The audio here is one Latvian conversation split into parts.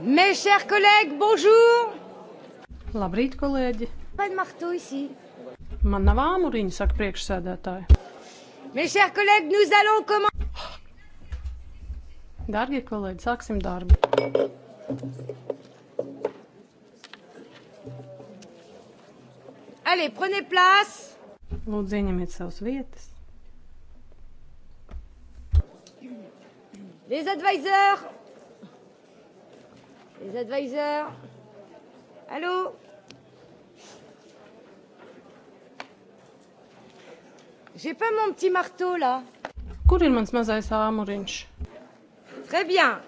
Mes chers collègues, bonjour! Labrīt, kolēģi! Man nav āmuriņa, saka priekšsēdētāji. Mes chers collègues, nous allons commencer. Dārgie kolēģi, sāksim darbu. Allez, prenez place. Lūdzu, ieņemiet savas vietas. Les advisors. Les advisors Allô J'ai pas mon petit marteau là. Kur ir mans mazais āmuriņš? Très bien.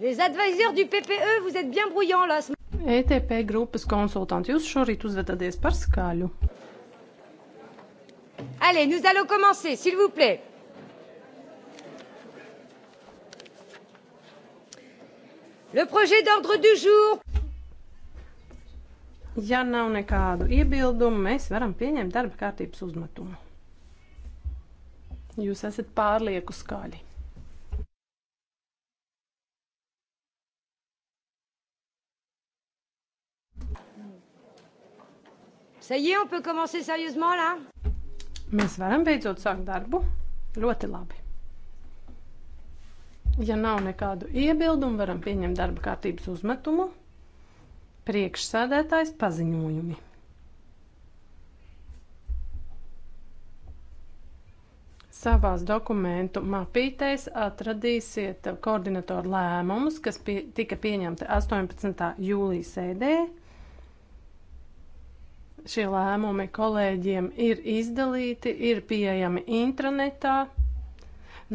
Les advisors du PPE, vous êtes bien brouillants là ce ETP grupas konsultanti, jūs šorīt uzvedaties par skaļu. Allez, nous allons commencer, s'il vous plaît. Le projet d'ordre du jour. Ja nav nekādu iebildumu, mēs varam pieņemt darba kārtības uzmetumu. Jūs esat pārlieku skaļi. Ça y est, on peut commencer sérieusement, là? Mēs varam beidzot sākt darbu. Ļoti labi. Ja nav nekādu iebildumu, varam pieņemt darba kārtības uzmetumu. Priekšsēdētājs paziņojumi. savās dokumentu mapītēs atradīsiet koordinatoru lēmumus, kas pie, tika pieņemti 18. jūlijas sēdē. Šie lēmumi kolēģiem ir izdalīti, ir pieejami intranetā.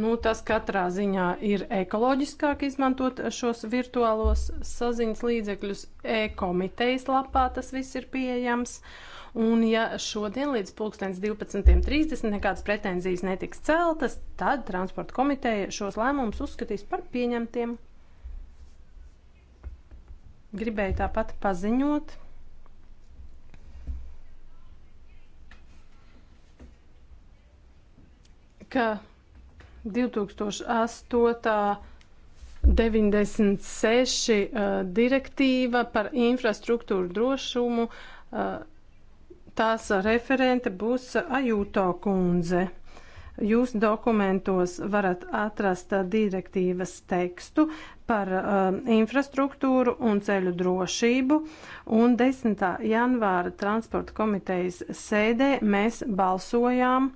Nu, tas katrā ziņā ir ekoloģiskāk izmantot šos virtuālos saziņas līdzekļus. E-komitejas lapā tas viss ir pieejams. Un ja šodien līdz 12.30 nekādas pretenzijas netiks celtas, tad transporta komiteja šos lēmumus uzskatīs par pieņemtiem. Gribēju tāpat paziņot, ka 2008. 96 uh, direktīva par infrastruktūru drošumu, uh, tās referente būs Ajūto kundze. Jūs dokumentos varat atrast direktīvas tekstu par um, infrastruktūru un ceļu drošību, un 10. janvāra transporta komitejas sēdē mēs balsojām,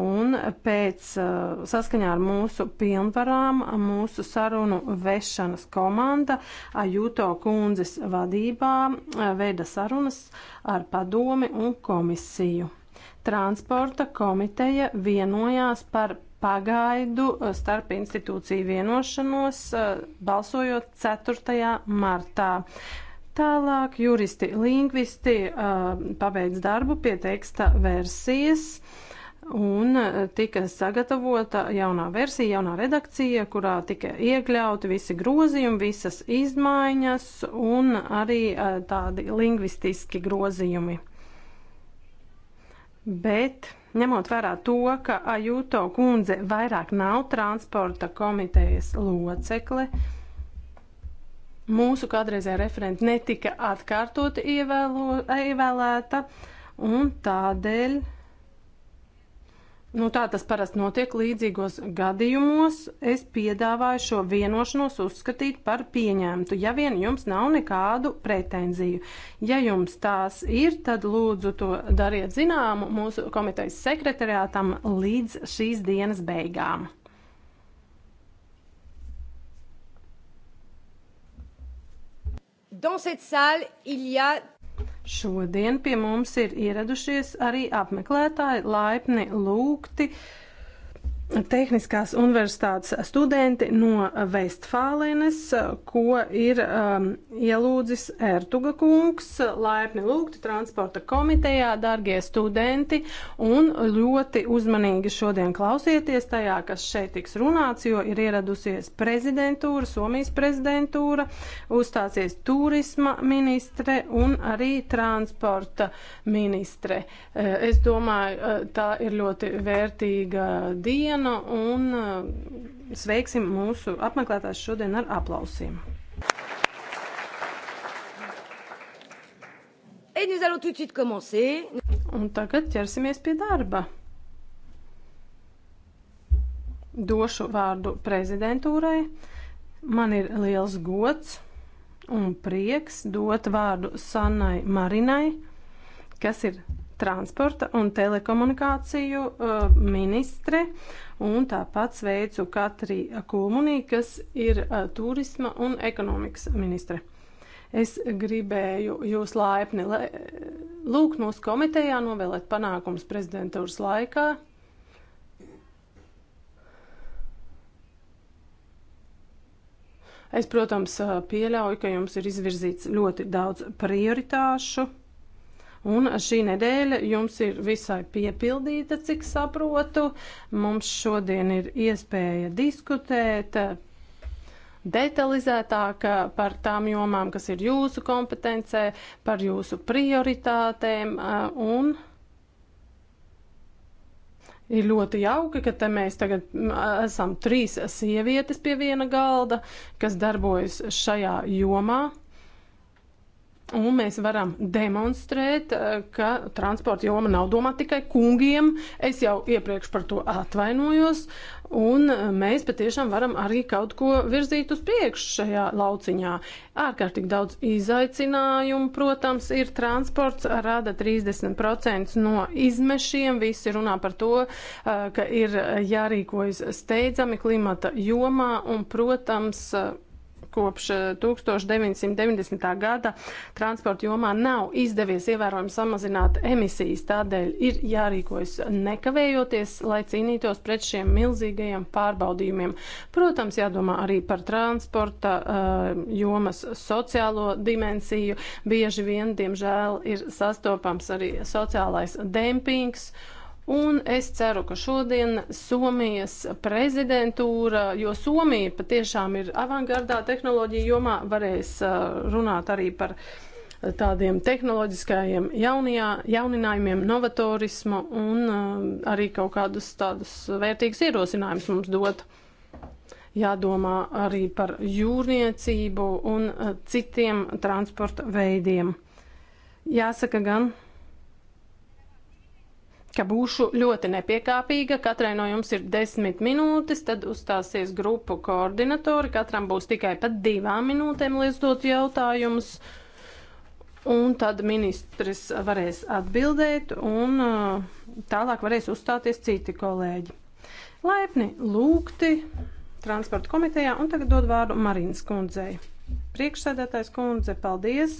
Un pēc eh, saskaņā ar mūsu pilnvarām, mūsu sarunu vešanas komanda Ajuto kundzes vadībā eh, veida sarunas ar padomi un komisiju. Transporta komiteja vienojās par pagaidu eh, starp institūciju vienošanos, balsojot 4. martā. Tālāk juristi, lingvisti pabeidz darbu pie teksta versijas. Uh, Un eh, tika sagatavota jaunā versija, jaunā redakcija, kurā tika iekļauti visi grozījumi, visas izmaiņas un arī eh, tādi lingvistiski grozījumi. Bet, ņemot vērā to, ka Ajuto kundze vairāk nav transporta komitejas locekle, mūsu kādreizējā referenta netika atkārtoti ievēlo, ievēlēta, un tādēļ Nu, tā tas parasti notiek līdzīgos gadījumos. Es piedāvāju šo vienošanos uzskatīt par pieņemtu, ja vien jums nav nekādu pretenziju. Ja jums tās ir, tad lūdzu to dariet zināmu mūsu komitejas sekretariātam līdz šīs dienas beigām. Dans cette salle, il y a Šodien pie mums ir ieradušies arī apmeklētāji laipni lūgti uh, tehniskās universitātes studenti no Vestfālenes, ko ir um, ielūdzis Ertuga kungs, laipni lūgti transporta komitejā, dargie studenti, un ļoti uzmanīgi šodien klausieties tajā, kas šeit tiks runāts, jo ir ieradusies prezidentūra, Somijas prezidentūra, uzstāsies turisma ministre un arī transporta ministre. Eh, es domāju, eh, tā ir ļoti vērtīga diena dienu un eh, sveiksim mūsu apmeklētājs šodien ar aplausiem. Et nous allons tout de suite commencer. Un tagad ķersimies pie darba. Došu vārdu prezidentūrai. Man ir liels gods un prieks dot vārdu Sanai Marinai, kas ir transporta un telekomunikāciju uh, ministre. Uh, un tāpat sveicu Katri Kulmunī, kas ir turisma un ekonomikas ministre. Es gribēju jūs laipni lūgt mūsu komitejā novēlēt panākums prezidentūras laikā. Es, protams, pieļauju, ka jums ir izvirzīts ļoti daudz prioritāšu. Un šī nedēļa jums ir visai piepildīta, cik saprotu. Mums šodien ir iespēja diskutēt detalizētāk par tām jomām, kas ir jūsu kompetencē, par jūsu prioritātēm un. Ir ļoti jauki, ka te mēs tagad esam trīs sievietes pie viena galda, kas darbojas šajā jomā. Un mēs varam demonstrēt, eh, ka transporta joma nav domāta tikai kungiem. Es jau iepriekš par to atvainojos. Un eh, mēs patiešām varam arī kaut ko virzīt uz priekšu šajā lauciņā. Ārkārtīgi daudz izaicinājumu, protams, ir transports, rada 30% no izmešiem. Visi runā par to, eh, ka ir jārīkojas steidzami klimata jomā un, protams, kopš 1990. Eh, gada transporta jomā nav izdevies ievērojami samazināt emisijas. Tādēļ ir jārīkojas nekavējoties, lai cīnītos pret šiem milzīgajiem pārbaudījumiem. Protams, jādomā arī par transporta uh, jomas sociālo dimensiju. Bieži vien, diemžēl, ir sastopams arī sociālais dempings. Uh, Un es ceru, ka šodien Somijas prezidentūra, jo Somija patiešām ir avangardā tehnoloģija jomā, varēs uh, runāt arī par uh, tādiem tehnoloģiskajiem jaunijā, jauninājumiem, novatorismu un uh, arī kaut kādus tādus vērtīgus ierosinājumus mums dot. Jādomā arī par jūrniecību un citiem transporta veidiem. Jāsaka gan ka būšu ļoti nepiekāpīga. Katrai no jums ir desmit minūtes, tad uzstāsies grupu koordinatori. Katram būs tikai pat divām minūtēm, lai uzdot jautājumus. Un tad ministrs varēs atbildēt, un uh, tālāk varēs uzstāties citi kolēģi. Laipni lūgti transporta komitejā, un tagad dod vārdu Marīnas kundzei. Priekšsēdētājs kundze, paldies!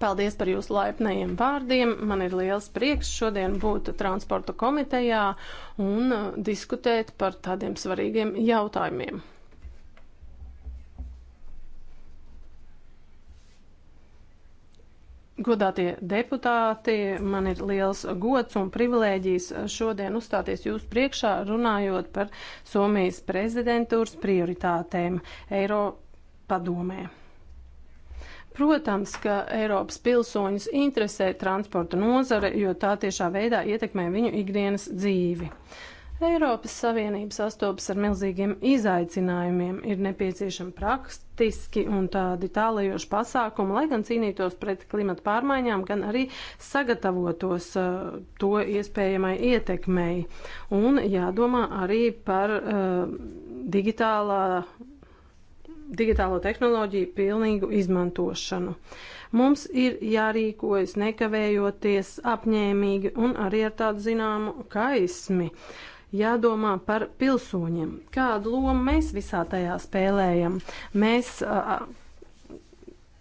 Paldies par jūsu laipnajiem vārdiem. Man ir liels prieks šodien būt transporta komitejā un uh, diskutēt par tādiem svarīgiem jautājumiem. Godātie deputāti, man ir liels gods un privilēģijas šodien uzstāties jūsu priekšā, runājot par Somijas prezidentūras prioritātēm Eiropadomē. Protams, ka Eiropas pilsoņus interesē transporta nozare, jo tā tiešā veidā ietekmē viņu ikdienas dzīvi. Eiropas Savienība sastopas ar milzīgiem izaicinājumiem, ir nepieciešami praktiski un tādi tālajoši pasākumi, lai gan cīnītos pret klimatu pārmaiņām, gan arī sagatavotos uh, to iespējamai ietekmei. Un jādomā arī par uh, digitālā digitālo tehnoloģiju pilnīgu izmantošanu. Mums ir jārīkojas nekavējoties apņēmīgi un arī ar tādu zināmu kaismi. Jādomā par pilsoņiem, kādu lomu mēs visā tajā spēlējam. Mēs a,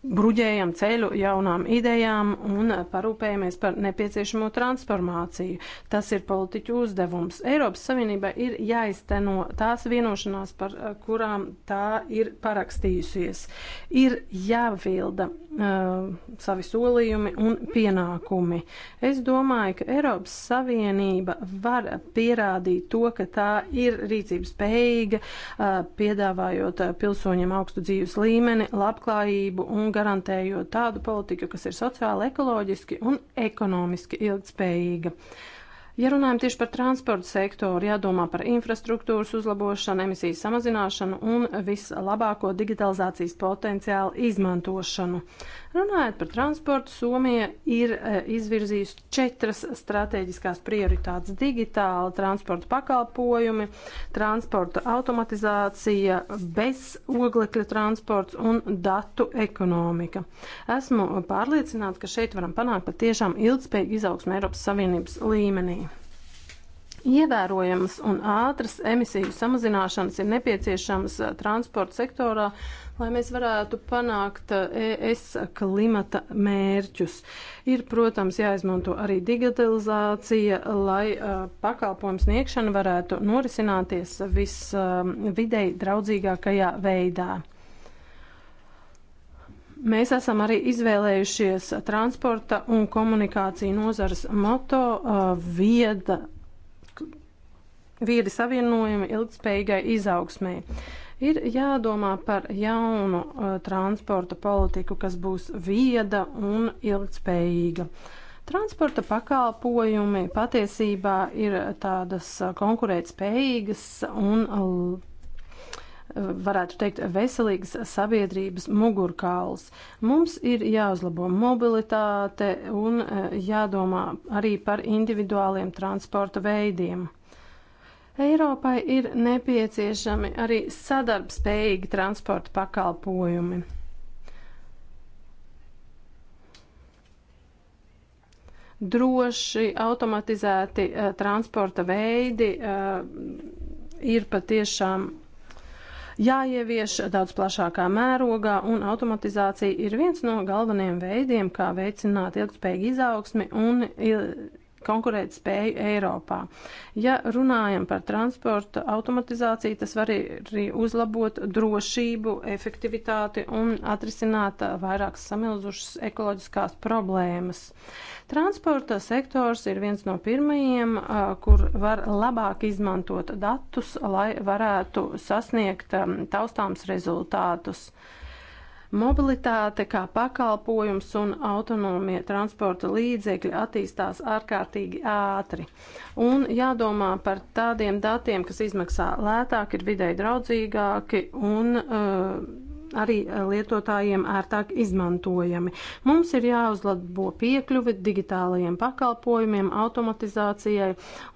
bruģējam ceļu jaunām idejām un parūpējamies par nepieciešamo transformāciju. Tas ir politiķu uzdevums. Eiropas Savienībai ir jāizteno tās vienošanās, par eh, kurām tā ir parakstījusies. Ir jāvilda uh, savi solījumi un pienākumi. Es domāju, ka Eiropas Savienība var pierādīt to, ka tā ir rīcības spējīga, uh, piedāvājot pilsoņiem augstu dzīves līmeni, labklājību un un garantējot tādu politiku, kas ir sociāli, ekoloģiski un ekonomiski ilgspējīga. Uh, Ja runājam tieši par transportu sektoru, jādomā par infrastruktūras uzlabošanu, emisiju samazināšanu un vislabāko digitalizācijas potenciālu izmantošanu. Runājot par transportu, Somija ir e, izvirzījusi četras strateģiskās prioritātes - digitāla transporta pakalpojumi, transporta automatizācija, bez oglekļa transports un datu ekonomika. Esmu pārliecināts, ka šeit varam panākt patiešām ilgspējīgu izaugsmu Eiropas Savienības līmenī. Ievērojamas un ātras emisiju samazināšanas ir nepieciešamas uh, transporta sektorā, lai mēs varētu panākt uh, ES klimata mērķus. Ir, protams, jāizmanto arī digitalizācija, lai uh, pakalpojums sniegšana varētu norisināties visvidēji um, uh, draudzīgākajā veidā. Mēs esam arī izvēlējušies transporta un komunikāciju nozares moto uh, vieda vīri savienojumi ilgspējīgai izaugsmai. Ir jādomā par jaunu uh, transporta politiku, kas būs vieda un ilgspējīga. Transporta pakalpojumi patiesībā ir tādas uh, konkurētspējīgas un uh, varētu teikt, veselīgas sabiedrības mugurkauls. Mums ir jāuzlabo mobilitāte un uh, jādomā arī par individuāliem transporta veidiem. Eiropai ir nepieciešami arī sadarbspējīgi transporta pakalpojumi. droši automatizēti uh, transporta veidi uh, ir patiešām jāievieš daudz plašākā mērogā, un automatizācija ir viens no galvenajiem veidiem, kā veicināt ilgspējīgu izaugsmi un il konkurēt spēju Eiropā. Ja runājam par transporta automatizāciju, tas var arī uzlabot drošību, efektivitāti un atrisināt vairākas samilzušas ekoloģiskās problēmas. Transporta sektors ir viens no pirmajiem, kur var labāk izmantot datus, lai varētu sasniegt taustāms rezultātus. Uh, Mobilitāte kā pakalpojums un autonomie transporta līdzekļi attīstās ārkārtīgi ātri. Un jādomā par tādiem datiem, kas izmaksā lētāk, ir videi draudzīgāki un uh, arī lietotājiem ērtāk izmantojami. Mums ir jāuzlabo piekļuvi digitālajiem pakalpojumiem, automatizācijai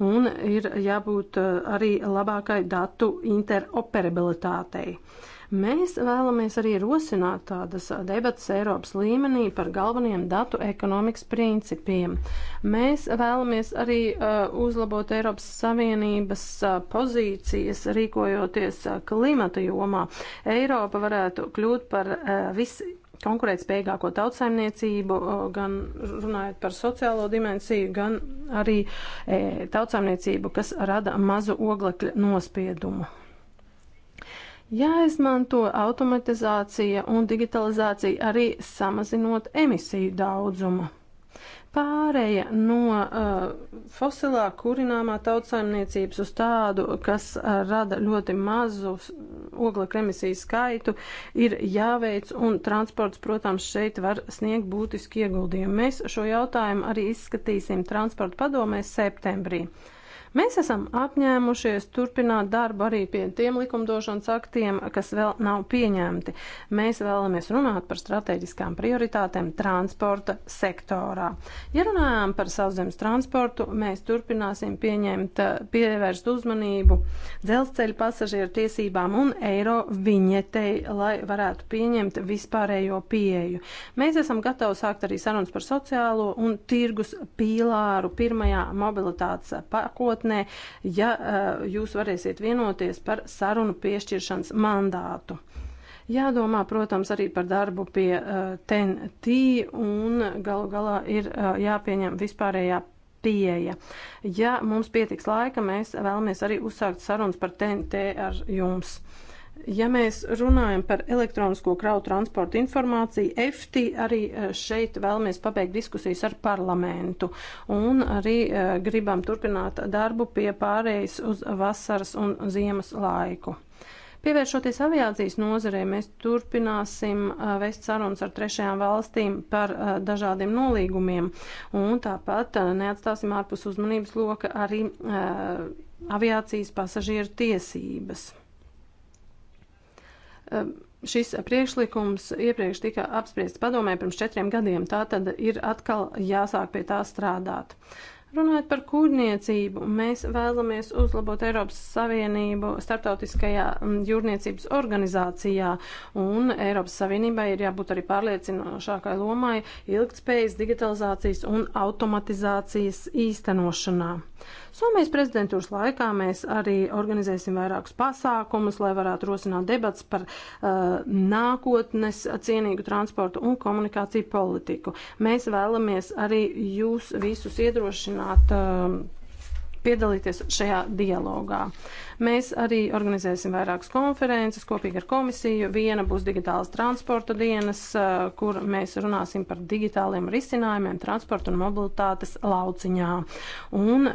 un ir jābūt eh, arī labākai datu interoperabilitātei. Uh, Mēs vēlamies arī rosināt tādas debatas Eiropas līmenī par galveniem datu ekonomikas principiem. Mēs vēlamies arī uh, uzlabot Eiropas Savienības uh, pozīcijas, rīkojoties uh, klimata jomā. Eiropa varētu kļūt par uh, visi konkurētspējīgāko tautsaimniecību, uh, gan runājot par sociālo dimensiju, gan arī e, tautsaimniecību, kas rada mazu oglekļa nospiedumu. Jāizmanto automatizācija un digitalizācija arī samazinot emisiju daudzumu. Pārēja no uh, fosilā kurināmā tautsaimniecības uz tādu, kas uh, rada ļoti mazu oglekļa emisiju skaitu, ir jāveic, un transports, protams, šeit var sniegt būtiski ieguldījumu. Mēs šo jautājumu arī izskatīsim transporta padomē septembrī. Uh, Mēs esam apņēmušies turpināt darbu arī pie tiem likumdošanas aktiem, kas vēl nav pieņemti. Mēs vēlamies runāt par strateģiskām prioritātēm transporta sektorā. Ja runājām par sauszemes transportu, mēs turpināsim pieņemt, eh, pievērst uzmanību dzelzceļa pasažieru tiesībām un eiro viņetei, lai varētu pieņemt vispārējo pieeju. Mēs esam gatavi sākt arī sarunas par sociālo un tirgus pīlāru pirmajā mobilitātes pakotnē nākotnē, ja eh, jūs varēsiet vienoties par sarunu piešķiršanas mandātu. Jādomā, protams, arī par darbu pie TNT eh, un galu galā ir eh, jāpieņem vispārējā pieeja. Ja mums pietiks laika, mēs vēlamies arī uzsākt sarunas par TNT ar jums. Ja mēs runājam par elektronisko kravu transportu informāciju, EFTI arī eh, šeit vēlamies pabeigt diskusijas ar parlamentu un arī eh, gribam turpināt darbu pie pārējas uz vasaras un ziemas laiku. Pievēršoties aviācijas nozarē, mēs turpināsim eh, vest sarunas ar trešajām valstīm par dažādiem nolīgumiem un tāpat neatstāsim ārpus uzmanības loka arī aviācijas pasažieru tiesības. Šis priekšlikums iepriekš tika apspriests padomē pirms četriem gadiem, tā tad ir atkal jāsāk pie tā strādāt. Runājot par kūrniecību, mēs vēlamies uzlabot Eiropas Savienību starptautiskajā mm, jūrniecības organizācijā, un Eiropas Savienībai ir jābūt arī pārliecinošākai lomai ilgtspējas, digitalizācijas un automatizācijas īstenošanā. Somijas prezidentūras laikā mēs arī organizēsim vairākus pasākumus, lai varētu rosināt debats par uh, nākotnes cienīgu transportu un komunikāciju politiku. Mēs vēlamies arī jūs visus iedrošināt aicināt um, piedalīties šajā dialogā. Mēs arī organizēsim vairākas konferences kopīgi ar komisiju. Viena būs digitālas transporta dienas, uh, kur mēs runāsim par digitāliem risinājumiem transporta un mobilitātes lauciņā. Un uh,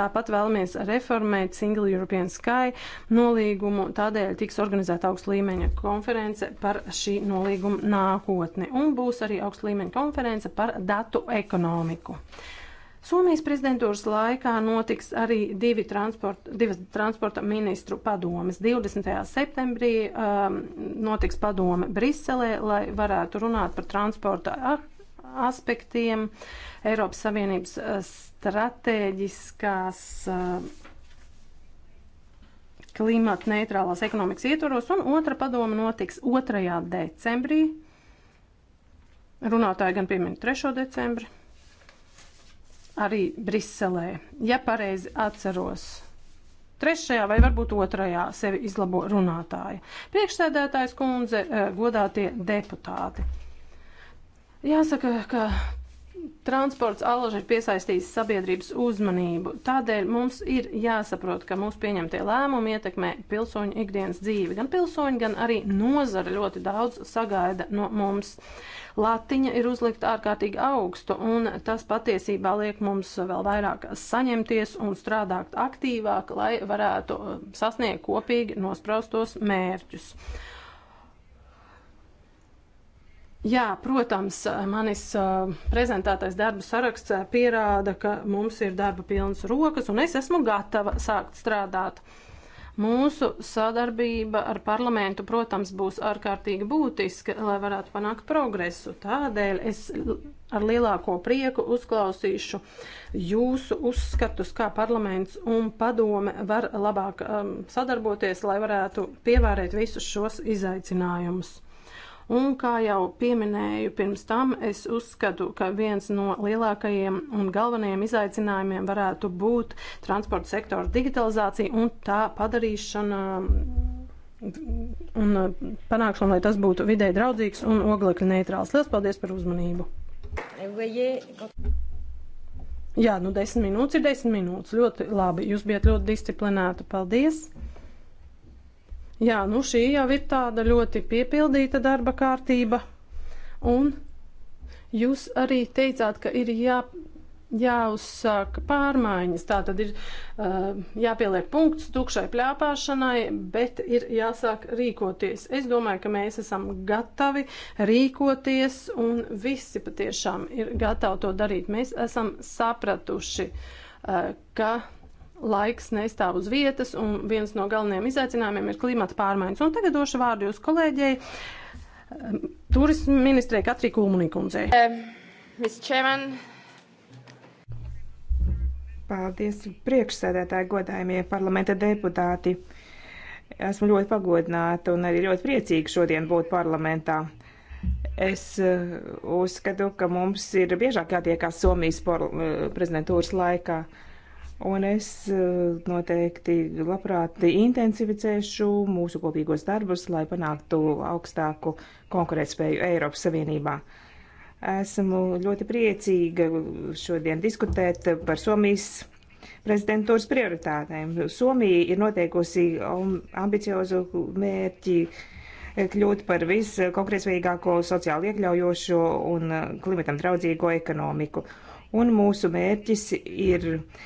tāpat vēlamies reformēt Single European Sky nolīgumu, tādēļ tiks organizēta augsta līmeņa konference par šī nolīguma nākotni. Un būs arī augsta līmeņa konference par datu ekonomiku. Thank you Somijas prezidentūras laikā notiks arī divi transport, divas transporta ministru padomes. 20. septembrī um, notiks padome Briselē, lai varētu runāt par transporta aspektiem Eiropas Savienības stratēģiskās uh, uh klimata neitrālās ekonomikas ietvaros, un otra padoma notiks 2. decembrī. Runātāji gan piemin 3. decembrī arī Briselē, ja pareizi atceros. Trešajā vai varbūt otrajā sevi izlabo runātāja. Priekšsēdētājs kundze, eh, godātie deputāti. Jāsaka, ka Transports allaž ir piesaistījis sabiedrības uzmanību. Tādēļ mums ir jāsaprot, ka mūsu pieņemtie lēmumi ietekmē pilsoņu ikdienas dzīvi. Gan pilsoņi, gan arī nozara ļoti daudz sagaida no mums. Latiņa ir uzlikta ārkārtīgi augstu, un tas patiesībā liek mums vēl vairāk saņemties un strādāt aktīvāk, lai varētu uh, sasniegt kopīgi nospraustos mērķus. Jā, protams, manis uh, prezentētais darba saraksts uh, pierāda, ka mums ir darba pilnas rokas un es esmu gatava sākt strādāt. Mūsu sadarbība ar parlamentu, protams, būs ārkārtīgi būtiska, lai varētu panākt progresu. Tādēļ es ar lielāko prieku uzklausīšu jūsu uzskatus, kā parlaments un padome var labāk um, sadarboties, lai varētu pievērēt visus šos izaicinājumus. Un, kā jau pieminēju pirms tam, es uzskatu, ka viens no lielākajiem un galvenajiem izaicinājumiem varētu būt transporta sektora digitalizācija un tā padarīšana un mm, panākšana, lai tas būtu vidē draudzīgs un oglekļa neitrāls. Lielas paldies par uzmanību! Jā, nu desmit minūtes ir desmit minūtes. Ļoti labi. Jūs bijat ļoti disciplināti. Paldies! Jā, nu šī jau ir tāda ļoti piepildīta darba kārtība. Un jūs arī teicāt, ka ir jā, jāuzsāk pārmaiņas. Tā tad ir uh, jāpieliek punkts tukšai plēpāšanai, bet ir jāsāk rīkoties. Es domāju, ka mēs esam gatavi rīkoties un visi patiešām ir gatavi to darīt. Mēs esam sapratuši, uh, ka Laiks nestāv uz vietas, un viens no galvenajiem izaicinājumiem ir klimata pārmaiņas. Un tagad došu vārdu jūs kolēģei, um, turismu ministrei Katrī Kulmunikundzei. Um, Paldies, priekšsēdētāji, godājumie parlamenta deputāti. Esmu ļoti pagodināta un arī ļoti priecīga šodien būt parlamentā. Es uh, uzskatu, ka mums ir biežāk jātiekās Somijas uh, prezidentūras laikā. Uh, Un es eh, noteikti labprāt intensificēšu mūsu kopīgos darbus, lai panāktu augstāku konkurētspēju Eiropas Savienībā. Esmu ļoti priecīga šodien diskutēt par Somijas prezidentūras prioritātēm. Somija ir noteikusi ambiciozu mērķi eh, kļūt par viskonkrētsvīgāko sociāli iekļaujošo un eh, klimatam draudzīgo ekonomiku. Un mūsu mērķis ir uh,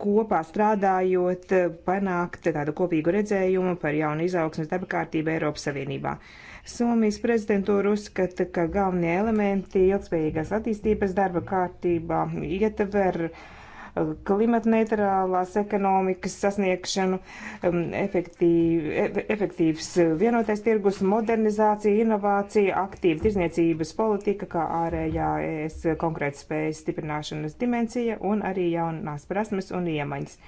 kopā strādājot, eh, panākt tādu kopīgu redzējumu par jaunu izaugsmas darba kārtību Eiropas Savienībā. Somijas prezidentūra uzskata, ka galvenie elementi ilgspējīgās attīstības darba kārtībā ietver uh, klimatneitrālās ekonomikas sasniegšanu, um, efektīv, e, efektīvs vienotais tirgus, modernizācija, inovācija, aktīva tirzniecības politika, kā ārējā ES konkrēta spējas stiprināšanas dimensija un arī jaunās prasmes un iemaņas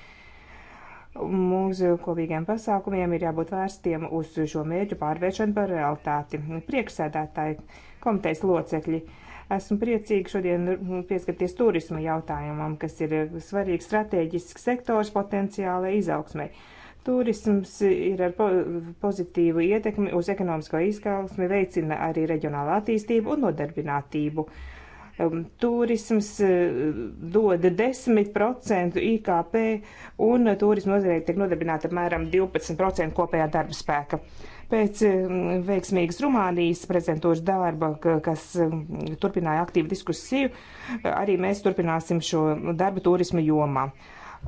mūsu kopīgiem pasākumiem ir jābūt vērstiem uz šo mērķu pārvēršanu par realitāti. Priekšsēdētāji, komitejas locekļi, uh, Esmu priecīgi šodien mm, pieskarties turisma jautājumam, kas ir eh, svarīgs strateģisks sektors potenciālai izaugsmai. Turisms ir ar pozitīvu ietekmi uz ekonomisko izaugsmi, veicina arī reģionālu attīstību un nodarbinātību. Um, turisms eh, dod 10% IKP un turisma nozarei tiek nodarbināta apmēram 12% kopējā darba spēka. Uh, Pēc mm, veiksmīgas Rumānijas prezentūras darba, kas mm, turpināja aktīvu diskusiju, arī mēs turpināsim šo darbu turismu jomā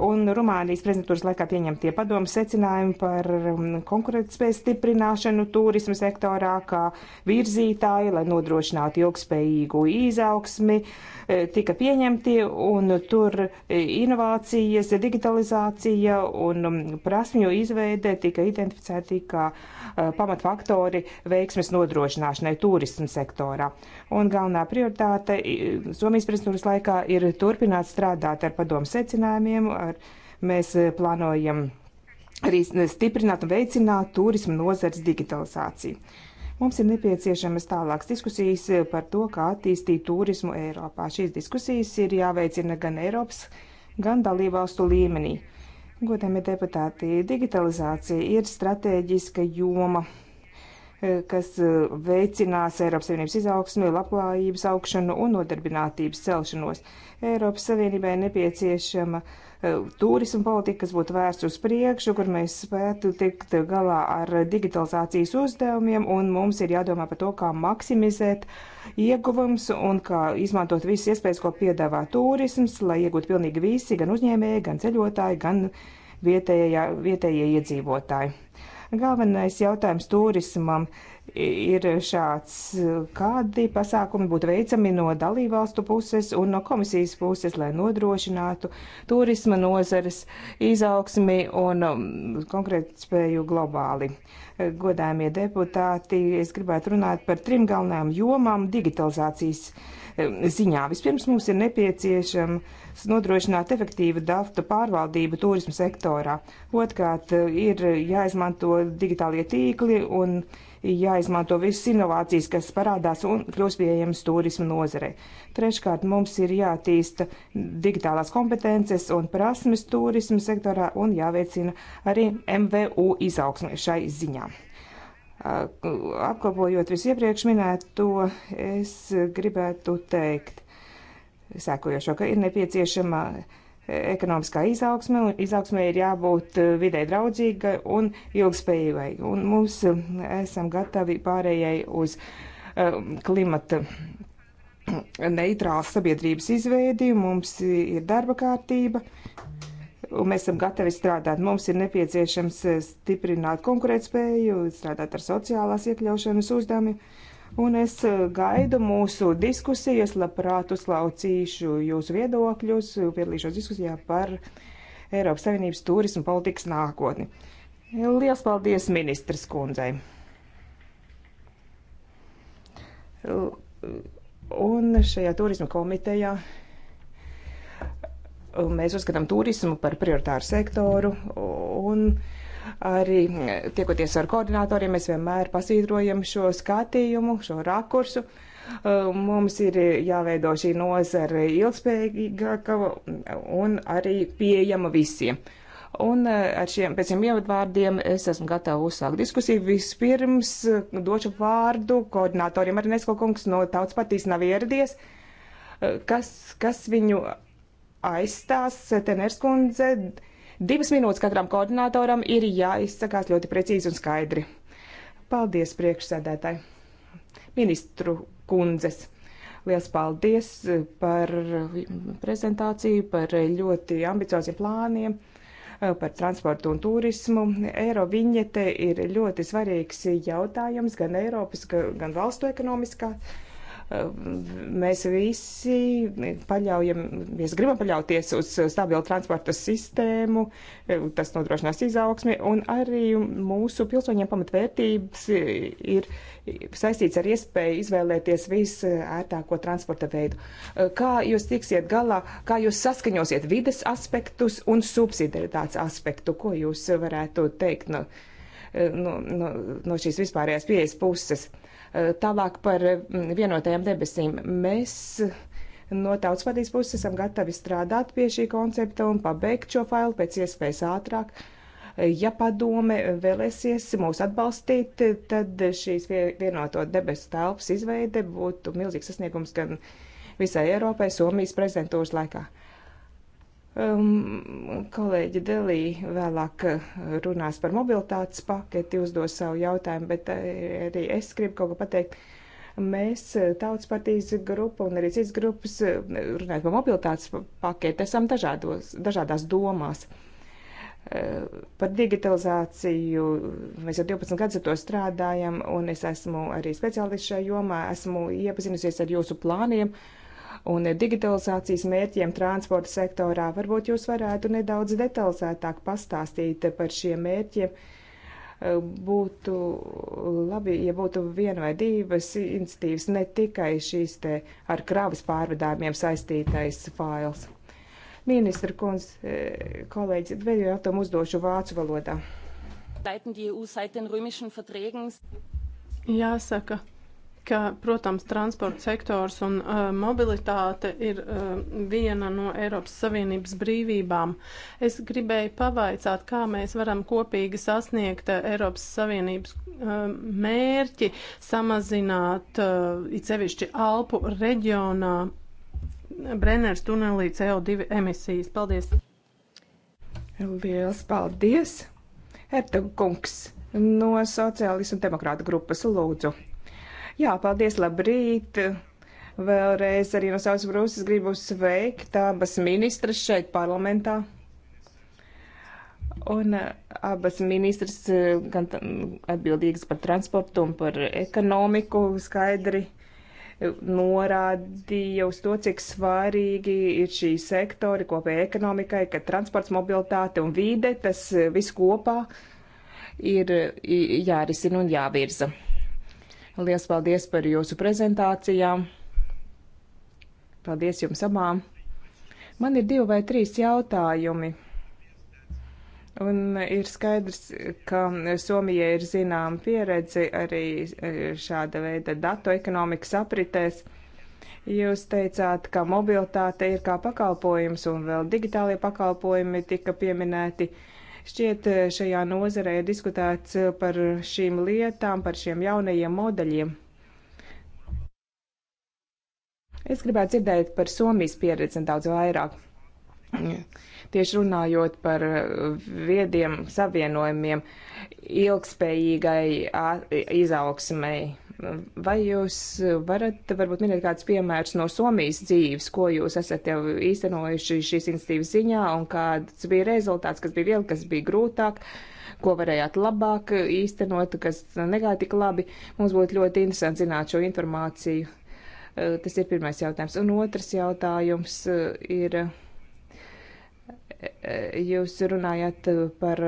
un Rumānijas prezidentūras laikā pieņemtie padomu secinājumi par um, konkurētspējas stiprināšanu turismu sektorā kā virzītāji, lai nodrošinātu ilgspējīgu izaugsmi, eh, tika pieņemti, un tur eh, inovācijas, digitalizācija un um, prasmju izveide tika identificēti kā eh, pamatfaktori veiksmes nodrošināšanai turismu sektorā. Un galvenā prioritāte Somijas prezidentūras laikā ir turpināt strādāt ar padomu secinājumiem, ar, mēs eh, plānojam arī stiprināt un veicināt turismu nozars digitalizāciju. Mums ir nepieciešamas tālākas diskusijas eh, par to, kā attīstīt turismu Eiropā. Šīs diskusijas ir jāveicina gan Eiropas, gan dalībvalstu līmenī. Godami deputāti, digitalizācija ir strateģiska joma, eh, kas veicinās Eiropas Savienības izaugsmi, labklājības augšanu un nodarbinātības celšanos. Eiropas Savienībai nepieciešama uh, Eh, turismu politiku, kas būtu vērsts uz priekšu, kur mēs spētu tikt galā ar digitalizācijas uzdevumiem, un mums ir jādomā par to, kā maksimizēt ieguvums un kā izmantot visas iespējas, ko piedāvā turisms, lai iegūtu pilnīgi visi, gan uzņēmēji, gan ceļotāji, gan vietējie, vietējie iedzīvotāji. Galvenais jautājums turismam ir ir šāds. Kādi pasākumi būtu veicami no dalībvalstu puses un no komisijas puses, lai nodrošinātu turisma nozares izaugsmi un um, konkrētu spēju globāli? Godājumie deputāti, es gribētu runāt par trim galvenajām jomām digitalizācijas um, ziņā. Vispirms mums ir nepieciešams nodrošināt efektīvu datu pārvaldību turismu sektorā. Otkārt, ir jāizmanto digitālie tīkli un uh, jāizmanto visas inovācijas, kas parādās un kļūst pieejamas turismu nozarei. Treškārt, mums ir jātīsta digitālās kompetences un prasmes turismu sektorā un jāveicina arī MVU izaugsme šai ziņā. Apkopojot visiepriekš minēto, es gribētu teikt, sēkojošo, ka ir nepieciešama uh, E, ekonomiskā izaugsme, un izaugsme ir jābūt e, vidē draudzīga un ilgspējīgai. Un mums e, esam gatavi pārējai uz um, klimata neitrālas sabiedrības izveidi, mums ir darba kārtība, un mēs esam gatavi strādāt. Mums ir nepieciešams stiprināt konkurētspēju, strādāt ar sociālās iekļaušanas uzdevumiem un es eh, gaidu mūsu diskusijas, labprāt uzlaucīšu jūsu viedokļus, piedalīšos diskusijā par Eiropas Savienības turismu politikas nākotni. Lielas paldies ministras kundzei! Un šajā turisma komitejā eh, mēs uzskatām turismu par prioritāru sektoru un Arī eh, tiekoties ar koordinatoriem, mēs vienmēr pasīdrojam šo skatījumu, šo rakursu. Eh, mums ir jāveido šī nozara ilgspējīgāka un arī pieejama visiem. Un eh, ar šiem pēc šiem ievadvārdiem es esmu gatava uzsākt diskusiju. Vispirms došu vārdu koordinatoriem. Arī Nesko kungs no tautas partijas nav ieradies. Kas, kas viņu aizstās? Teners kundze, Divas minūtes katram koordinatoram ir jāizsakās ļoti precīzi un skaidri. Paldies priekšsēdētāji. Ministru kundzes. Liels paldies par prezentāciju, par ļoti ambicioziem plāniem, par transportu un turismu. Eiro viņete ir ļoti svarīgs jautājums gan Eiropas, gan valstu ekonomiskā mēs visi paļaujamies, gribam paļauties uz stabilu transporta sistēmu, tas nodrošinās izaugsmi, un arī mūsu pilsoņiem pamatvērtības ir saistīts ar iespēju izvēlēties visērtāko transporta veidu. Kā jūs tiksiet galā, kā jūs saskaņosiet vides aspektus un subsidiaritātes aspektu, ko jūs varētu teikt no, no, no, no šīs vispārējās pieejas puses? Tālāk par mm, vienotajām debesīm. Mēs no tautas partijas puses esam gatavi strādāt pie šī koncepta un pabeigt šo failu pēc iespējas ātrāk. Ja padome vēlēsies mūs atbalstīt, tad šīs vienoto debesu telpas izveide būtu milzīgs sasniegums gan visai Eiropai, Somijas prezidentūras laikā. Um, kolēģi Delī vēlāk uh, runās par mobilitātes paketi, uzdos savu jautājumu, bet uh, arī es gribu kaut ko pateikt. Mēs, uh, Tautas partijas grupa un arī citas grupas, runājot par mobilitātes paketi, esam dažādos, dažādās domās. Par digitalizāciju mēs jau 12 gadus ar to strādājam, un es esmu arī speciālists šajā jomā, esmu iepazinusies ar jūsu plāniem. Uh, un digitalizācijas mērķiem transporta sektorā. Varbūt jūs varētu nedaudz detalizētāk pastāstīt par šiem mērķiem. E, būtu labi, ja būtu viena vai divas iniciatīvas, ne tikai šīs te ar kravas pārvadājumiem saistītais fails. Ministra kungs, e, kolēģis, vēl jautājumu uzdošu vācu valodā. Jāsaka, ka, protams, transporta sektors un uh, mobilitāte ir uh, viena no Eiropas Savienības brīvībām. Es gribēju pavaicāt, kā mēs varam kopīgi sasniegt uh, Eiropas Savienības uh, mērķi, samazināt uh, it sevišķi Alpu reģionā Brenners tunelī CO2 emisijas. Paldies! Liels paldies! Erta kungs no Sociālis un Demokrāta grupas lūdzu. Jā, paldies, labrīt! Vēlreiz arī no savas brūces gribu sveikt abas ministras šeit parlamentā. Un uh, abas ministras uh, gan atbildīgas par transportu un par ekonomiku skaidri uh, norādīja uz to, cik svarīgi ir šī sektori kopēja ekonomikai, ka transports, mobilitāte un vīde, tas viss kopā ir jārisina un jāvirza. Lielas paldies par jūsu prezentācijām. Paldies jums abām. Man ir divi vai trīs jautājumi. Un ir skaidrs, ka Somijai ir zināma pieredze arī e, šāda veida datu ekonomikas apritēs. Jūs teicāt, ka mobilitāte ir kā pakalpojums un vēl digitālie pakalpojumi tika pieminēti. Uh, Šķiet, eh, šajā nozarē ir diskutēts eh, par šīm lietām, par šiem jaunajiem modeļiem. Es gribētu dzirdēt par Somijas pieredzi daudz vairāk. Tieši runājot par eh, viediem savienojumiem, ilgspējīgai izaugsmai Vai jūs varat varbūt minēt kādus piemērus no Somijas dzīves, ko jūs esat jau īstenojuši šīs institīvas ziņā un kāds bija rezultāts, kas bija viegli, kas bija grūtāk, ko varējāt labāk īstenot, kas negāja tik labi? Mums būtu ļoti interesanti zināt šo informāciju. Eh, tas ir pirmais jautājums. Un otrs jautājums eh, ir. Eh, jūs runājat par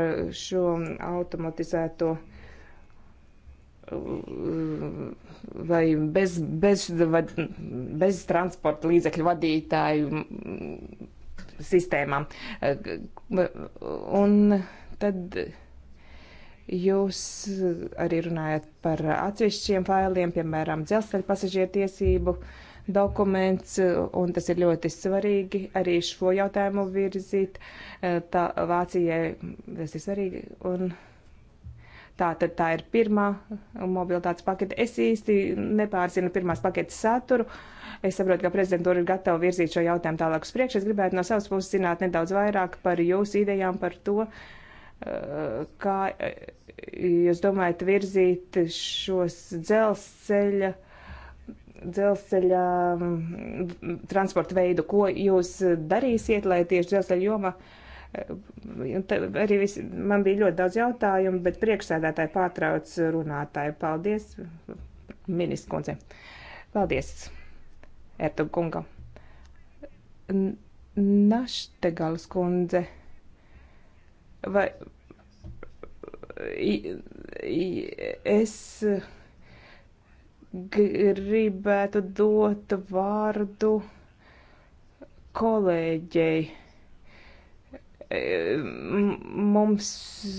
šo automatizēto uh, vai bez, bez, bez transporta līdzekļu vadītāju sistēmām. Un tad jūs arī runājat par atsevišķiem failiem, piemēram, dzelzceļa pasažieru tiesību dokuments, un tas ir ļoti svarīgi arī šo jautājumu virzīt. Tā Vācijai tas ir svarīgi, un Tā tad tā ir pirmā mobilitātes pakete. Es īsti nepārzinu pirmās paketes saturu. Es saprotu, ka prezidentūra ir gatava virzīt šo jautājumu tālāk uz priekšu. Es gribētu no savas puses zināt nedaudz vairāk par jūsu idejām, par to, eh, kā eh, jūs domājat virzīt šos dzelzceļa dzelzceļa mm, transporta veidu, ko jūs darīsiet, lai tieši dzelzceļa joma uh, Arī visi, man bija ļoti daudz jautājumu, bet priekšsēdētāji pārtrauc runātāju. Paldies, ministrs kundze. Paldies, Ertug kunga. Naštegals kundze. Vai, es gribētu dot vārdu kolēģei mums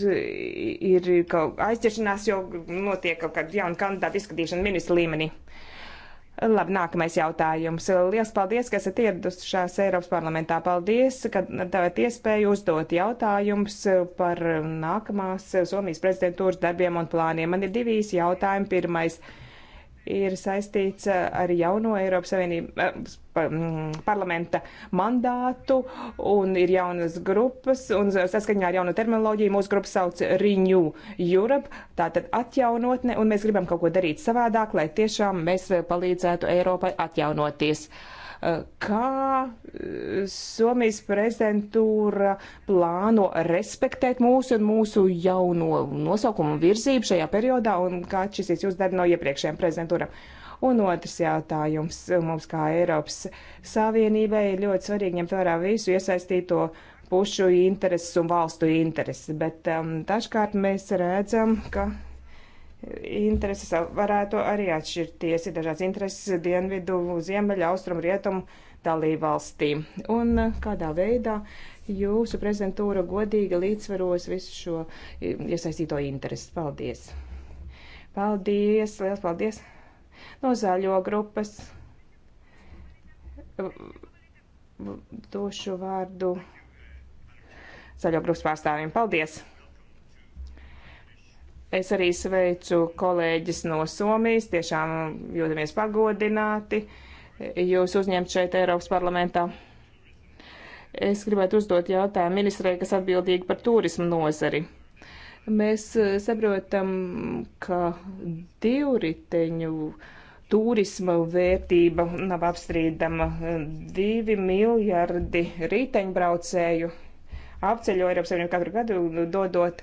ir kaut aizķeršanās, jo notiek kaut kāda jauna kandidāta izskatīšana ministra līmenī. Labi, nākamais jautājums. Lielas paldies, ka esat ieradušās Eiropas parlamentā. Paldies, ka devāt iespēju uzdot jautājumus par nākamās Somijas prezidentūras darbiem un plāniem. Man ir divīs jautājumi. Pirmais ir saistīts eh, ar jauno Eiropas Savienības eh, mm, parlamenta mandātu un ir jaunas grupas, un saskaņā ar jauno terminoloģiju mūsu grupa sauc Renew Europe, tātad atjaunotne, un mēs gribam kaut ko darīt savādāk, lai tiešām mēs eh, palīdzētu Eiropai atjaunoties. Uh, kā eh, Somijas prezidentūra plāno respektēt mūsu un mūsu jauno nosaukumu virzību šajā periodā un kā atšķirsies jūs darbi no iepriekšējām prezidentūram. Un otrs jautājums mums kā Eiropas Savienībai ir ļoti svarīgi ņemt vērā visu iesaistīto pušu intereses un valstu intereses, bet um, dažkārt mēs redzam, ka Intereses varētu arī atšķirties, ir dažādas intereses dienvidu, ziemeļa, austrumu, rietumu dalībvalstīm. Un eh, kādā veidā jūsu prezentūra godīga līdzsvaros visu šo iesaistīto interesu. Paldies! Paldies! Liels paldies! No zaļo grupas došu vārdu zaļo grupas pārstāvjiem. Paldies! Es arī sveicu kolēģis no Somijas, tiešām jūtamies pagodināti jūs uzņemt šeit Eiropas parlamentā. Es gribētu uzdot jautājumu ministrei, kas atbildīga par turismu nozari. Mēs e, saprotam, ka divriteņu turisma vērtība nav apstrīdama. Divi miljardi riteņbraucēju apceļo Eiropas Savienību katru gadu, nu, dodot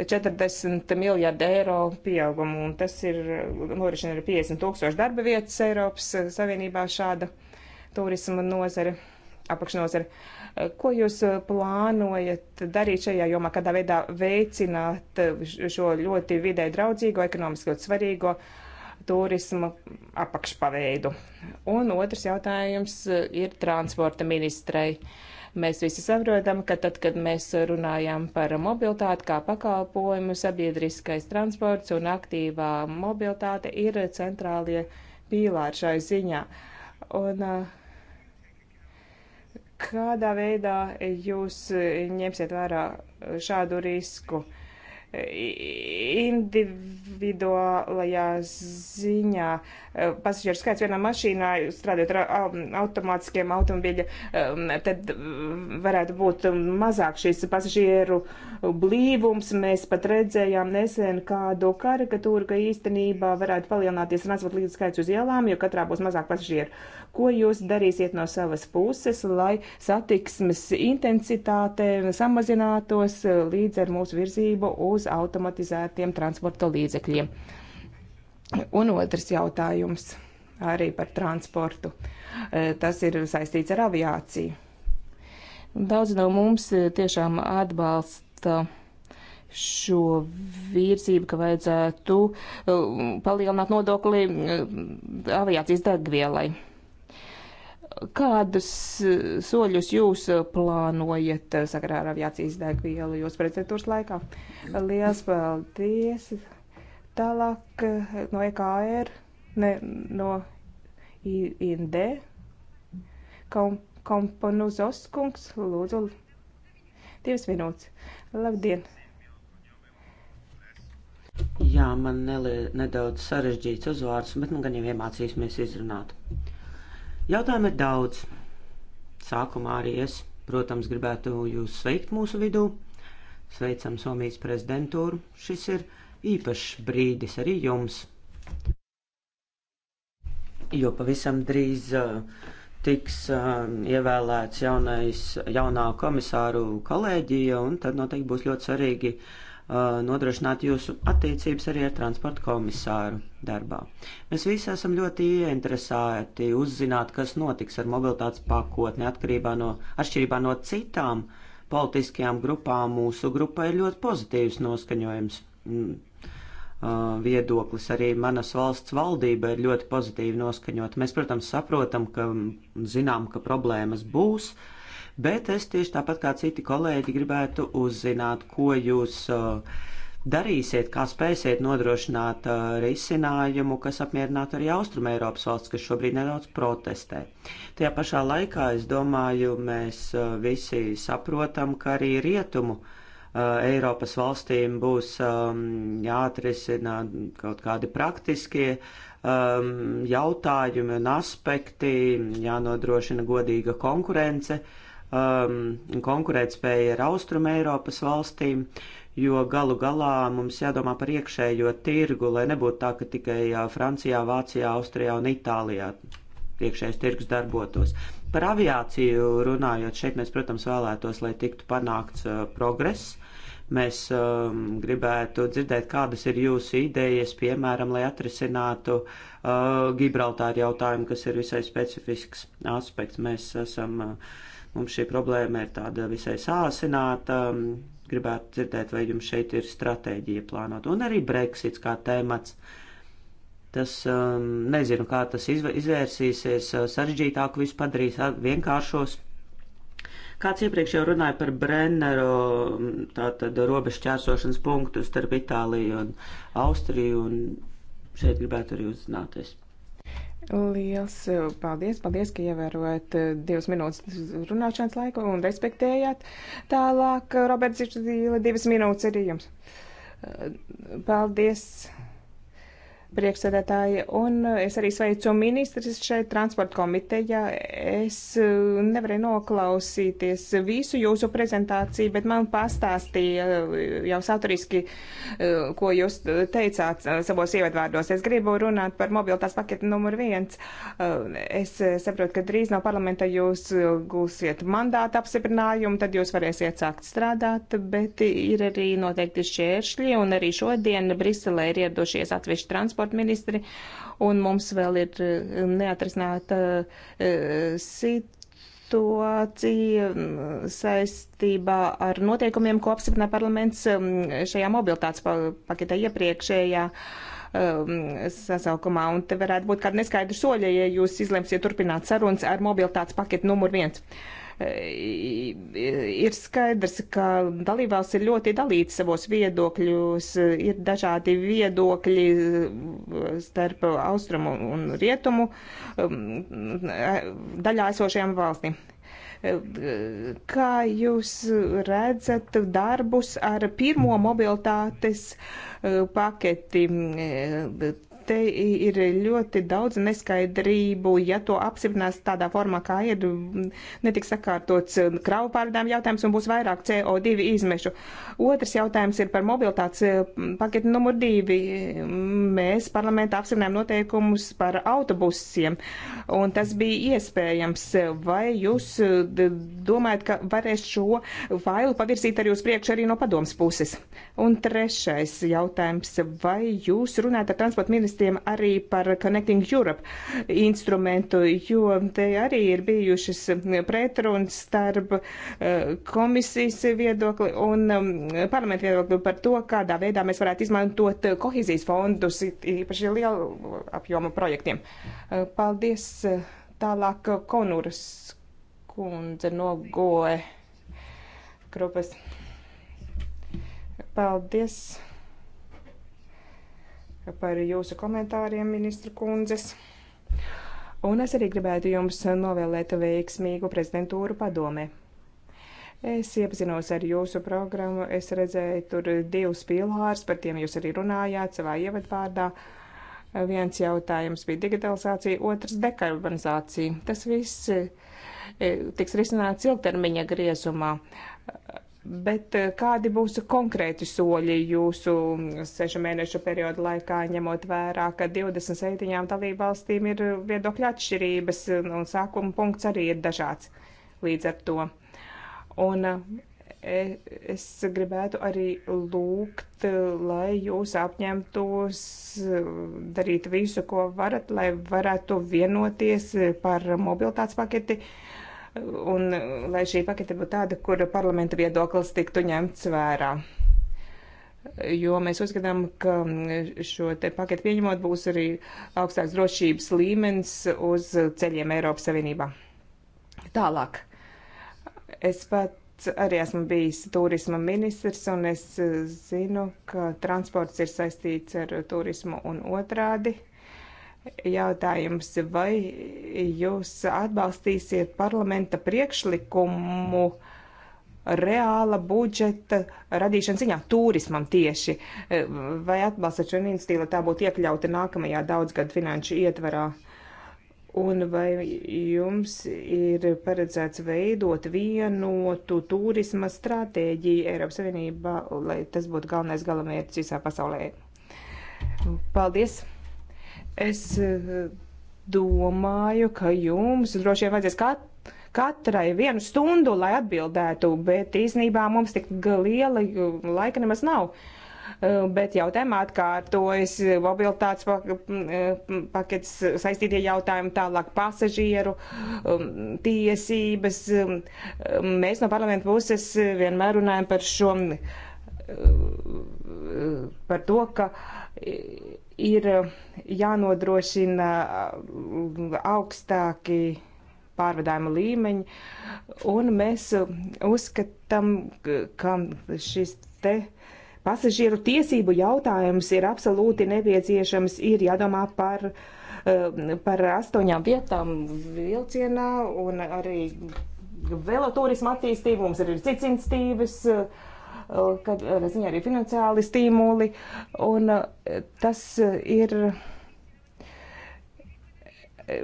40 miljārdu eiro pieaugumu. Un tas ir norišana ir 50 tūkstoši darba vietas Eiropas Savienībā šāda turisma nozare, apakšnozare. Ko jūs plānojat darīt šajā jomā, kādā veidā veicināt šo ļoti vidē draudzīgo, ekonomiski ļoti svarīgo turisma apakšpaveidu? Un otrs jautājums ir transporta ministrei. Uh, Mēs visi saprotam, ka tad, kad mēs runājam par mobilitāti kā pakalpojumu, sabiedriskais transports un aktīvā mobilitāte ir centrālie pīlāri šai ziņā. Un, uh, kādā veidā jūs ņemsiet vērā šādu risku? Uh, individuālajā ziņā. Eh, pasažieru skaits vienā mašīnā, strādājot ar automātiskiem automobiļa, tad eh, varētu būt mazāk šis pasažieru blīvums. Mēs pat redzējām nesen kādu karikatūru, ka īstenībā varētu palielināties transporta līdzekļu skaits uz ielām, jo katrā būs mazāk pasažieru. Ko jūs darīsiet no savas puses, lai satiksmes intensitāte samazinātos eh, līdz ar mūsu virzību uz uz automatizētiem transporta līdzekļiem. Un otrs jautājums arī par transportu. E, tas ir saistīts ar aviāciju. Daudz no mums e, tiešām atbalsta šo virzību, ka vajadzētu e, palielināt nodokli aviācijas degvielai. Kādus eh, soļus jūs eh, plānojat eh, sakarā ar aviācijas degvielu jūsu prezidentūras laikā? Lielas paldies! Tālāk no EKR, ne, no IND, kom, komponuzos kungs, lūdzu, divas minūtes. Labdien! Jā, man nelie, nedaudz sarežģīts uzvārds, bet nu gan jau iemācīsimies izrunāt. Jautājumu ir daudz. Sākumā arī es, protams, gribētu jūs sveikt mūsu vidū. Sveicam Somijas prezidentūru. Šis ir īpašs brīdis arī jums. Jo pavisam drīz uh, tiks uh, ievēlēts jaunais, jaunā komisāru kolēģija, un tad noteikti būs ļoti svarīgi uh, Uh, nodrošināt jūsu attiecības arī ar transporta komisāru darbā. Mēs visi esam ļoti ieinteresēti uzzināt, kas notiks ar mobilitātes pakotni atkarībā no, atšķirībā no citām politiskajām grupām. Mūsu grupa ir ļoti pozitīvs noskaņojums. Mm. Uh, viedoklis arī manas valsts valdība ir ļoti pozitīvi noskaņota. Mēs, protams, saprotam, ka mm, zinām, ka problēmas būs, uh, bet es tieši tāpat kā citi kolēģi gribētu uzzināt, ko jūs uh, darīsiet, kā spēsiet nodrošināt uh, risinājumu, kas apmierinātu arī Austrum Eiropas valsts, kas šobrīd nedaudz protestē. Tajā pašā laikā, es domāju, mēs uh, visi saprotam, ka arī rietumu. Eiropas valstīm būs um, jāatrisina kaut kādi praktiskie um, jautājumi un aspekti, jānodrošina godīga konkurence. Uh, um, konkurētspēja ar Austrum Eiropas valstīm, jo galu galā mums jādomā par iekšējo tirgu, lai nebūtu tā, ka tikai uh, Francijā, Vācijā, Austrijā un Itālijā iekšējais tirgus darbotos. Par aviāciju runājot, šeit mēs, protams, vēlētos, lai tiktu panākts uh, progress. Mēs um, gribētu dzirdēt, kādas ir jūsu idejas, piemēram, lai atrisinātu uh, Gibraltāru jautājumu, kas ir visai specifisks aspekts. Mēs esam uh, Mums šī problēma ir tāda visai sāsināta. Mm, gribētu dzirdēt, vai jums šeit ir stratēģija plānot. Un arī Brexits kā temats. Tas um, nezinu, kā tas izvērsīsies, sarežģītāk visu padarīs, vienkāršos. Kāds iepriekš jau runāja par Brennero mm, tātad robežu čērsošanas punktu starp Itāliju un Austriju, un šeit gribētu arī uzzināties. Liels eh, paldies, paldies, ka ievērojat eh, divas minūtes runāšanas laiku un respektējāt. Tālāk, eh, Roberts, ir divas minūtes arī jums. Paldies priekšsēdētāji, un es arī sveicu ministrs šeit transporta komitejā. Es uh, nevarēju noklausīties visu jūsu prezentāciju, bet man pastāstīja uh, jau saturiski, uh, ko jūs teicāt savos ievadvārdos. Es gribu runāt par mobilitātes paketu numur viens. Es saprotu, ka drīz no parlamenta jūs gūsiet mandātu apsiprinājumu, tad jūs varēsiet sākt strādāt, bet ir arī noteikti šķēršļi, un arī šodien Briselē ir iedošies atsevišķi transporta transporta ministri, un mums vēl ir eh, neatrisināta eh, situācija mm, saistībā ar noteikumiem, ko apstiprināja parlaments mm, šajā mobilitātes paketē iepriekšējā mm, sasaukumā, un te varētu būt kāda neskaidra soļa, ja jūs izlemsiet turpināt sarunas ar mobilitātes paketu numur viens. Uh, ir skaidrs, ka dalībvalsts ir ļoti dalīts savos viedokļos, ir dažādi viedokļi starp austrumu un rietumu um, daļā esošajām valstīm. Kā jūs redzat darbus ar pirmo mobilitātes uh, paketi? te ir ļoti daudz neskaidrību. Ja to apstiprinās tādā formā, kā ir, netiks sakārtots kravu pārdām jautājums un būs vairāk CO2 izmešu. Otrs jautājums ir par mobilitātes eh, paketu numur divi. Mēs parlamentā apstiprinājām noteikumus par autobusiem, un tas bija iespējams. Vai jūs domājat, ka varēs šo failu pavirzīt arī uz priekšu arī no padomas puses? Un trešais jautājums. Vai jūs runājat ar transporta ministru? aktīvistiem arī par Connecting Europe instrumentu, jo te arī ir bijušas pretrunas starp eh, komisijas viedokli un um, parlamentu viedokli par to, kādā veidā mēs varētu izmantot kohizijas fondus, īpaši lielu apjomu projektiem. Eh, paldies! Tālāk Konuras kundze no Goe grupas. Paldies! par jūsu komentāriem, ministra kundzes. Un es arī gribētu jums novēlēt veiksmīgu prezidentūru padomē. Es iepazinos ar jūsu programmu, es redzēju tur divus pīlārs, par tiem jūs arī runājāt savā ievadvārdā. Viens jautājums bija digitalizācija, otrs dekarbonizācija. Tas viss eh, tiks risināts ilgtermiņa griezumā Bet eh, kādi būs konkrēti soļi jūsu sešu mēnešu periodu laikā, ņemot vērā, ka 27 dalībvalstīm ir viedokļa atšķirības un sākuma punkts arī ir dažāds līdz ar to? Un eh, es gribētu arī lūgt, eh, lai jūs apņemtos darīt visu, ko varat, lai varētu vienoties par mobilitātes paketi un eh, lai šī pakete būtu tāda, kur parlamenta viedoklis tiktu ņemts vērā. Jo mēs uzskatām, ka mm, šo te paketu pieņemot būs arī augstāks drošības līmenis uz ceļiem Eiropas Savienībā. Tālāk. Es pats arī esmu bijis turisma ministrs, un es eh, zinu, ka transports ir saistīts ar turismu un otrādi jautājums, vai jūs atbalstīsiet parlamenta priekšlikumu reāla budžeta radīšanas ziņā turismam tieši, vai atbalstat šo iniciatīvu, lai tā būtu iekļauta nākamajā daudzgadu finanšu ietvarā? Un vai jums ir paredzēts veidot vienotu turisma stratēģiju Eiropas Savienībā, lai tas būtu galvenais galamērķis visā pasaulē? Paldies! Es eh, domāju, ka jums droši vien vajadzēs kat katrai vienu stundu, lai atbildētu, bet īsnībā mums tik liela eh, laika nemaz nav. Eh, bet jautājumā atkārtojas mobilitātes mm, pakets, saistītie jautājumi, tālāk pasažieru mm, tiesības. Mm, mēs no parlamenta puses vienmēr runājam par šo, par to, ka ir eh, jānodrošina eh, augstāki pārvadājuma līmeņi, un mēs eh, uzskatām, ka šis te pasažieru tiesību jautājums ir absolūti nepieciešams, ir jādomā par, par astoņām vietām vilcienā un arī veloturismu attīstību, mums ir cits institīvas, uh, kad ziņā arī finansiāli stimuli, un tas ir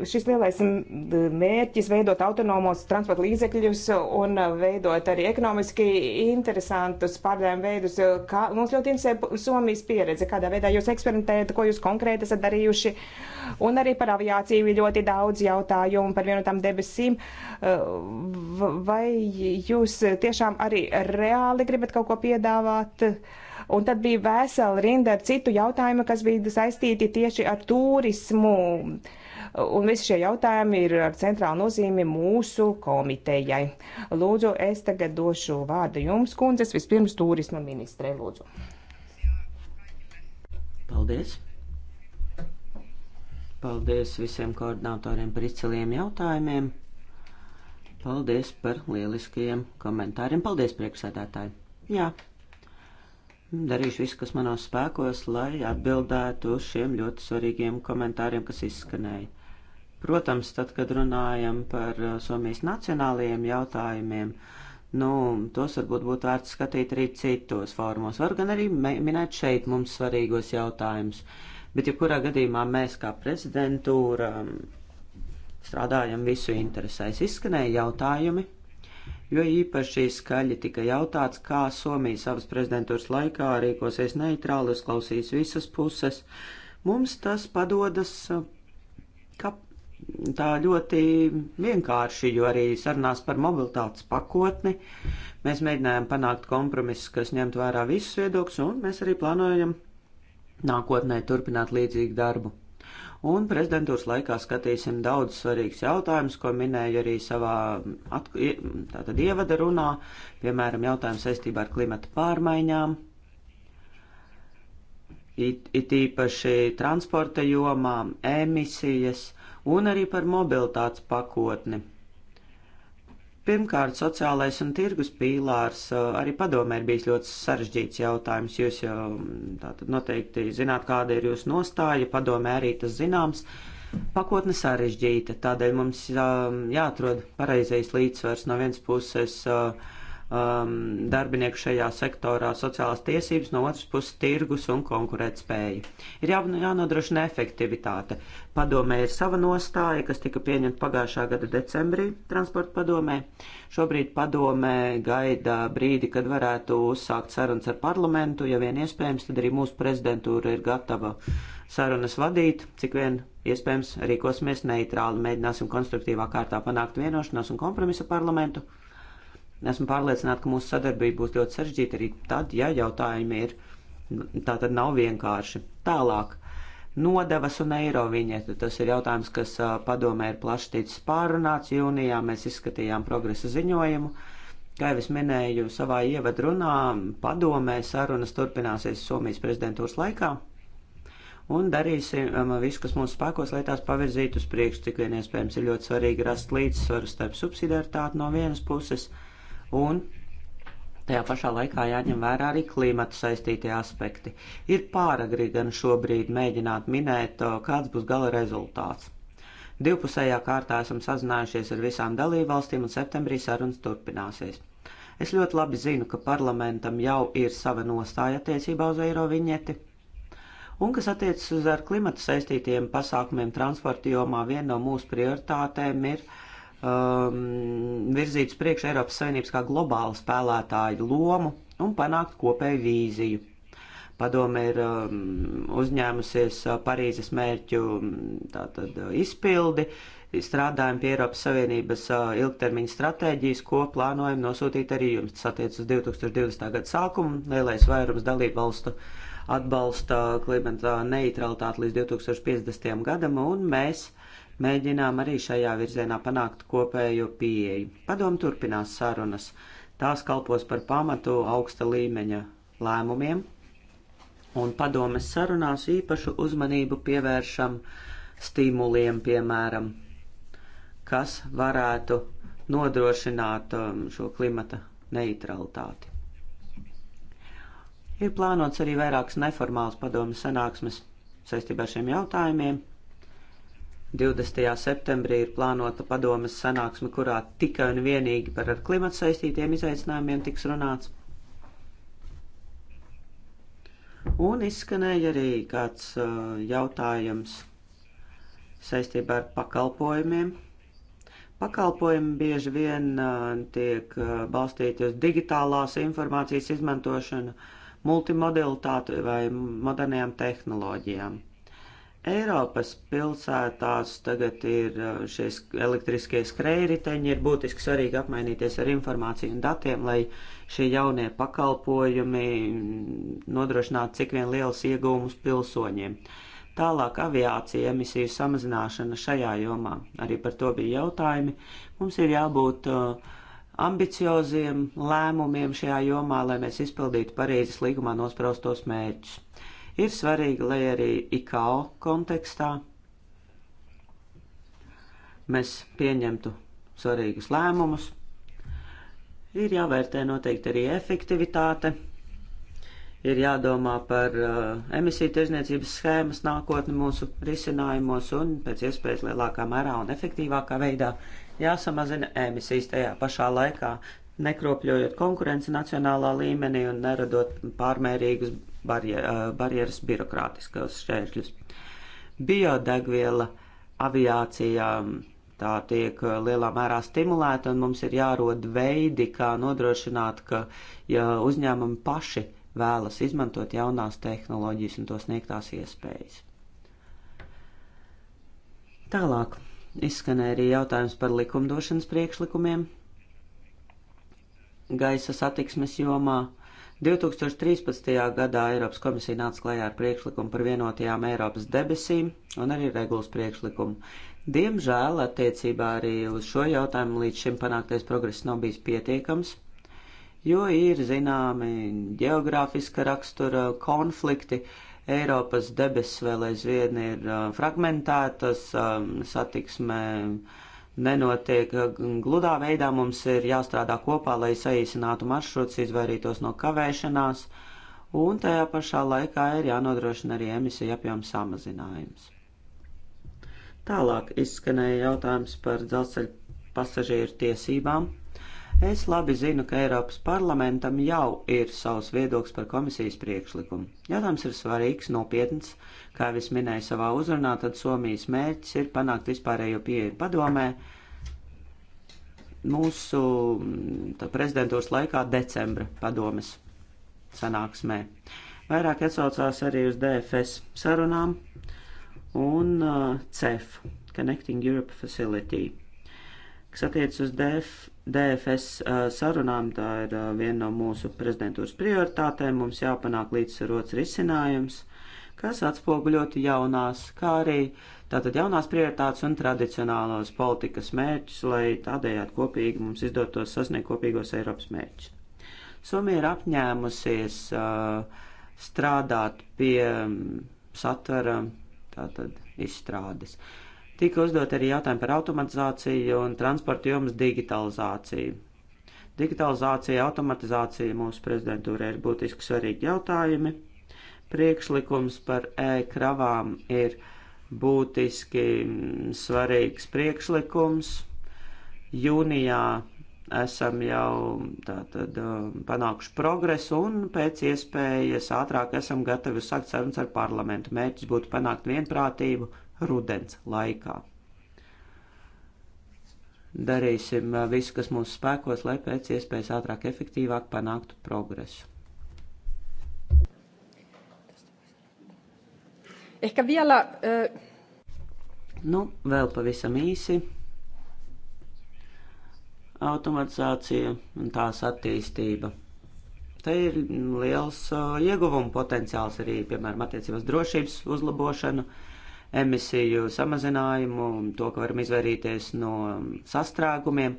šis lielais mērķis veidot autonomos transporta līdzekļus un veidot arī ekonomiski interesantus pārdējumu veidus. Kā, mums ļoti interesē Somijas pieredze, kādā veidā jūs eksperimentējat, ko jūs konkrēti esat darījuši. Un arī par aviāciju ir ļoti daudz jautājumu par vienotām debesīm. Vai jūs tiešām arī reāli gribat kaut ko piedāvāt? Un tad bija vesela rinda ar citu jautājumu, kas bija saistīti tieši ar turismu. Uh, Un visi šie jautājumi ir ar centrālu nozīmi mūsu komitejai. Lūdzu, es tagad došu vārdu jums, kundzes, vispirms turisma ministrē, lūdzu. Paldies! Paldies visiem koordinatoriem par izciliem jautājumiem. Paldies par lieliskajiem komentāriem. Paldies, priekšsēdētāji! Jā, Darīšu visu, kas manos spēkos, lai atbildētu uz šiem ļoti svarīgiem komentāriem, kas izskanēja. Protams, tad, kad runājam par uh, Somijas nacionālajiem jautājumiem, nu, tos varbūt būtu vērts skatīt arī citos formos. Var gan arī minēt šeit mums svarīgos jautājumus. Bet, ja kurā gadījumā mēs kā prezidentūra um, strādājam visu interesēs, izskanēja jautājumi, jo īpaši skaļi tika jautāts, kā Somija savas prezidentūras laikā rīkosies neitrāli, uzklausīs visas puses. Mums tas padodas uh, kā tā ļoti vienkārši, jo arī sarunās par mobilitātes pakotni mēs mēģinājām panākt kompromisus, kas ņemtu vērā visus viedokļus, un mēs arī plānojam nākotnē turpināt līdzīgu darbu. Un prezidentūras laikā skatīsim daudz svarīgus jautājumus, ko minēju arī savā tātad ievada runā, piemēram, jautājumu saistībā ar klimata pārmaiņām, it, it īpaši transporta jomā, emisijas – un arī par mobilitātes pakotni. Pirmkārt, sociālais un tirgus pīlārs eh, arī padomē ir bijis ļoti sarežģīts jautājums. Jūs jau mm, tātad noteikti zināt, kāda ir jūsu nostāja, padomē arī tas zināms. Pakotne sarežģīta, tādēļ mums eh, jāatrod pareizais līdzsvars no vienas puses. Uh, um, darbinieku šajā sektorā sociālās tiesības, no otras puses tirgus un konkurētspēja. Ir jā, jānodrošina efektivitāte. Padomē ir sava nostāja, kas tika pieņemta pagājušā gada decembrī transporta padomē. Šobrīd padomē gaida brīdi, kad varētu uzsākt sarunas ar parlamentu, ja vien iespējams, tad arī mūsu prezidentūra ir gatava sarunas vadīt, cik vien iespējams rīkosimies neitrāli, mēģināsim konstruktīvā kārtā panākt vienošanos un kompromisu parlamentu. Esmu pārliecināta, ka mūsu sadarbība būs ļoti sarežģīta arī tad, ja jautājumi ir. Tā tad nav vienkārši. Tālāk. Nodevas un eiro viņieta. Tas ir jautājums, kas padomē ir plaši ticis pārunāts. Jūnijā mēs izskatījām progresa ziņojumu. Kā jau es minēju savā ievadrunā, padomē sarunas turpināsies Somijas prezidentūras laikā. Un darīsim visu, kas mūsu spēkos, lai tās pavirzītu uz priekšu, cik vien iespējams ir ļoti svarīgi rast līdzsvaru starp subsidiaritāti no vienas puses un Tajā pašā laikā jāņem vērā arī klimata saistītie aspekti. Ir pāragri gan šobrīd mēģināt minēt, kāds būs gala rezultāts. Divpusējā kārtā esam sazinājušies ar visām dalībvalstīm un septembrī sarunas turpināsies. Es ļoti labi zinu, ka parlamentam jau ir sava nostāja attiecībā uz eiro viņeti. Un kas attiecas uz ar klimatu saistītiem pasākumiem transporta jomā, viena no mūsu prioritātēm ir uh, um, virzīt uz priekšu Eiropas Savienības kā globāla spēlētāja lomu un panākt kopēju vīziju. Padome ir um, uzņēmusies uh, Parīzes mērķu um, tātad, uh, izpildi, strādājam pie Eiropas Savienības uh, ilgtermiņa stratēģijas, ko plānojam nosūtīt arī jums. Tas attiec uz 2020. gada sākumu. Lielais vairums dalību valstu atbalsta klimata neutralitāti līdz 2050. gadam, un mēs uh, mēģinām arī šajā virzienā panākt kopējo pieeju. Padom turpinās sarunas. Tās kalpos par pamatu augsta līmeņa lēmumiem, un padomes sarunās īpašu uzmanību pievēršam stimuliem, piemēram, kas varētu nodrošināt um, šo klimata neutralitāti. Ir plānots arī vairākas neformālas padomas sanāksmes saistībā ar šiem jautājumiem. 20. septembrī ir plānota padomas sanāksme, kurā tikai un vienīgi par ar klimatu saistītiem izaicinājumiem tiks runāts. Un izskanēja arī kāds uh, jautājums saistībā ar pakalpojumiem. Pakalpojumi bieži vien uh, tiek uh, balstīti uz digitālās informācijas izmantošanu, multimodalitāti vai modernajām tehnoloģijām. Eiropas pilsētās tagad ir uh, šie elektriskie skrējriteņi, ir būtiski svarīgi apmainīties ar informāciju un datiem, lai šie jaunie pakalpojumi nodrošinātu cik vien liels iegūmus pilsoņiem. Tālāk aviācija emisiju samazināšana šajā jomā. Arī par to bija jautājumi. Mums ir jābūt uh, ambicioziem lēmumiem šajā jomā, lai mēs izpildītu Parīzes līgumā nospraustos mērķus ir svarīga, lai arī IKO kontekstā mēs pieņemtu svarīgus lēmumus. Ir jāvērtē noteikti arī efektivitāte, ir jādomā par uh, emisiju tirzniecības schēmas nākotni mūsu risinājumos un pēc iespējas lielākā mērā un efektīvākā veidā jāsamazina emisijas tajā pašā laikā, nekropļojot konkurenci nacionālā līmenī un neradot pārmērīgus barjer, barjeras birokrātiskos šķēršļus. Biodegviela aviācijā tā tiek lielā mērā stimulēta, un mums ir jārod veidi, kā nodrošināt, ka ja uzņēmumi paši vēlas izmantot jaunās tehnoloģijas un to sniegtās iespējas. Tālāk izskanēja arī jautājums par likumdošanas priekšlikumiem gaisa satiksmes jomā. Uh, 2013. gadā Eiropas komisija nāca klajā ar priekšlikumu par vienotajām Eiropas debesīm un arī regulas priekšlikumu. Diemžēl attiecībā arī uz šo jautājumu līdz šim panāktais progress nav bijis pietiekams, jo ir zināmi geogrāfiska rakstura konflikti, Eiropas debesis vēl aizvien ir uh, fragmentētas, um, satiksme nenotiek gludā veidā. Mums ir jāstrādā kopā, lai saīsinātu maršrutus, izvairītos no kavēšanās, un tajā pašā laikā ir jānodrošina arī emisiju apjomu samazinājums. Tālāk izskanēja jautājums par dzelzceļa pasažieru tiesībām. Es labi zinu, ka Eiropas parlamentam jau ir savs viedoklis par komisijas priekšlikumu. Jautājums ir svarīgs, nopietns. Kā jau es minēju savā uzrunā, tad Somijas mērķis ir panākt vispārējo pieeju padomē mūsu mm, tā, prezidentūras laikā decembra padomes sanāksmē. Vairāk atsaucās arī uz DFS sarunām un uh, CEF, Connecting Europe Facility, kas attiecas uz DF, DFS uh, sarunām tā ir uh, viena no mūsu prezidentūras prioritātēm. Mums jāpanāk līdzsvarots risinājums, kas atspoguļotu jaunās, kā arī tātad jaunās prioritātes un tradicionālos politikas mērķus, lai tādējādi kopīgi mums izdotos sasniegt kopīgos Eiropas mērķus. Somija ir apņēmusies uh, strādāt pie um, satvera tātad izstrādes. Uh, Tika uzdot arī jautājumi par automatizāciju un transporta jomas digitalizāciju. Digitalizācija, automatizācija mūsu prezidentūrē ir būtiski svarīgi jautājumi. Priekšlikums par e-kravām ir būtiski svarīgs priekšlikums. Jūnijā esam jau tātad um, panākuši progresu un pēc iespējas ātrāk esam gatavi sākt sarunas ar parlamentu. Mērķis būtu panākt vienprātību rudens laikā. Darīsim uh, visu, kas mūsu spēkos, lai pēc iespējas ātrāk, efektīvāk panāktu progresu. Ehkä vielä... Äh... Uh, nu, vēl pavisam īsi. Automatizācija un tās attīstība. Te ir liels uh, ieguvuma potenciāls arī, piemēram, attiecībās drošības uzlabošana. Uh, emisiju samazinājumu, to, ka varam izvairīties no sastrēgumiem.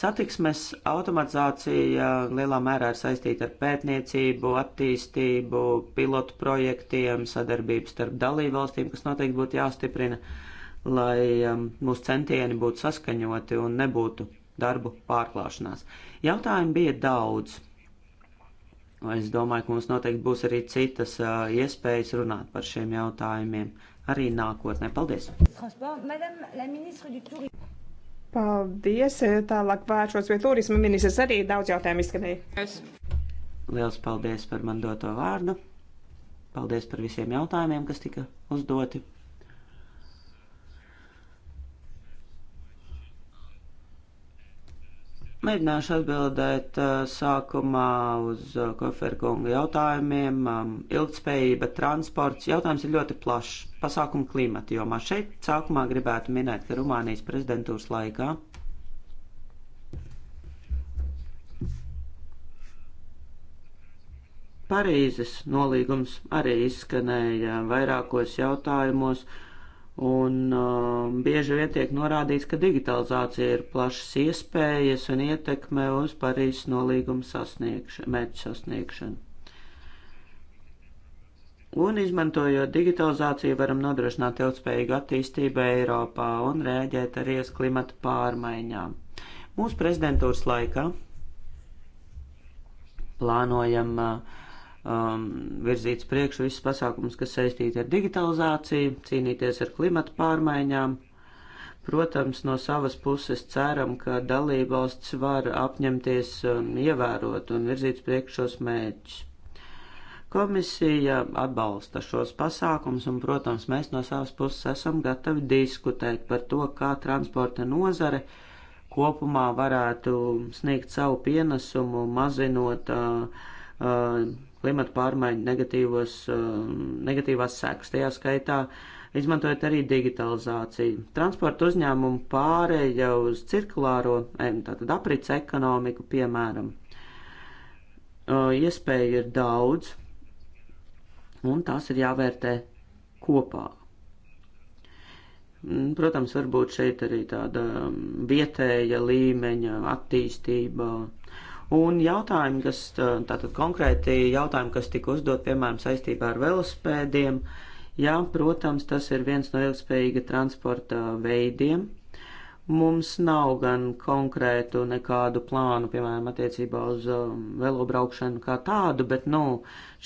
Satiksmes automatizācija lielā mērā ir saistīta ar pētniecību, attīstību, pilotu projektiem, sadarbību starp dalībvalstīm, kas noteikti būtu jāstiprina, lai um, mūsu centieni būtu saskaņoti un nebūtu darbu pārklāšanās. Jautājumi bija daudz. Es domāju, ka mums noteikti būs arī citas uh, iespējas runāt par šiem jautājumiem arī nākotnē. Paldies! Paldies! Tālāk vēršos pie turisma ministrs arī daudz jautājumu izskanēja. Liels paldies par man doto vārdu. Paldies par visiem jautājumiem, kas tika uzdoti. Mēģināšu atbildēt sākumā uz Koferkunga jautājumiem. Ilgtspējība, transports. Jautājums ir ļoti plašs. Pasākumu klimata jomā. Šeit sākumā gribētu minēt, ka Rumānijas prezidentūras laikā Parīzes nolīgums arī izskanēja vairākos jautājumos. Uh, Un um, bieži vien tiek norādīts, ka digitalizācija ir plašas iespējas un ietekme uz Parīzes nolīguma sasniegš mērķu sasniegšanu. Un izmantojot digitalizāciju, varam nodrošināt ilgspējīgu attīstību Eiropā un rēģēt arī uz klimata pārmaiņām. Mūsu prezidentūras laikā plānojam uh, um, virzīts priekš visas pasākums, kas saistīti ar digitalizāciju, cīnīties ar klimatu pārmaiņām. Protams, no savas puses ceram, ka dalībvalsts var apņemties um, ievērot un virzīt priekš šos mērķus. Komisija atbalsta šos pasākums un, protams, mēs no savas puses esam gatavi diskutēt par to, kā transporta nozare kopumā varētu sniegt savu pienesumu, mazinot uh, uh, klimata pārmaiņu negatīvos, uh, negatīvās sekas, tajā skaitā izmantojot arī digitalizāciju. Transporta uzņēmumu pāreja uz cirkulāro, tātad aprits ekonomiku, piemēram. Uh, iespēju ir daudz, un tās ir jāvērtē kopā. Mm, protams, varbūt šeit arī tāda um, vietēja līmeņa attīstība, uh, Un jautājumi, kas tātad konkrēti jautājumi, kas tika uzdot, piemēram, saistībā ar velospēdiem, jā, protams, tas ir viens no ilgspējīga transporta veidiem. Mums nav gan konkrētu nekādu plānu, piemēram, attiecībā uz um, velobraukšanu kā tādu, bet, nu,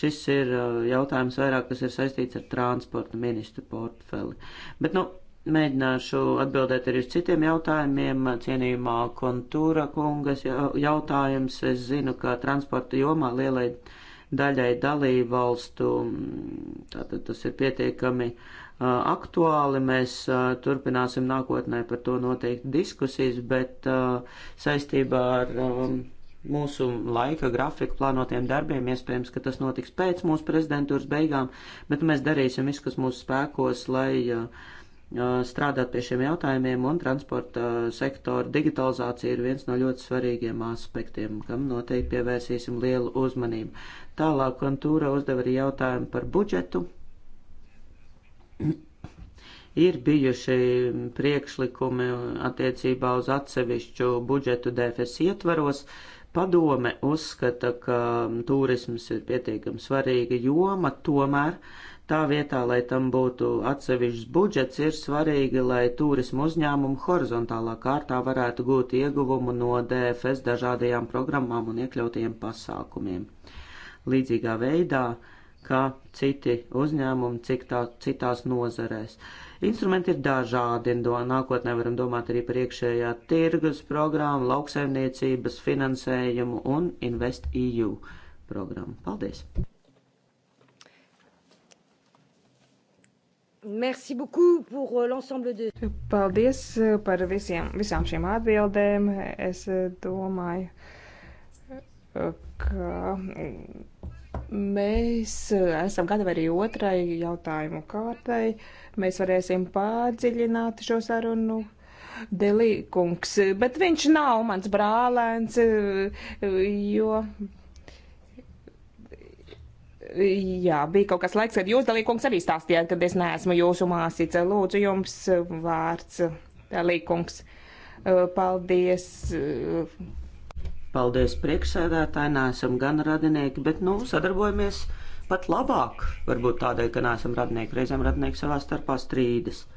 šis ir uh, jautājums vairāk, kas ir saistīts ar transporta ministru portfeli. Bet, nu, Mēģināšu atbildēt arī uz citiem jautājumiem. Cienījumā kontūra kungas jautājums. Es zinu, ka transporta jomā lielai daļai dalību valstu mm, tātad tas ir pietiekami aktuāli. Mēs turpināsim nākotnē par to noteikti diskusijas, bet saistībā ar um, mūsu laika grafiku plānotiem darbiem. Iespējams, ka tas notiks pēc mūsu prezidentūras beigām, bet mēs darīsim visu, kas mūsu spēkos, lai uh, strādāt pie šiem jautājumiem, un transporta sektora digitalizācija ir viens no ļoti svarīgiem aspektiem, kam noteikti pievērsīsim lielu uzmanību. Tālāk, Kontūra uzdeva arī jautājumu par budžetu. ir bijuši priekšlikumi attiecībā uz atsevišķu budžetu DFS ietvaros. Padome uzskata, ka turisms ir pietiekami svarīga joma, tomēr Tā vietā, lai tam būtu atsevišķs budžets, ir svarīgi, lai turismu uzņēmumu horizontālā kārtā varētu gūt ieguvumu no DFS dažādajām programmām un iekļautajiem pasākumiem. Līdzīgā veidā, kā citi uzņēmumi citā, citās nozarēs. Instrumenti ir dažādi, un do, nākotnē varam domāt arī par iekšējā tirgus programmu, lauksaimniecības finansējumu un Invest EU programmu. Paldies! Merci beaucoup pour euh, l'ensemble de. Paldies euh, par visiem, visām šīm atbildēm. Es eh, domāju, eh, ka mm, mēs eh, esam gatavi arī otrai jautājumu kārtai. Mēs varēsim pārdziļināt šo sarunu. Delīkungs, bet viņš nav mans brālēns, jo Jā, bija kaut kas laiks, kad jūs, dalīkungs, arī stāstījāt, kad es neesmu jūsu māsīca. Lūdzu, jums uh, vārds, uh, dalīkungs. Uh, paldies. Paldies priekšsēdētāji, neesam gan radinieki, bet, nu, sadarbojamies pat labāk. Varbūt tādēļ, ka neesam radinieki, reizēm radinieki savā starpā strīdas. Uh,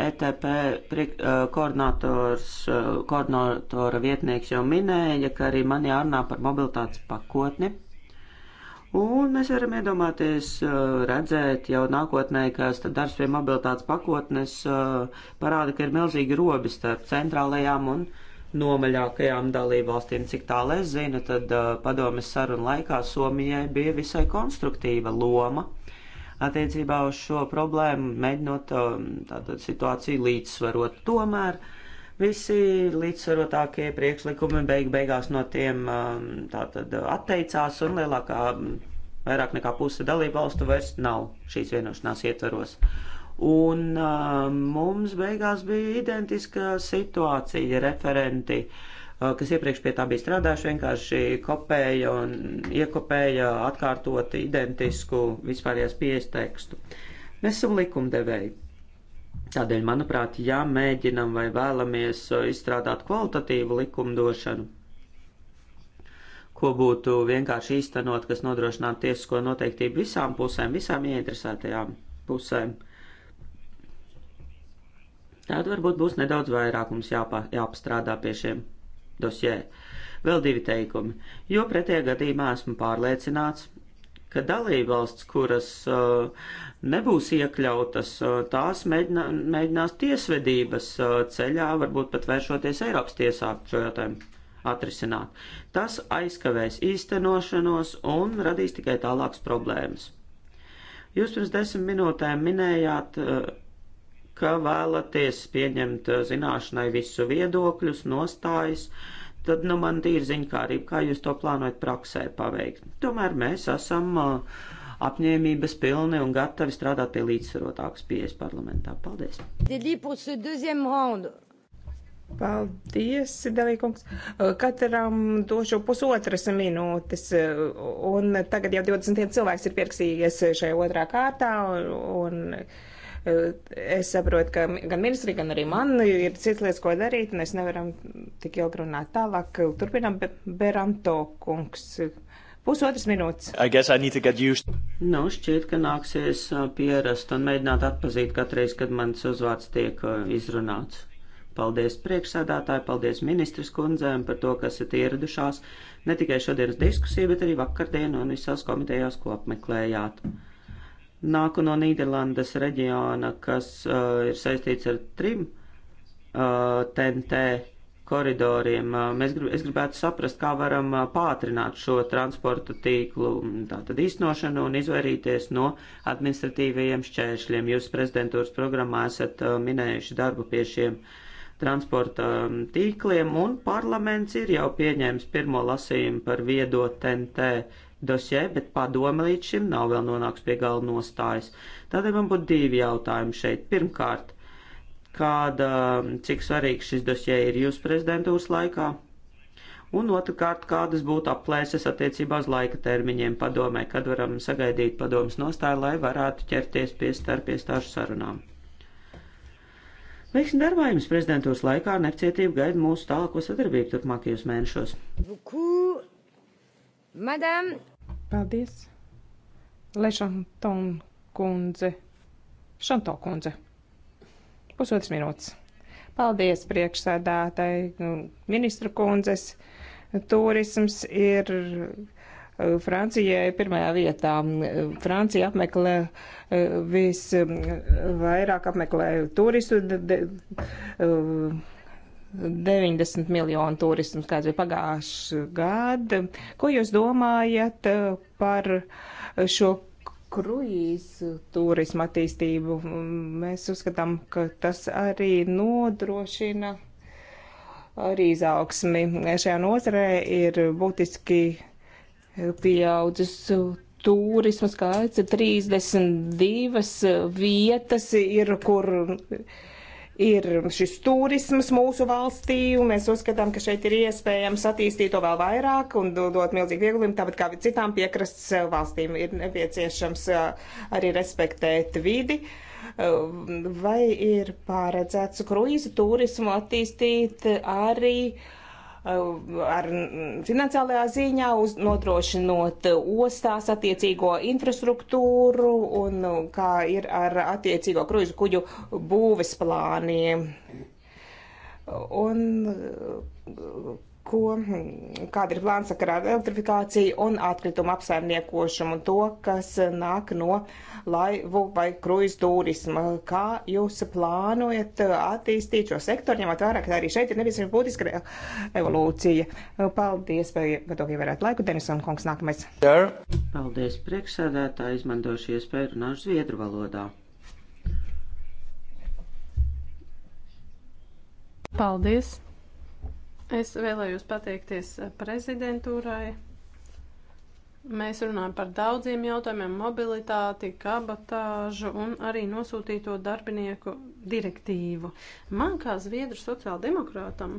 ETP e, koordinators, e, koordinatora vietnieks jau minēja, ka arī man jārunā par mobilitātes pakotni. Un mēs varam iedomāties, e, redzēt jau nākotnē, ka darbs pie mobilitātes pakotnes parāda, ka ir milzīgi robi starp centrālajām un nomaļākajām dalībvalstīm. Cik tālu es zinu, tad padomes sarunu laikā Somijai bija visai konstruktīva loma attiecībā uz šo problēmu, mēģinot um, tātad situāciju līdzsvarot. Tomēr visi līdzsvarotākie priekšlikumi beig beigās no tiem um, tātad atteicās un lielākā, vairāk nekā puse dalību valstu vairs nav šīs vienošanās ietvaros. Un uh, mums beigās bija identiska situācija referenti. Uh, Eh, kas iepriekš pie tā bija strādājuši, vienkārši kopēja un iekopēja atkārtot identisku vispārējās pieejas tekstu. Mēs esam likumdevēji. Tādēļ, manuprāt, ja mēģinam vai vēlamies eh, izstrādāt kvalitatīvu likumdošanu, ko būtu vienkārši īstenot, kas nodrošinātu tiesisko noteiktību visām pusēm, visām ieinteresētajām pusēm. Tāda varbūt būs nedaudz vairāk mums jāpa, jāpastrādā pie šiem dosjē. Vēl divi teikumi, jo pretējā gadījumā esmu pārliecināts, ka dalībvalsts, kuras uh, nebūs iekļautas, uh, tās mēģinā, mēģinās tiesvedības uh, ceļā, varbūt pat vēršoties Eiropas tiesā šo jautājumu atrisināt. Tas aizkavēs īstenošanos un radīs tikai tālākas problēmas. Jūs pirms desmit minūtēm minējāt uh, ka vēlaties pieņemt eh, zināšanai visu viedokļus, nostājas, tad nu man tīri ziņkārība, kā jūs to plānojat praksē paveikt. Tomēr mēs esam eh, apņēmības pilni un gatavi strādāt pie līdzsvarotākas pieejas parlamentā. Paldies! Paldies, Dalīkungs. Eh, katram došu pusotras minūtes, un tagad jau 20 cilvēks ir pierakstījies šajā otrā kārtā, un, un Eh, es saprotu, ka gan ministri, gan arī man ir cits lietas, ko darīt, un es nevaram tik ilgi runāt tālāk. Turpinam, Be Beranto kungs. Pusotras minūtes. I guess I need to get used. Nu, šķiet, ka nāksies pierast un mēģināt atpazīt katreiz, kad mans uzvārds tiek izrunāts. Paldies priekšsēdētāji, paldies ministras kundzēm par to, kas ir ieradušās ne tikai šodienas diskusiju, bet arī vakardien un visās komitejās, ko apmeklējāt. Nāku no Nīderlandes reģiona, kas uh, ir saistīts ar trim uh, TNT koridoriem. Uh, mēs grib, es gribētu saprast, kā varam uh, pātrināt šo transporta tīklu mm, tātad īstenošanu un izvairīties no administratīvajiem šķēršļiem. Jūs prezidentūras programmā esat uh, minējuši darbu pie šiem transporta um, tīkliem, un parlaments ir jau pieņēmis pirmo lasījumu par viedo TNT dosjē, bet padome līdz šim nav vēl nonāks pie gala nostājas. Tādēļ man būtu divi jautājumi šeit. Pirmkārt, kāda, cik svarīgs šis dosjē ir jūsu prezidentūras laikā? Un otrkārt, kādas būtu aplēses attiecībā uz laika termiņiem padomē, kad varam sagaidīt padomas nostāju, lai varētu ķerties pie starpiestāšu sarunām. Veiksmi darbā jums prezidentūras laikā nepacietību gaida mūsu tālāko sadarbību turpmākajos mēnešos. Madame Paldies. Lešanton kundze. Šanto kundze. Pusotras minūtes. Paldies priekšsēdētāji nu, ministru kundzes. Turisms ir uh, Francijai pirmajā vietā. Mm, uh, Francija apmeklē uh, visvairāk apmeklē turistu. De, de, 90 miljonu turismu, kāds bija pagājuši gadu. Ko jūs domājat eh, par šo kruīzu turismu attīstību? Mēs uzskatām, ka tas arī nodrošina arī izaugsmi. Šajā nozarē ir būtiski pieaudzis turismu skaits, 32 vietas ir, kur ir šis turisms mūsu valstī, un mēs uzskatām, ka šeit ir iespējams attīstīt to vēl vairāk un dot milzīgi ieguldījumu, tāpat kā citām piekrasts valstīm ir nepieciešams uh, arī respektēt vidi. Uh, vai ir paredzēts kruīzu turismu attīstīt arī uh, Uh, ar finansiālajā ziņā, uz, notrošinot ostās attiecīgo infrastruktūru un uh, kā ir ar attiecīgo kruizu kuģu būves plāniem. Un uh, ko, mm, kāda ir plāna sakarā ar elektrifikāciju un atkritumu apsaimniekošanu un to, kas nāk no laivu vai kruiz turisma. Kā jūs plānojat attīstīt šo sektoru, ņemot vērā, ka arī šeit ir nepieciešama būtiska evolūcija? Paldies, vai gatavi ievērēt laiku, Denison Kongs nākamais. Paldies, priekšsēdētā, izmantošu iespēju runāt zviedru valodā. Paldies! Es vēlējos pateikties prezidentūrai. Mēs runājam par daudziem jautājumiem - mobilitāti, kabatāžu un arī nosūtīto darbinieku direktīvu. Man kā Zviedru sociāldemokrātam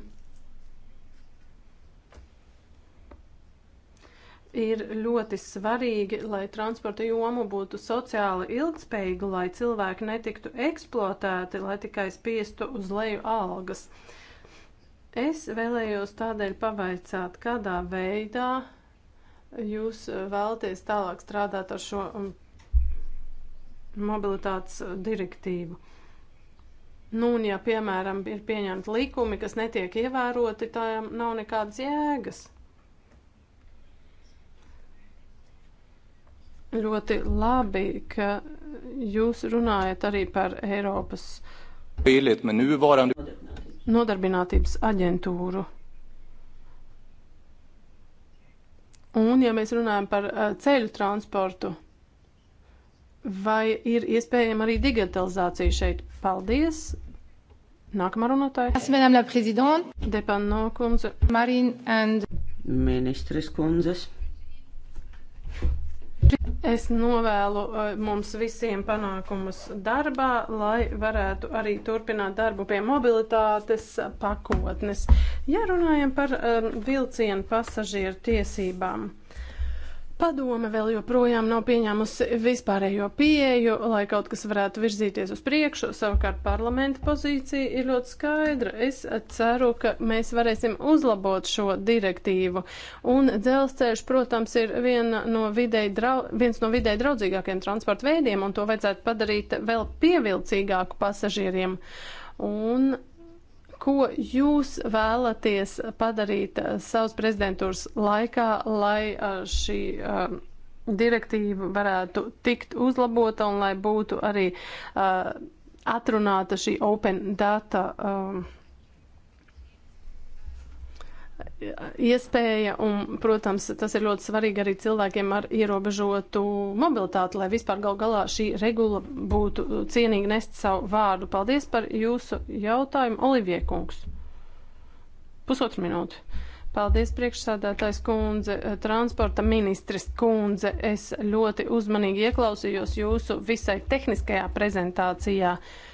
ir ļoti svarīgi, lai transporta joma būtu sociāli ilgspējīga, lai cilvēki netiktu eksploatēti, lai tikai spiestu uz leju algas. Uh, Es vēlējos tādēļ pavaicāt, kādā veidā jūs vēlaties tālāk strādāt ar šo um, mobilitātes direktīvu. Nu, un ja, piemēram, ir pieņemti likumi, kas netiek ievēroti, tām nav nekādas jēgas. Ļoti labi, ka jūs runājat arī par Eiropas. Pīliet, man nu varam nodarbinātības aģentūru. Un, ja mēs runājam par eh, ceļu transportu, vai ir iespējama arī digitalizācija šeit? Paldies! Nākamā runātāja. Es vienam la prezident. Depano kundze. Marīna and. Ministres kundzes. Es novēlu uh, mums visiem panākumus darbā, lai varētu arī turpināt darbu pie mobilitātes pakotnes. Ja runājam par um, vilcienu pasažieru tiesībām. Padome vēl joprojām nav pieņēmusi vispārējo pieeju, lai kaut kas varētu virzīties uz priekšu. Savukārt parlamenta pozīcija ir ļoti skaidra. Es ceru, ka mēs varēsim uzlabot šo direktīvu. Un dzelzceļš, protams, ir viena no videi drau, viens no videi draudzīgākiem transporta veidiem, un to vajadzētu padarīt vēl pievilcīgāku pasažieriem. Un Ko jūs vēlaties padarīt eh, savas prezidentūras laikā, lai eh, šī eh, direktīva varētu tikt uzlabota un lai būtu arī atrunāta šī open data? iespēja, un, protams, tas ir ļoti svarīgi arī cilvēkiem ar ierobežotu mobilitāti, lai vispār gal galā šī regula būtu cienīgi nest savu vārdu. Paldies par jūsu jautājumu, Olivie kungs. Pusotru minūti. Paldies, priekšsādātājs kundze, transporta ministres kundze. Es ļoti uzmanīgi ieklausījos jūsu visai tehniskajā prezentācijā. Uh,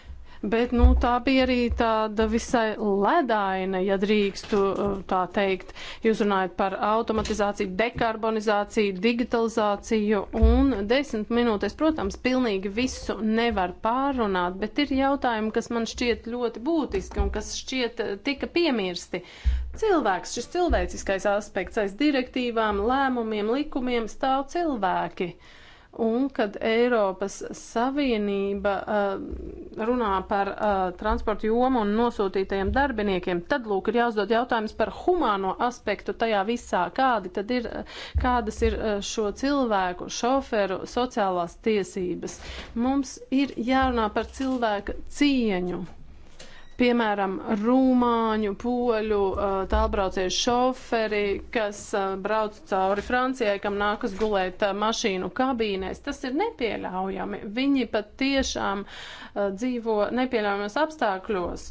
bet nu, tā bija arī tāda visai ledaina, ja drīkstu uh, tā teikt. Jūs runājat par automatizāciju, dekarbonizāciju, digitalizāciju un desmit minūtēs, protams, pilnīgi visu nevar pārunāt, bet ir jautājumi, kas man šķiet ļoti būtiski un kas šķiet uh, tika piemirsti. Cilvēks, šis cilvēciskais aspekts aiz direktīvām, lēmumiem, likumiem stāv cilvēki. Uh, Un kad Eiropas Savienība uh, runā par uh, eh, transportu jomu un nosūtītajiem darbiniekiem, tad lūk ir jāuzdod jautājums par humāno aspektu tajā visā, kādi tad ir, eh, kādas ir šo cilvēku, šoferu sociālās tiesības. Mums ir jārunā par cilvēka cieņu piemēram, rumāņu, poļu uh, tālbraucēju šoferi, kas uh, brauc cauri Francijai, kam nākas gulēt uh, mašīnu kabīnēs. Tas ir nepieļaujami. Viņi pat tiešām dzīvo nepieļaujamos apstākļos.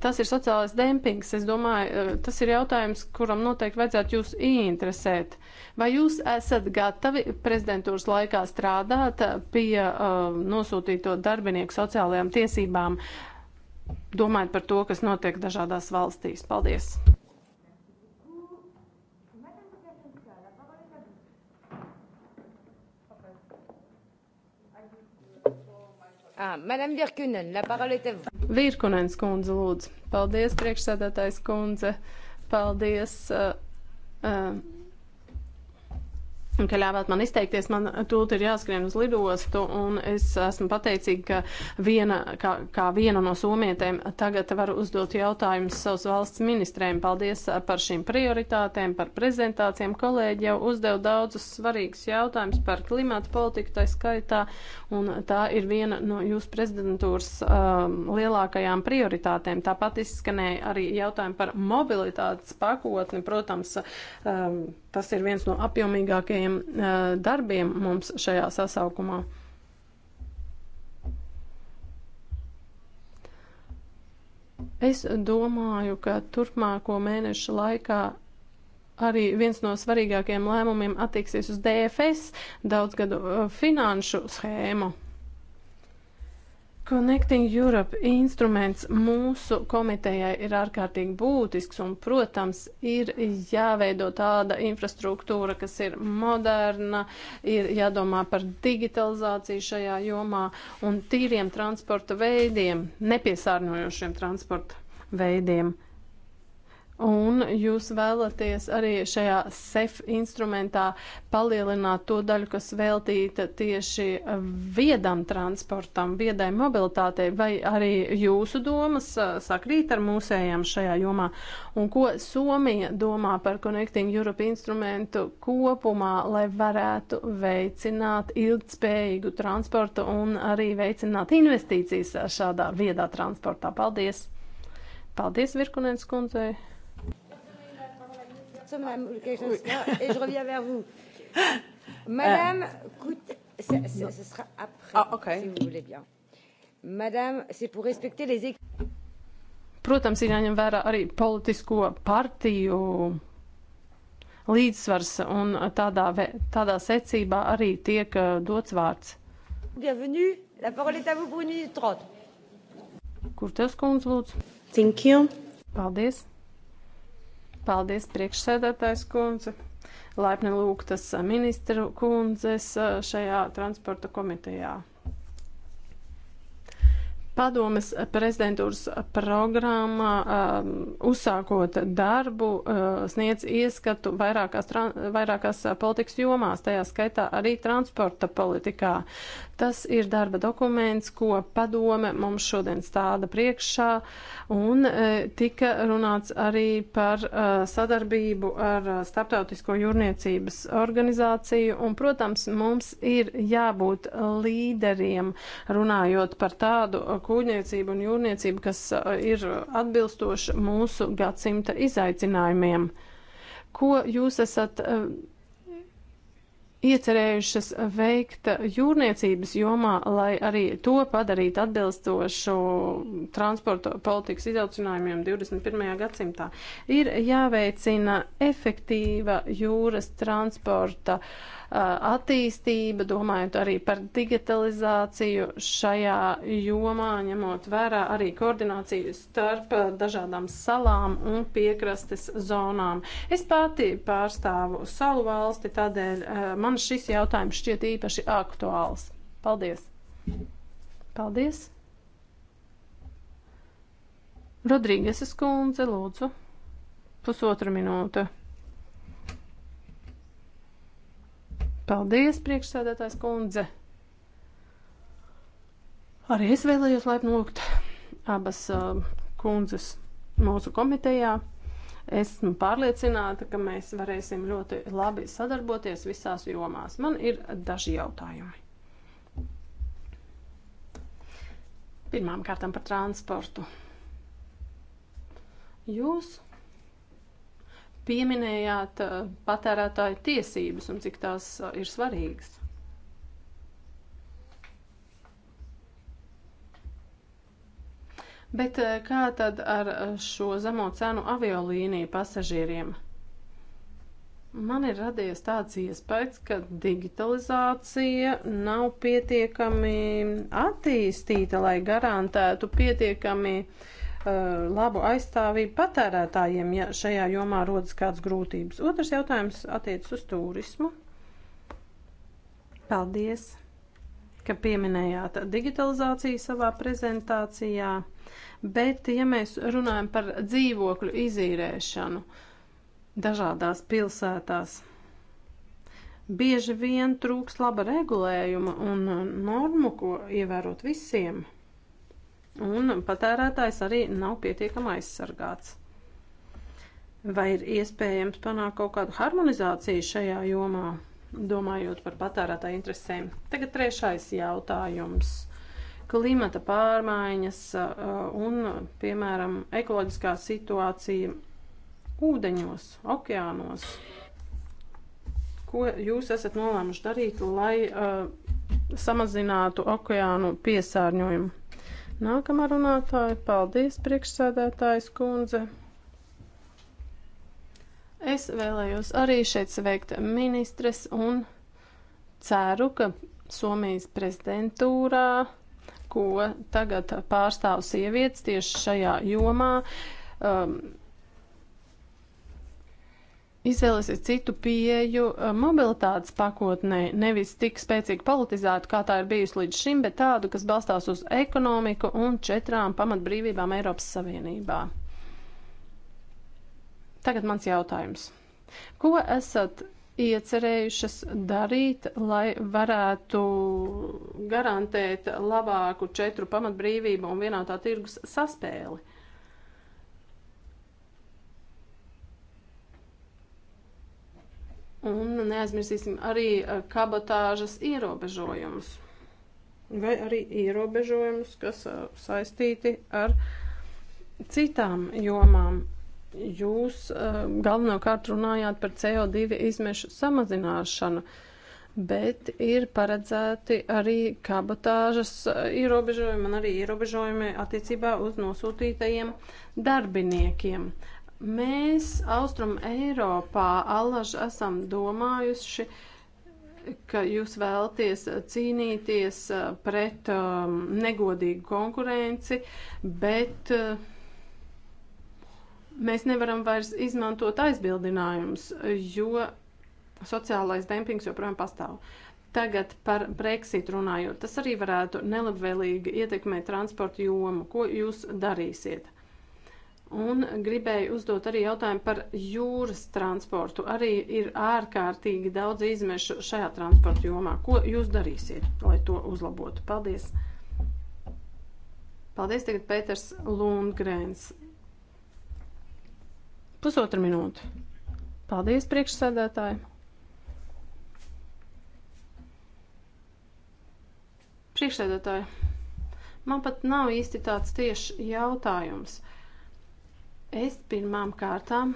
Tas ir sociālais dempings. Es domāju, tas ir jautājums, kuram noteikti vajadzētu jūs ieinteresēt. Vai jūs esat gatavi prezidentūras laikā strādāt pie uh, nosūtīto darbinieku sociālajām tiesībām? Uh, domājat par to, kas notiek dažādās valstīs. Paldies! Ah, Madame Virkunen, la parole est à vous. Virkunens kundze, lūdzu. Paldies, priekšsēdētājs kundze. Paldies. Uh, uh, ka ļāvāt man izteikties, man tūlīt ir jāskrien uz lidostu, un es esmu pateicīga, ka viena, kā, kā viena no somietēm tagad var uzdot jautājumus savas valsts ministrēm. Paldies par šīm prioritātēm, par prezentācijām. Kolēģi jau uzdev daudzus svarīgus jautājumus par klimatu politiku, tā skaitā, un tā ir viena no jūsu prezidentūras um, lielākajām prioritātēm. Tāpat izskanēja arī jautājumi par mobilitātes pakotni, protams, um, tas ir viens no apjomīgākajiem veiktajiem eh, darbiem mums šajā sasaukumā. Es domāju, ka turpmāko mēnešu laikā arī viens no svarīgākajiem lēmumiem attieksies uz DFS daudzgadu eh, finanšu schēmu. Connecting Europe instruments mūsu komitejai ir ārkārtīgi būtisks un, protams, ir jāveido tāda infrastruktūra, kas ir moderna, ir jādomā par digitalizāciju šajā jomā un tīriem transporta veidiem, nepiesārņojošiem transporta veidiem. Un jūs vēlaties arī šajā SEF instrumentā palielināt to daļu, kas veltīta tieši viedam transportam, viedai mobilitātei, vai arī jūsu domas sakrīt ar mūsējām šajā jomā? Un ko Somija domā par Connecting Europe instrumentu kopumā, lai varētu veicināt ilgtspējīgu transportu un arī veicināt investīcijas šādā viedā transportā? Paldies! Paldies, Virkunēns kundzei! même ou quelque chose comme ça, et je reviens vers vous. Madame, écoute, ce sera après, ah, okay. si vous voulez bien. Madame, c'est pour respecter les équipes. Protams, ir jāņem vērā arī politisko partiju līdzsvars, un tādā, tādā secībā arī tiek eh, dots vārds. Bienvenue, la parole est à vous pour une minute trente. Kur tas kundze lūdzu? Thank you. Paldies. Paldies, priekšsēdētājs kundze. Laipni lūgtas ministru kundzes šajā transporta komitejā. Padomes prezidentūras programma, um, uzsākot darbu, uh, sniedz ieskatu vairākās, vairākās politikas jomās, tajā skaitā arī transporta politikā. Tas ir darba dokuments, ko padome mums šodien stāda priekšā, un e, tika runāts arī par e, sadarbību ar e, Startautisko jūrniecības organizāciju, un, protams, mums ir jābūt līderiem runājot par tādu kūģniecību un jūrniecību, kas ir atbilstoša mūsu gadsimta izaicinājumiem. Ko jūs esat iecerējušas veikt jūrniecības jomā, lai arī to padarītu atbilstošu transporta politikas izaucinājumiem 21. gadsimtā. Ir jāveicina efektīva jūras transporta uh, attīstība, domājot arī par digitalizāciju šajā jomā, ņemot vērā arī koordināciju starp dažādām salām un piekrastes zonām. Es pati pārstāvu salu valsti, tādēļ man šis jautājums šķiet īpaši aktuāls. Paldies! Paldies! Rodrīgas skundze, lūdzu, pusotru minūtu. Paldies, priekšsēdētājs kundze. Arī es vēlējos laipni lūgt abas uh, kundzes mūsu komitejā. Esmu pārliecināta, ka mēs varēsim ļoti labi sadarboties visās jomās. Man ir daži jautājumi. Pirmām kārtām par transportu. Jūs Pieminējāt eh, patērētāju tiesības un cik tās eh, ir svarīgas. Bet eh, kā tad ar šo zemo cenu aviolīniju pasažieriem? Man ir radies tāds iespējas, ka digitalizācija nav pietiekami attīstīta, lai garantētu pietiekami uh, Eh, labu aizstāvību patērētājiem, ja šajā jomā rodas kādas grūtības. Otrs jautājums attiecas uz turismu. Paldies, ka pieminējāt digitalizāciju savā prezentācijā, bet ja mēs runājam par dzīvokļu izīrēšanu dažādās pilsētās, bieži vien trūks laba regulējuma un normu, ko ievērot visiem un patērētājs arī nav pietiekami aizsargāts. Vai ir iespējams panākt kaut kādu harmonizāciju šajā jomā, domājot par patērētāju interesēm? Tagad trešais jautājums - klimata pārmaiņas uh, un, piemēram, ekoloģiskā situācija ūdeņos, okeānos. Ko jūs esat nolēmuši darīt, lai uh, samazinātu okeānu piesārņojumu? Nākamā runātāja, paldies priekšsēdētājs kundze. Es vēlējos arī šeit sveikt ministres un ceru, ka Somijas prezidentūrā, ko tagad pārstāv sievietes tieši šajā jomā, um, izvēlēsies citu pieeju eh, mobilitātes pakotnē, nevis tik spēcīgi politizētu, kā tā ir bijusi līdz šim, bet tādu, kas balstās uz ekonomiku un četrām pamatbrīvībām Eiropas Savienībā. Tagad mans jautājums. Ko esat iecerējušas darīt, lai varētu garantēt labāku četru pamatbrīvību un vienotā tirgus saspēli? Un neaizmirsīsim arī eh, kabatāžas ierobežojumus. Vai arī ierobežojumus, kas eh, saistīti ar citām jomām. Jūs eh, galvenokārt runājāt par CO2 izmešu samazināšanu, bet ir paredzēti arī kabatāžas ierobežojumi un arī ierobežojumi attiecībā uz nosūtītajiem darbiniekiem. Uh, Mēs Austrum Eiropā allaž esam domājuši, ka jūs vēlties cīnīties uh, pret um, negodīgu konkurenci, bet uh, mēs nevaram vairs izmantot aizbildinājumus, jo sociālais dempings joprojām pastāv. Tagad par Brexit runājot, tas arī varētu nelabvēlīgi ietekmēt transporta jomu. Ko jūs darīsiet? Un gribēju uzdot arī jautājumu par jūras transportu. Arī ir ārkārtīgi daudz izmešu šajā transporta jomā. Ko jūs darīsiet, lai to uzlabotu? Paldies! Paldies tagad Pēters Lundgrēns. Pusotra minūte. Paldies, priekšsēdētāji! Priekšsēdētāji, man pat nav īsti tāds tieši jautājums – Es pirmām kārtām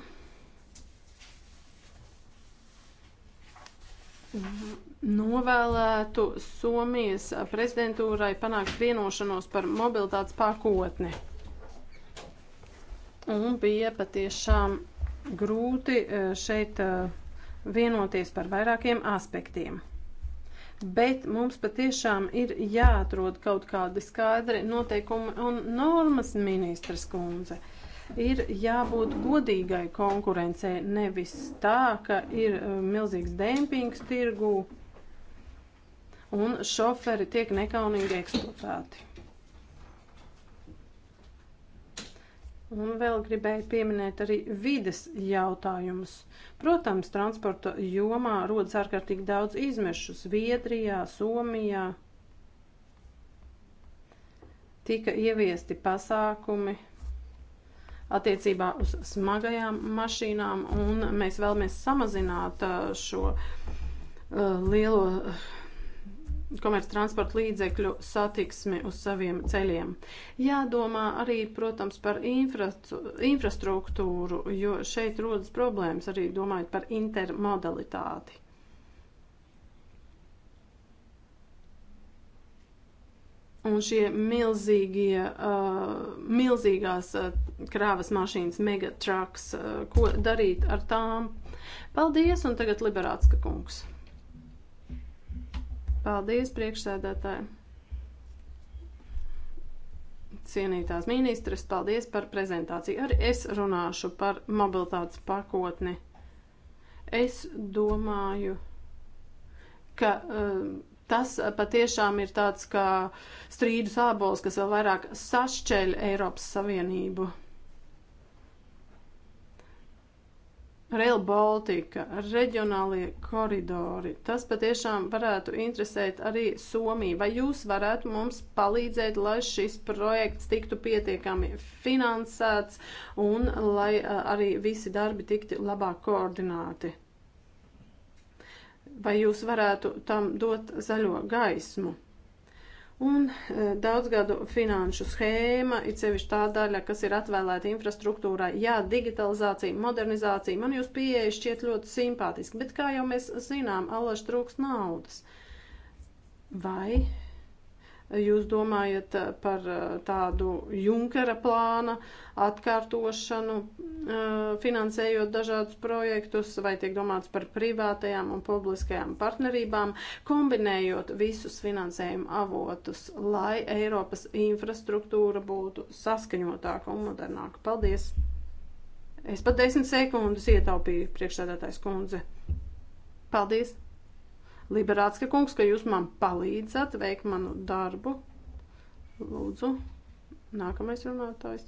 novēlētu Somijas prezidentūrai panākt vienošanos par mobilitātes pakotni. Un bija patiešām grūti e, šeit e, vienoties par vairākiem aspektiem. Bet mums patiešām ir jāatrod kaut kādi skaidri noteikumi un normas ministras kundze. Uh, ir jābūt godīgai konkurencei, nevis tā, ka ir eh, milzīgs dempings tirgū un šoferi tiek nekaunīgi eksploatēti. Un vēl gribēju pieminēt arī vides jautājumus. Protams, transporta jomā rodas ārkārtīgi daudz izmešu Zviedrijā, Somijā. Tika ieviesti pasākumi, attiecībā uz smagajām mašīnām, un mēs vēlamies samazināt uh, šo uh, lielo uh, komerctransporta līdzekļu satiksmi uz saviem ceļiem. Jādomā arī, protams, par infrastruktūru, jo šeit rodas problēmas arī domājot par intermodalitāti. Un šie milzīgie, uh, milzīgās uh, krāvas mašīnas, megatrucks, uh, ko darīt ar tām? Paldies, un tagad Liberātska kungs. Paldies, priekšsēdētāji. Cienītās ministres, paldies par prezentāciju. Arī es runāšu par mobilitātes pakotni. Es domāju, ka. Uh, Tas eh, patiešām ir tāds kā strīdu sābols, kas vēl vairāk sašķeļ Eiropas Savienību. Rail Baltica, reģionālie koridori. Tas patiešām varētu interesēt arī Somiju. Vai jūs varētu mums palīdzēt, lai šis projekts tiktu pietiekami finansēts un lai eh, arī visi darbi tiktu labāk koordināti? vai jūs varētu tam dot zaļo gaismu. Un e, daudzgadu finanšu schēma, it sevišķi tā daļa, kas ir atvēlēta infrastruktūrai, jā, digitalizācija, modernizācija, man jūs pieeja šķiet ļoti simpātiski, bet kā jau mēs zinām, allaž trūks naudas. Vai Jūs domājat eh, par eh, tādu Junkera plāna atkārtošanu, eh, finansējot dažādus projektus, vai tiek domāts par privātajām un publiskajām partnerībām, kombinējot visus finansējumu avotus, lai Eiropas infrastruktūra būtu saskaņotāka un modernāka. Paldies! Es pat desmit sekundes ietaupīju priekšsēdētājs kundze. Paldies! Liberātska kungs, ka jūs man palīdzat veikt manu darbu. Lūdzu, nākamais runātājs.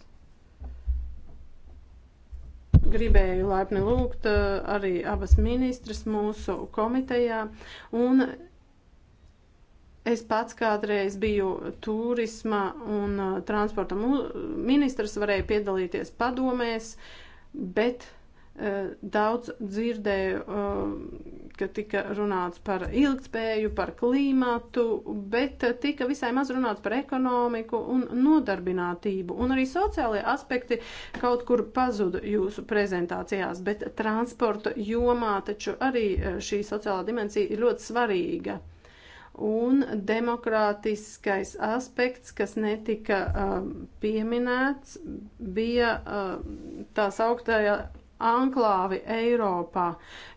Gribēju laipni lūgt eh, arī abas ministras mūsu komitejā un Es pats kādreiz biju turisma un eh, transporta ministrs, varēju piedalīties padomēs, bet Eh, daudz dzirdēju, eh, ka tika runāts par ilgspēju, par klīmatu, bet eh, tika visai maz runāts par ekonomiku un nodarbinātību. Un arī sociālie aspekti kaut kur pazuda jūsu prezentācijās, bet transporta jomā taču arī šī sociālā dimensija ir ļoti svarīga un demokrātiskais aspekts, kas netika uh, pieminēts, bija uh, tās augtajā anklāvi Eiropā,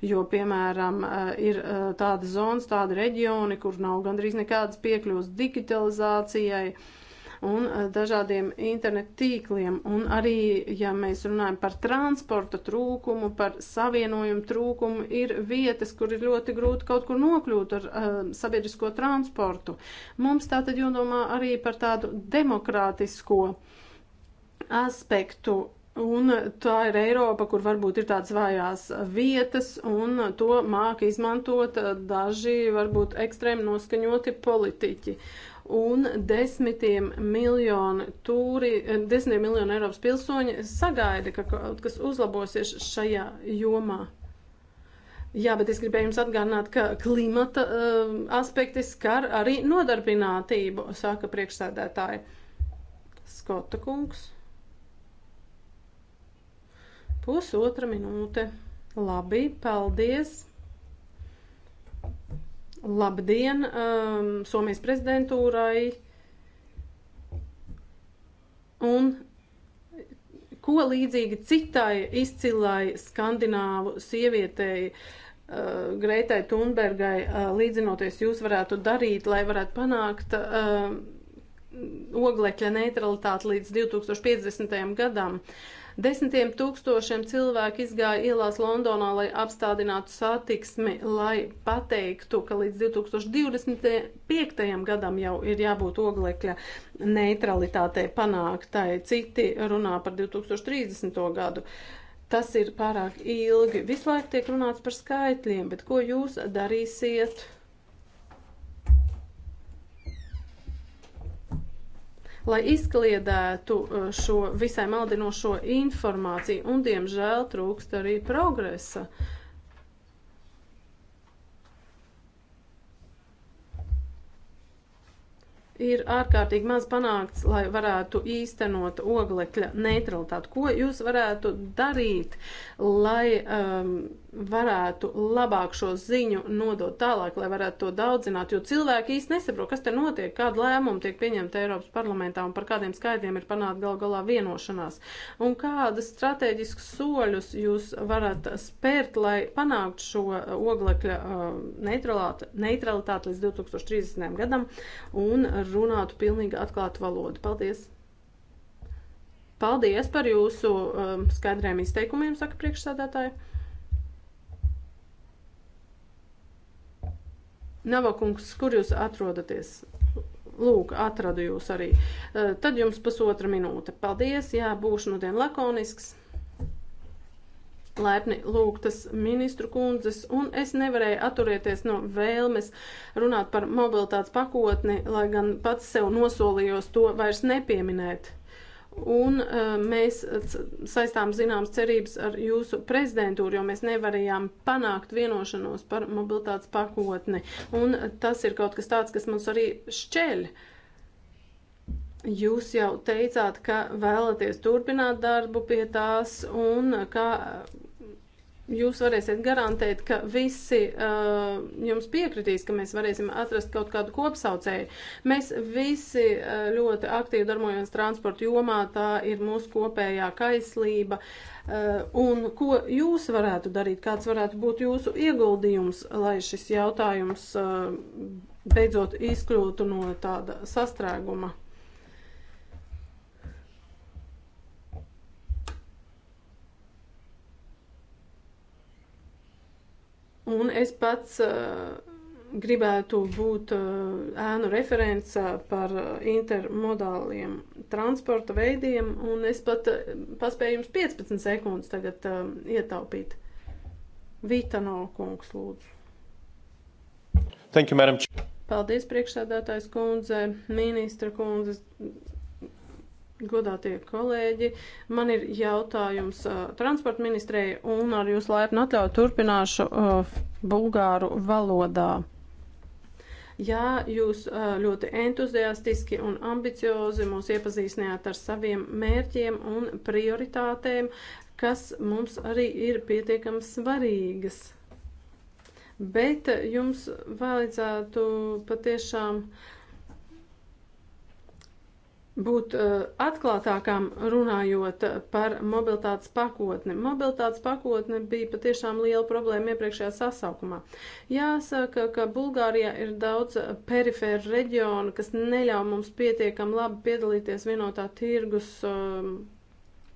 jo, piemēram, eh, ir eh, tādas zonas, tādi reģioni, kur nav gandrīz nekādas piekļuvas digitalizācijai un eh, dažādiem internetu tīkliem. Un arī, ja mēs runājam par transporta trūkumu, par savienojumu trūkumu, ir vietas, kur ir ļoti grūti kaut kur nokļūt ar uh, sabiedrisko transportu. Mums tātad jādomā arī par tādu demokrātisko aspektu Un tā ir Eiropa, kur varbūt ir tādas vājās vietas, un to māk izmantot daži varbūt ekstrēmi noskaņoti politiķi. Un desmitiem miljonu tūri, desmitiem miljonu Eiropas pilsoņi sagaida, ka kaut kas uzlabosies šajā jomā. Jā, bet es gribēju jums atgādināt, ka klimata uh, aspekti skar arī nodarbinātību, saka priekšsēdētāji Skota kungs. Pusotra minūte. Labi, paldies. Labdien, um, Somijas prezidentūrai. Un ko līdzīgi citai izcilai skandināvu sievietei uh, Greitai Tunbergai uh, līdzinoties jūs varētu darīt, lai varētu panākt uh, oglekļa neutralitāti līdz 2050. gadam. Uh, Desmitiem tūkstošiem cilvēku izgāja ielās Londonā, lai apstādinātu satiksmi, lai pateiktu, ka līdz 2025. gadam jau ir jābūt oglekļa neutralitātei panāktai. Citi runā par 2030. gadu. Tas ir pārāk ilgi. Visu laiku tiek runāts par skaitļiem, bet ko jūs darīsiet? lai izkliedētu uh, šo visai maldinošo informāciju, un diemžēl trūkst arī progresa. ir ārkārtīgi maz panākts, lai varētu īstenot oglekļa neutralitāti. Ko jūs varētu darīt, lai um, varētu labāk šo ziņu nodot tālāk, lai varētu to daudzināt, jo cilvēki īsti nesaprot, kas te notiek, kāda lēmuma tiek pieņemta Eiropas parlamentā un par kādiem skaidriem ir panākt gal galā vienošanās. Un kādas strateģiskas soļus jūs varat spērt, lai panākt šo oglekļa uh, neutralitāti līdz 2030. gadam un runātu pilnīgi atklātu valodu. Paldies! Paldies par jūsu um, skaidriem izteikumiem, saka priekšsādātāji. Navakungs, kur jūs atrodaties? Lūk, atradu jūs arī. E, tad jums pusotra minūte. Paldies, jā, būšu nodien nu lakonisks. Laipni lūgtas ministru kundzes, un es nevarēju atturēties no vēlmes runāt par mobilitātes pakotni, lai gan pats sev nosolījos to vairs nepieminēt. Un eh, mēs eh, saistām zināmas cerības ar jūsu prezidentūru, jo mēs nevarējām panākt vienošanos par mobilitātes pakotni. Un eh, tas ir kaut kas tāds, kas mums arī šķeļ. Jūs jau teicāt, ka vēlaties turpināt darbu pie tās un ka jūs varēsiet garantēt, ka visi uh, jums piekritīs, ka mēs varēsim atrast kaut kādu kopsaucēju. Mēs visi uh, ļoti aktīvi darbojamies transporta jomā, tā ir mūsu kopējā kaislība. Uh, un ko jūs varētu darīt, kāds varētu būt jūsu ieguldījums, lai šis jautājums uh, beidzot izkļūtu no tāda sastrēguma? Un es pats uh, gribētu būt uh, ēnu referents eh, par intermodāliem transporta veidiem, un es pat uh, paspēju jums 15 sekundes tagad uh, ietaupīt. Vita Nolkungs, lūdzu. Thank you, madam. Paldies, priekšsēdētājs kundze, ministra kundzes Godātie kolēģi, man ir jautājums uh, transporta ministrei un ar jūs laipni atļauju turpināšu uh, bulgāru valodā. Jā, jūs uh, ļoti entuziastiski un ambiciozi mūs iepazīstinājāt ar saviem mērķiem un prioritātēm, kas mums arī ir pietiekami svarīgas. Bet uh, jums vajadzētu patiešām uh, būt uh, atklātākām runājot uh, par mobilitātes pakotni. Mobilitātes pakotne bija patiešām liela problēma iepriekšējā sasaukumā. Jāsaka, ka Bulgārijā ir daudz uh, perifēru reģionu, kas neļauj mums pietiekam labi piedalīties vienotā tirgus um,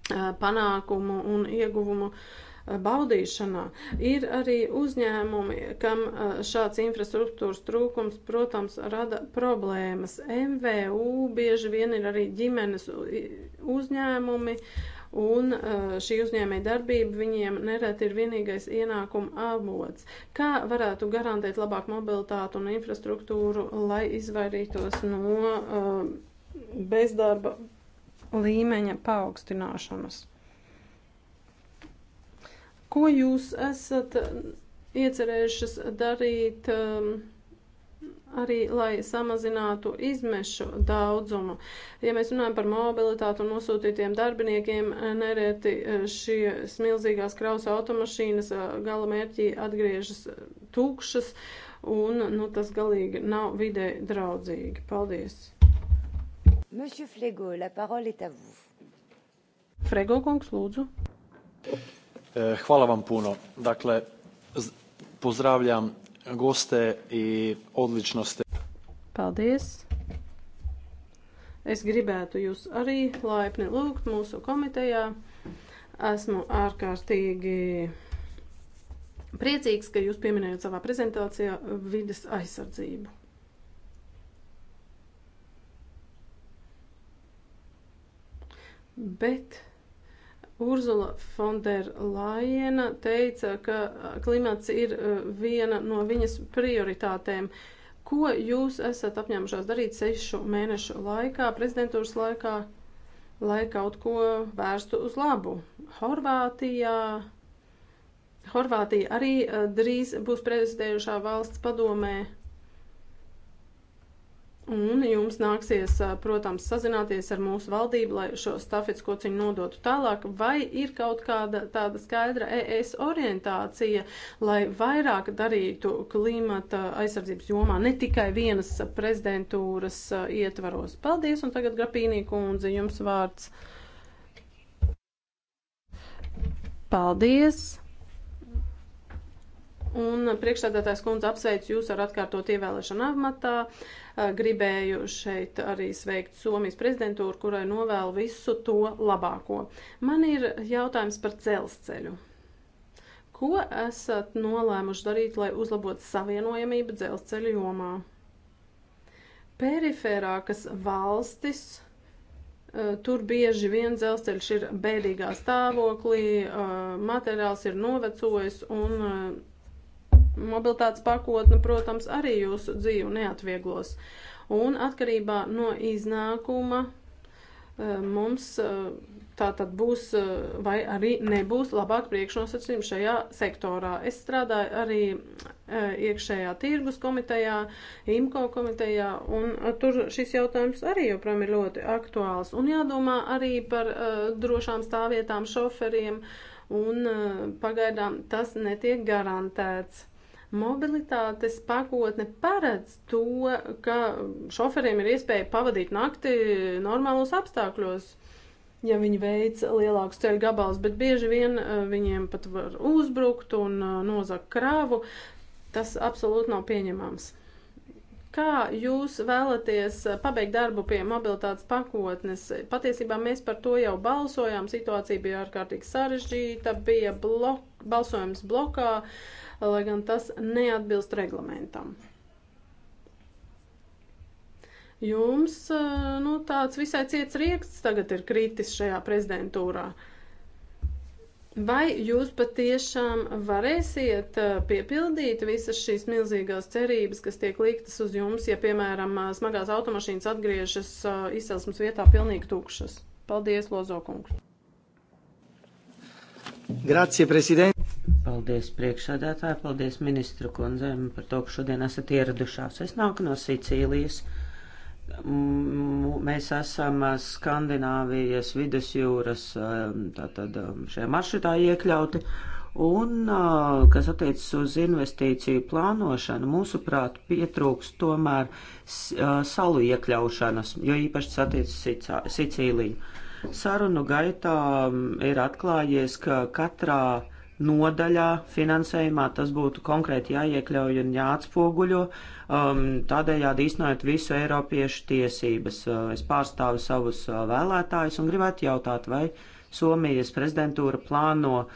uh, panākumu un ieguvumu uh, baudīšanā. Ir arī uzņēmumi, kam šāds infrastruktūras trūkums, protams, rada problēmas. MVU bieži vien ir arī ģimenes uzņēmumi. Un šī uzņēmēja darbība viņiem nereti ir vienīgais ienākuma avots. Kā varētu garantēt labāku mobilitātu un infrastruktūru, lai izvairītos no bezdarba līmeņa paaugstināšanas? Ko jūs esat iecerējušas darīt? Um, arī, lai samazinātu izmešu daudzumu. Ja mēs runājam par mobilitātu un nosūtītiem darbiniekiem, eh, nereti eh, šie smilzīgās kraus automašīnas eh, gala mērķī atgriežas tūkšas, un nu, tas galīgi nav vidē draudzīgi. Paldies! Monsieur Flego, la parole est à vous. Frego kungs, lūdzu. E, hvala vam puno. Dakle, pozdravljam goste i odlično ste. Paldies! Es gribētu jūs arī laipni lūgt mūsu komitejā. Esmu ārkārtīgi priecīgs, ka jūs pieminējat savā prezentācijā vides aizsardzību. Bet Urzula Fonderlajena teica, ka klimats ir viena no viņas prioritātēm. Ko jūs esat apņēmušās darīt sešu mēnešu laikā, prezidentūras laikā, lai kaut ko vērstu uz labu? Horvātijā. Horvātija arī drīz būs prezidējušā valsts padomē Un jums nāksies, protams, sazināties ar mūsu valdību, lai šo stafets kociņu nodotu tālāk, vai ir kaut kāda tāda skaidra ES orientācija, lai vairāk darītu klimata aizsardzības jomā, ne tikai vienas prezidentūras ietvaros. Paldies, un tagad Grapīnī kundze, jums vārds. Paldies! Un priekšstādātājs kundze apsveic jūs ar atkārtot ievēlēšanu avmatā. Uh, Gribēju šeit arī sveikt Somijas prezidentūru, kurai novēlu visu to labāko. Man ir jautājums par dzelzceļu. Ko esat nolēmuši darīt, lai uzlabotu savienojamību dzelzceļa jomā? Perifērākas valstis tur bieži vien dzelzceļš ir bēdīgā stāvoklī, materiāls ir novecojis un Mobiltātes pakotne, protams, arī jūsu dzīvi neatvieglos. Un atkarībā no iznākuma eh, mums eh, tā tad būs eh, vai arī nebūs labāk priekšnosacījumi šajā sektorā. Es strādāju arī iekšējā tirgus komitejā, IMCO komitejā, un tur šis jautājums arī joprojām ir ļoti aktuāls. Un jādomā arī par drošām stāvvietām šoferiem, un pagaidām tas netiek garantēts. Mobilitātes pakotne paredz to, ka šoferiem ir iespēja pavadīt nakti normālos apstākļos, ja viņi veic lielākus ceļu gabalus, bet bieži vien eh, viņiem pat var uzbrukt un eh, nozagt krāvu. Tas absolūti nav pieņemams. Kā jūs vēlaties eh, pabeigt darbu pie mobilitātes pakotnes? Patiesībā mēs par to jau balsojām. Situācija bija ārkārtīgi sarežģīta, bija blok, balsojums blokā. Uh, lai gan tas neatbilst reglamentam. Jums eh, nu, tāds visai ciets rieksts tagad ir kritis šajā prezidentūrā. Vai jūs patiešām varēsiet eh, piepildīt visas šīs milzīgās cerības, kas tiek liktas uz jums, ja, piemēram, eh, smagās automašīnas atgriežas izcelsmes vietā pilnīgi tukšas? Paldies, Lozokungs! Grazie, prezident. Paldies priekšsēdētāji, paldies ministru kundzēm par to, ka šodien esat ieradušās. Es nāku no Sicīlijas. M mēs esam Skandināvijas vidusjūras tātad, šajā maršrutā iekļauti. Un, kas attiecas uz investīciju plānošanu, mūsuprāt, pietrūks tomēr salu iekļaušanas, jo īpaši tas attiecas Sicīliju. Sarunu gaitā mm, ir atklājies, ka katrā nodaļā finansējumā tas būtu konkrēti jāiekļauj un jāatspoguļo, um, tādējādi īstenojot visu eiropiešu tiesības. Uh, es pārstāvu savus uh, vēlētājus un gribētu jautāt, vai Somijas prezidentūra plāno uh,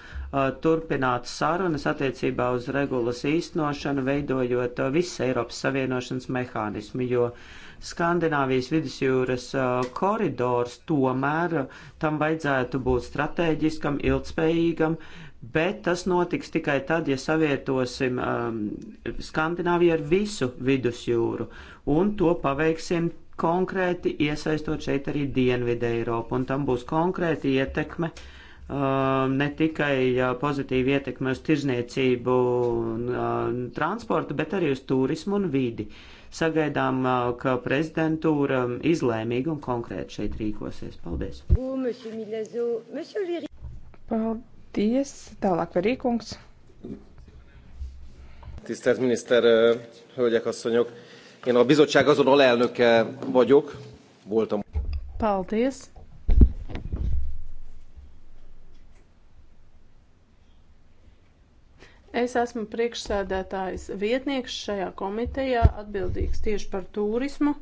turpināt sarunas attiecībā uz regulas īstenošanu, veidojot uh, visu Eiropas savienošanas mehānismu, jo uh, Skandināvijas vidusjūras koridors tomēr tam vajadzētu būt strateģiskam, ilgspējīgam, bet tas notiks tikai tad, ja savietosim um, Skandināviju ar visu vidusjūru, un to paveiksim konkrēti iesaistot šeit arī Dienvidu Eiropu, un tam būs konkrēti ietekme. Um, ne tikai uh, pozitīva ietekme uz tirzniecību un uh, transportu, bet arī uz turismu un vidi. Uh, Sagaidām, ka prezidentūra izlēmīgi un konkrēti šeit rīkosies. Paldies! Paldies! Tālāk par rīkungs. Tisztelt miniszter, hölgyek, asszonyok! Én a bizottság azon alelnöke vagyok, voltam. Paldies! Es esmu priekšsēdētājs vietnieks šajā komitejā, atbildīgs tieši par turismu.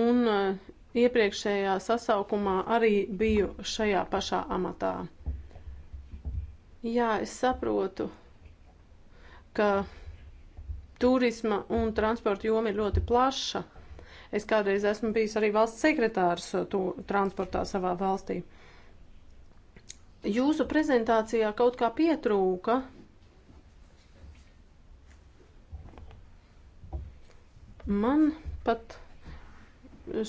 Un uh, iepriekšējā sasaukumā arī biju šajā pašā amatā. Jā, es saprotu, ka turisma un transporta joma ir ļoti plaša. Es kādreiz esmu bijis arī valsts sekretārs eh, to transportā savā valstī. Uh, Jūsu prezentācijā kaut kā pietrūka. Man pat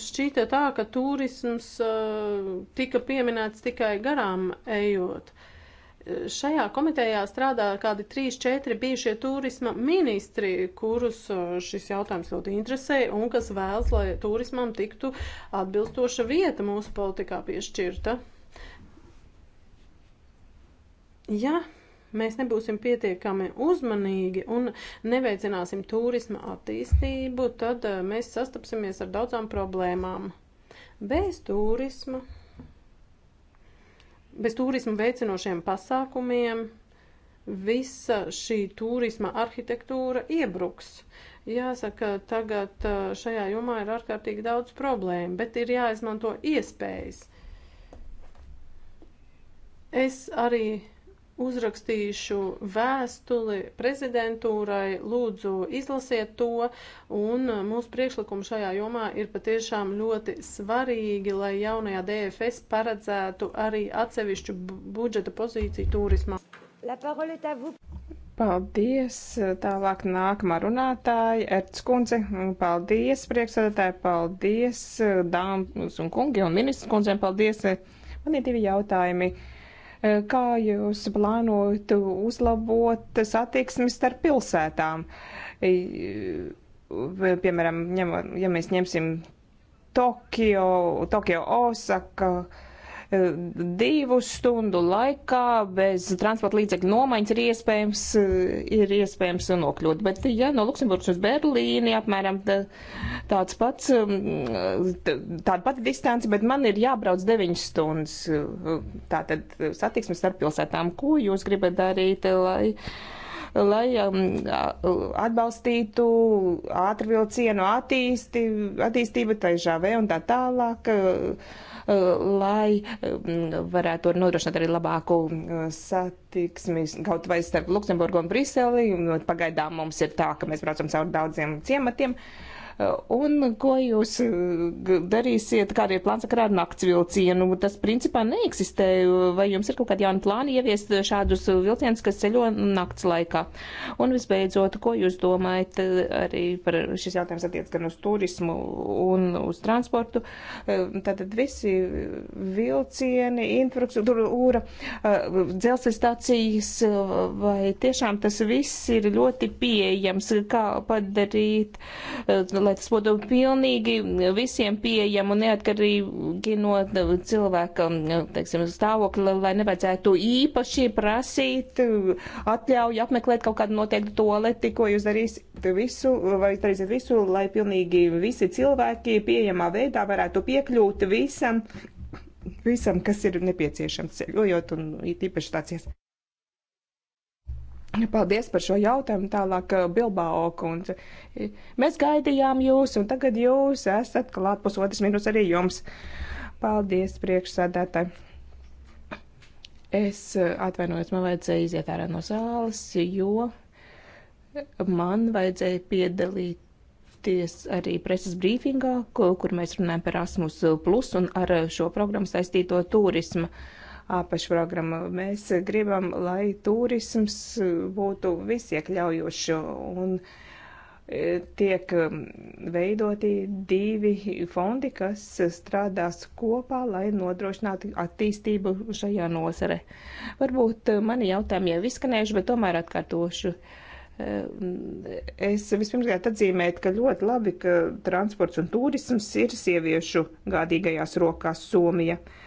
šķita tā, ka turisms uh, tika pieminēts tikai garām ejot. Šajā komitejā strādā kādi 3-4 bijušie turisma ministri, kurus uh, šis jautājums ļoti interesē un kas vēlas, lai turismam tiktu atbilstoša vieta mūsu politikā piešķirta. Ja mēs nebūsim pietiekami uzmanīgi un neveicināsim turisma attīstību, tad eh, mēs sastapsimies ar daudzām problēmām. Bez turisma, bez turisma veicinošiem pasākumiem visa šī turisma arhitektūra iebruks. Jāsaka, tagad eh, šajā jomā ir ārkārtīgi daudz problēmu, bet ir jāizmanto iespējas. Es arī uzrakstīšu vēstuli prezidentūrai, lūdzu izlasiet to, un mūsu priekšlikumi šajā jomā ir patiešām ļoti svarīgi, lai jaunajā DFS paredzētu arī atsevišķu budžeta pozīciju turismā. Paldies! Tālāk nākamā runātāja, Erts kundze. Paldies, priekšsēdētāji, paldies, dāmas un kungi un ministrs kundzēm, paldies! Man ir divi jautājumi. Uh, Eh, kā jūs plānojat uzlabot satiksmi starp pilsētām? Eh, piemēram, ja mēs ņemsim Tokio, Tokio Osaka, uh, Eh, divu stundu laikā bez transporta līdzekļu nomaiņas ir iespējams, eh, ir iespējams nokļūt. Bet, ja no Luksemburgas uz Berlīni apmēram tāds pats, mm, tāda pati distance, bet man ir jābrauc deviņas stundas, tātad satiksmes starp pilsētām, ko jūs gribat darīt, lai lai um, atbalstītu ātrvilcienu attīsti, attīstību, tai žāvē un tā tālāk. Uh, lai mm, varētu nodrošināt arī labāku mm, satiksmi kaut vai starp Luksemburgu un Briseli. Pagaidām mums ir tā, ka mēs braucam cauri daudziem ciematiem. Uh, Un ko jūs e, darīsiet, kāda ir plāns sakarā ar nakts vilcienu? Tas principā neeksistē. Vai jums ir kaut kādi jauni plāni ieviest šādus vilcienus, kas ceļo nakts laikā? Un visbeidzot, ko jūs domājat e, arī par šis jautājums attiec gan uz turismu un uz transportu? E, tātad visi vilcieni, infrastruktūra, dzelzceļstācijas, vai tiešām tas viss ir ļoti pieejams? Kā padarīt? lai tas būtu pilnīgi visiem pieejama neatkarīgi no cilvēka teiksim, stāvokļa, lai nevajadzētu īpaši prasīt atļauju apmeklēt kaut kādu noteiktu toaleti, ko jūs darīsiet visu, vai darīsiet visu, lai pilnīgi visi cilvēki pieejamā veidā varētu piekļūt visam, visam, kas ir nepieciešams ceļojot un īpaši stācies. Paldies par šo jautājumu. Tālāk, uh, Bilbao kundze. Mēs gaidījām jūs, un tagad jūs esat klāt pusotras minūtes arī jums. Paldies, priekšsādātāji. Es uh, atvainojos, man vajadzēja iziet ārā no zāles, jo man vajadzēja piedalīties arī preses brīfingā, kur mēs runājam par Erasmus Plus un ar uh, šo programmu saistīto turismu. Uh, apašprogrammu. Mēs gribam, lai turisms e, būtu visiekļaujošs un e, tiek veidoti divi fondi, kas strādās kopā, lai nodrošinātu attīstību šajā nozare. Varbūt e, mani jautājumi jau izskanējuši, bet tomēr atkārtošu. Es vispirms gribētu atzīmēt, ka ļoti labi, ka transports un turisms ir sieviešu gādīgajās rokās Somija. Uh,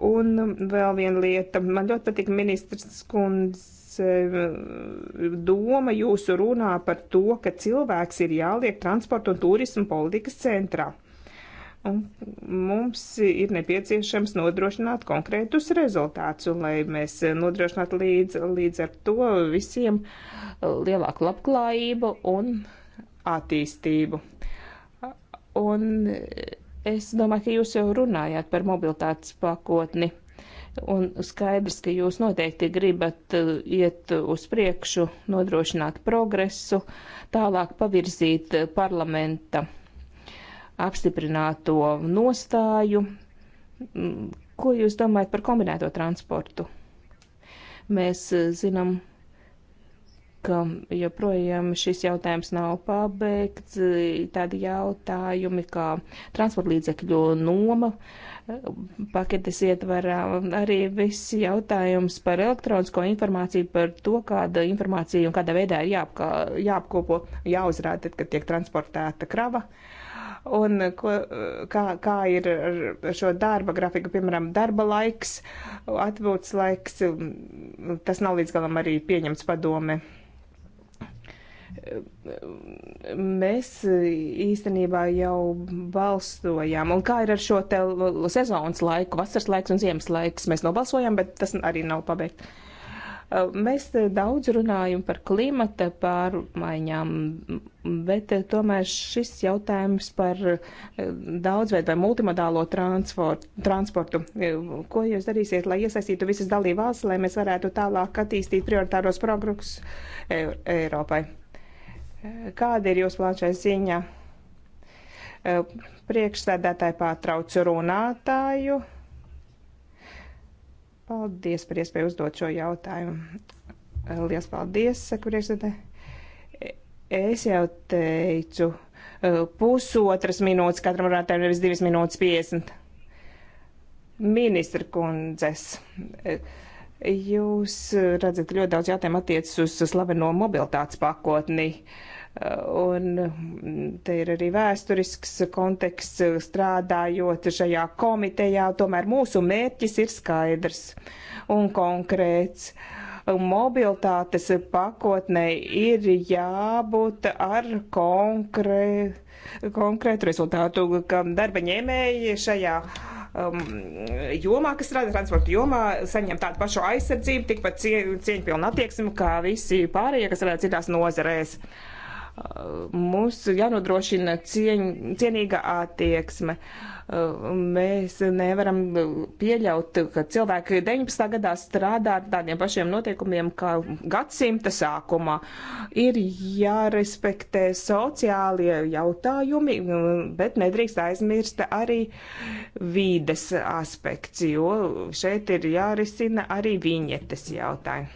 Un um, vēl viena lieta. Man ļoti patīk ministrs kundze um, doma jūsu runā par to, ka cilvēks ir jāliek transporta un turismu politikas centrā. Un mums ir nepieciešams nodrošināt konkrētus rezultātus, un lai mēs nodrošinātu līdz, līdz ar to visiem lielāku labklājību un attīstību. Un Es domāju, ka jūs jau runājāt par mobilitātes pakotni. Un skaidrs, ka jūs noteikti gribat uh, iet uz priekšu, nodrošināt progresu, tālāk pavirzīt uh, parlamenta apstiprināto nostāju. Mm, ko jūs domājat par kombinēto transportu? Mēs uh, zinām, ka joprojām šis jautājums nav pabeigts. Tādi jautājumi kā transportlīdzekļu noma paketes ietvarā, arī viss jautājums par elektronisko informāciju, par to, kāda informācija un kādā veidā ir jāapkā, jāapkopo, jāuzrāda, kad tiek transportēta krava. Un ko, kā, kā ir ar šo darba grafiku, piemēram, darba laiks, atvilcis laiks, tas nav līdz galam arī pieņemts padome mēs īstenībā jau balsojām. Un kā ir ar šo te sezonas laiku, vasaras laiks un ziemas laiks? Mēs nobalsojām, bet tas arī nav pabeigts. Mēs daudz runājam par klimata pārmaiņām, bet tomēr šis jautājums par daudzveidu vai multimodālo transportu. Ko jūs darīsiet, lai iesaistītu visas dalībvalstis, lai mēs varētu tālāk attīstīt prioritāros progresus Eiropai? Kāda ir jūsu plāna šai ziņā? Priekšsēdētāji pārtrauc runātāju. Paldies par iespēju uzdot šo jautājumu. Lielas paldies, saku priekšsēdētāji. Es jau teicu, pusotras minūtes katram runātājam, nevis divas minūtes piecdesmit. Ministra kundzes. Uh, Jūs eh, redzat, ka ļoti daudz jautājumu attiecas uz slaveno mobilitātes pakotni. Eh, un mm, te ir arī vēsturisks konteksts eh, strādājot šajā komitejā. Tomēr mūsu mērķis ir skaidrs un konkrēts. Mobilitātes pakotnē ir jābūt ar konkrē, konkrētu rezultātu, ka darba ņēmēji šajā uh, um, jomā, kas strādā transporta jomā, saņem tādu pašu aizsardzību, tikpat cie, cieņpilnu attieksmi kā visi pārējie, kas strādā citās nozarēs. Uh, mums jānodrošina cieņ, cienīga attieksme. Uh, mēs nevaram pieļaut, ka cilvēki 19. gadā strādā ar tādiem pašiem noteikumiem kā gadsimta sākumā. Ir jārespektē sociālie jautājumi, bet nedrīkst aizmirst arī vīdes aspekts, jo šeit ir jārisina arī viņetes jautājumi.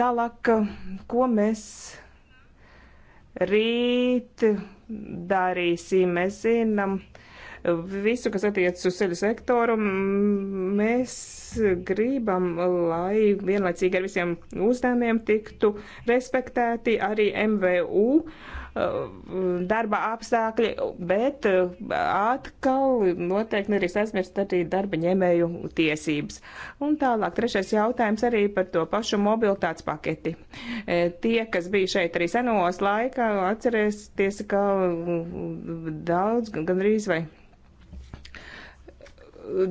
Tālāk, ko mēs rīt darīsim. Mēs zinām visu, kas attiecas uz ceļu sektoru. Mēs gribam, lai vienlaicīgi ar visiem uzdevumiem tiktu respektēti arī MVU. Uh, darba apstākļi, bet uh, atkal noteikti nedrīkst aizmirst arī darba ņēmēju tiesības. Un tālāk trešais jautājums arī par to pašu mobilitātes paketi. E, tie, kas bija šeit arī senos laikā, atcerēsieties, ka mm, daudz, gandrīz vai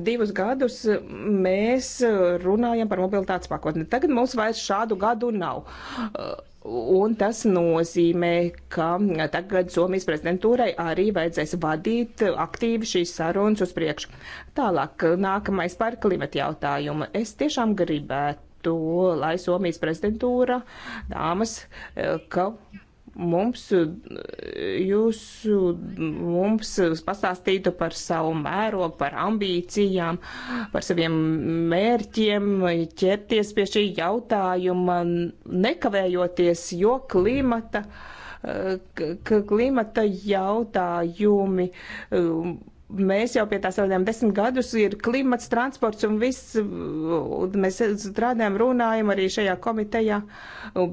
divus gadus mēs runājam par mobilitātes pakotni. Tagad mums vairs šādu gadu nav. Un tas nozīmē, ka tagad Somijas prezidentūrai arī vajadzēs vadīt aktīvi šīs sarunas uz priekšu. Tālāk, nākamais par klimata jautājumu. Es tiešām gribētu, lai Somijas prezidentūra, dāmas, ka mums, jūs mums pastāstītu par savu mērogu, par ambīcijām, par saviem mērķiem, ķerties pie šī jautājuma, nekavējoties, jo klimata. Klimata jautājumi mēs jau pie tā strādājam desmit gadus, ir klimats, transports un viss, mēs strādājam, runājam arī šajā komitejā,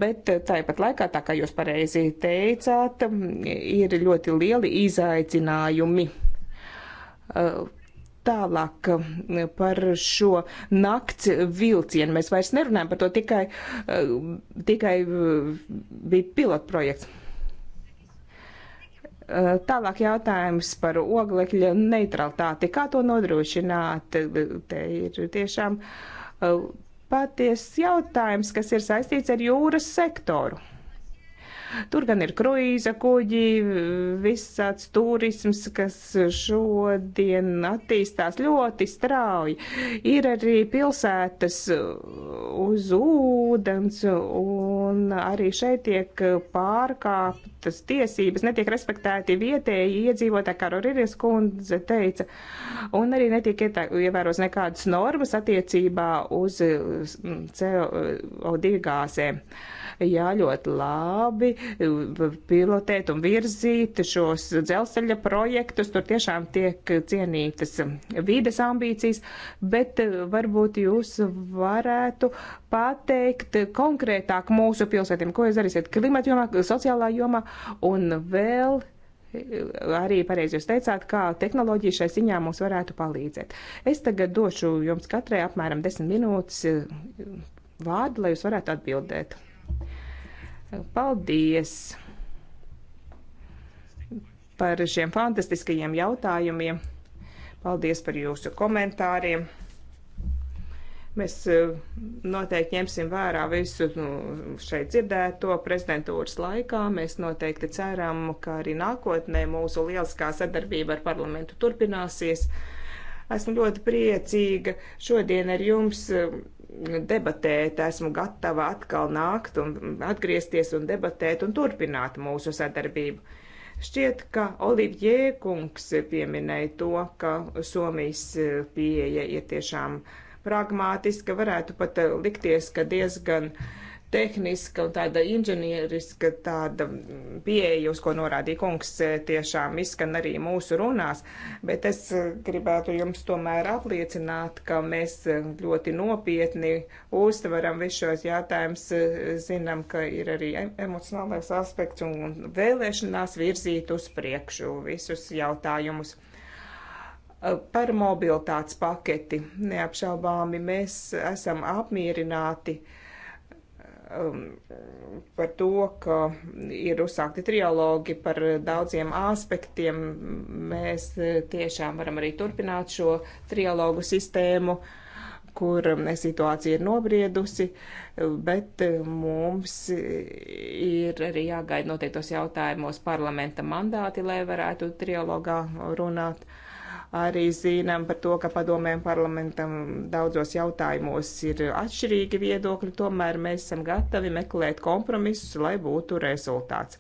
bet tāpat laikā, tā kā jūs pareizi teicāt, ir ļoti lieli izaicinājumi. Tālāk par šo nakts vilcienu. Mēs vairs nerunājam par to, tikai, tikai bija pilotprojekts. Eh, tālāk jautājums par oglekļa neutralitāti. Kā to nodrošināt? Te ir tiešām eh, paties jautājums, kas ir saistīts ar jūras sektoru. Tur gan ir kruīza kuģi, visāds turisms, kas šodien attīstās ļoti strauji. Ir arī pilsētas uz ūdens, un arī šeit tiek pārkāptas tiesības, netiek respektēti vietēji iedzīvotāji, kā Roriris kundze teica, un arī netiek ievēros nekādas normas attiecībā uz mm, CO2 gāzēm. Uh, jā, ļoti labi pilotēt un virzīt šos dzelzceļa projektus, tur tiešām tiek cienītas vides ambīcijas, bet eh, varbūt jūs varētu pateikt konkrētāk mūsu pilsētiem, ko jūs darīsiet klimata jomā, sociālā jomā un vēl eh, arī pareizi jūs teicāt, kā tehnoloģija šai ziņā mums varētu palīdzēt. Es tagad došu jums katrai apmēram 10 minūtes eh, vārdu, lai jūs varētu atbildēt. Paldies par šiem fantastiskajiem jautājumiem. Paldies par jūsu komentāriem. Mēs eh, noteikti ņemsim vērā visu nu, šeit dzirdēto prezidentūras laikā. Mēs noteikti ceram, ka arī nākotnē mūsu lieliskā sadarbība ar parlamentu turpināsies. Esmu ļoti priecīga šodien ar jums eh, debatēt, esmu gatava atkal nākt un atgriezties un debatēt un turpināt mūsu sadarbību. Šķiet, ka Olivjē kungs pieminēja to, ka Somijas pieeja ir tiešām pragmātiska, varētu pat likties, ka diezgan uh, tehniska un tāda inženieriska tāda pieeja, uz ko norādīja kungs, e, tiešām izskan arī mūsu runās, bet es e, gribētu jums tomēr apliecināt, ka mēs e, ļoti nopietni uztveram visus šos jautājumus, zinām, ka ir arī emocionālais aspekts un vēlēšanās virzīt uz priekšu visus jautājumus par mobilitātes paketi. Neapšaubāmi mēs esam apmierināti Um, par to, ka ir uzsākti trialogi par daudziem aspektiem. Mēs eh, tiešām varam arī turpināt šo trialogu sistēmu, kur um, situācija ir nobriedusi, bet eh, mums ir arī jāgaida noteiktos jautājumos parlamenta mandāti, lai varētu trialogā runāt arī zinām par to, ka padomēm parlamentam daudzos jautājumos ir atšķirīgi viedokļi, tomēr mēs esam gatavi meklēt kompromisus, lai būtu rezultāts.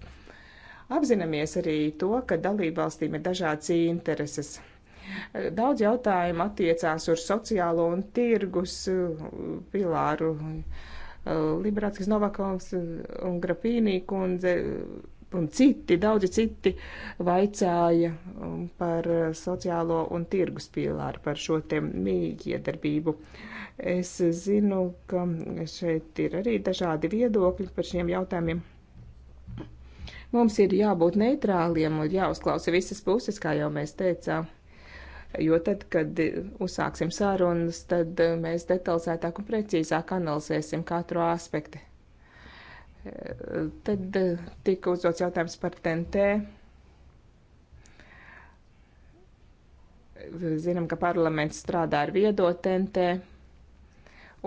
Apzināmies arī to, ka dalībvalstīm ir dažādas intereses. Daudz jautājumu attiecās uz sociālo un tirgus pilāru. Liberācijas Novakovs un Grapīnī kundze un citi, daudzi citi vaicāja um, par sociālo un tirgus pīlāru, par šo te mīkdarbību. Es zinu, ka šeit ir arī dažādi viedokļi par šiem jautājumiem. Mums ir jābūt neitrāliem un jāuzklausa visas puses, kā jau mēs teicām. Jo tad, kad uzsāksim sarunas, tad mēs detalizētāk un precīzāk analizēsim katru aspektu Tad eh, tika uzdots jautājums par TNT. Zinām, ka parlaments strādā ar viedo TNT,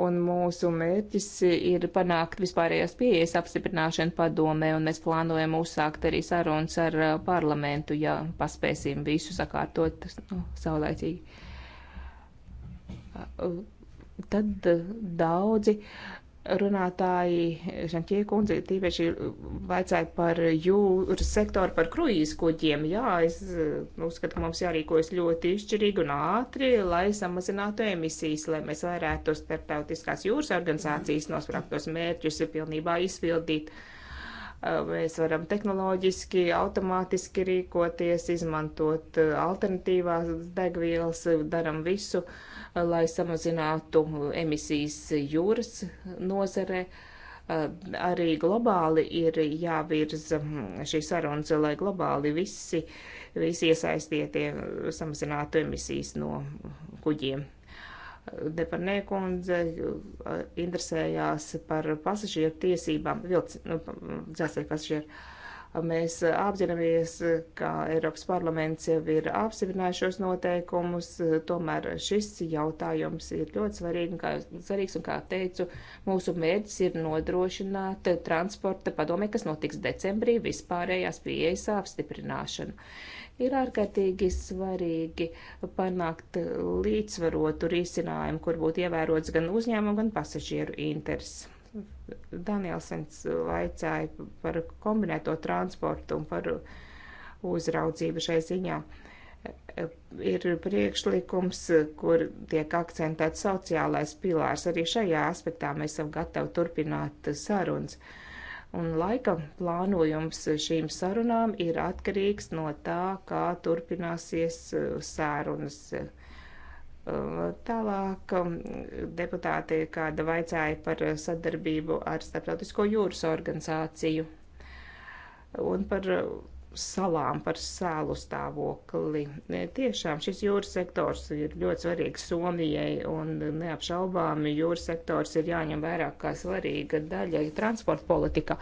un mūsu mērķis ir panākt vispārējās pieejas apstiprināšanu padomē, un mēs plānojam uzsākt arī sarunas ar eh, parlamentu, ja paspēsim visu sakārtot nu, saulēcīgi. Tad eh, daudzi uh, runātāji Žanķie kundze tīpaši vaicāja par jūras sektoru, par kruīz kuģiem. Jā, es eh, uzskatu, ka mums jārīkojas ļoti izšķirīgi un ātri, lai samazinātu emisijas, lai mēs varētu starptautiskās jūras organizācijas nosprāktos mērķus pilnībā izpildīt. Uh, Mēs varam tehnoloģiski, automātiski rīkoties, izmantot eh, alternatīvās degvielas, daram visu, eh, lai samazinātu emisijas jūras nozarē. Eh, arī globāli ir jāvirza hm, šī sarunas, lai globāli visi, visi iesaistietie samazinātu emisijas no kuģiem. Deparniekundze interesējās par pasažieru tiesībām, nu, dzelzceļa pasažieru. Mēs apzināmies, ka Eiropas parlaments jau ir apstiprinājušos noteikumus, tomēr šis jautājums ir ļoti svarīgi, kā, svarīgs, un kā teicu, mūsu mērķis ir nodrošināt transporta padomē, kas notiks decembrī, vispārējās pieejas apstiprināšanu. Uh, ir ārkārtīgi svarīgi panākt līdzsvarotu risinājumu, kur būtu ievērots gan uzņēmumu, gan pasažieru intereses. Danielsens vaicāja par kombinēto transportu un par uzraudzību šai ziņā. Ir priekšlikums, kur tiek akcentēts sociālais pilārs. Arī šajā aspektā mēs esam gatavi turpināt sarunas. Uh, Un laika plānojums šīm sarunām ir atkarīgs no tā, kā turpināsies uh, sārunas. Uh, tālāk um, deputāte kāda vaicāja par sadarbību ar Starptautisko jūras organizāciju un par uh, salām par sālu stāvokli. E, tiešām šis jūras sektors ir ļoti svarīgs Somijai un neapšaubāmi jūras sektors ir jāņem vērā kā svarīga daļa transporta politikā.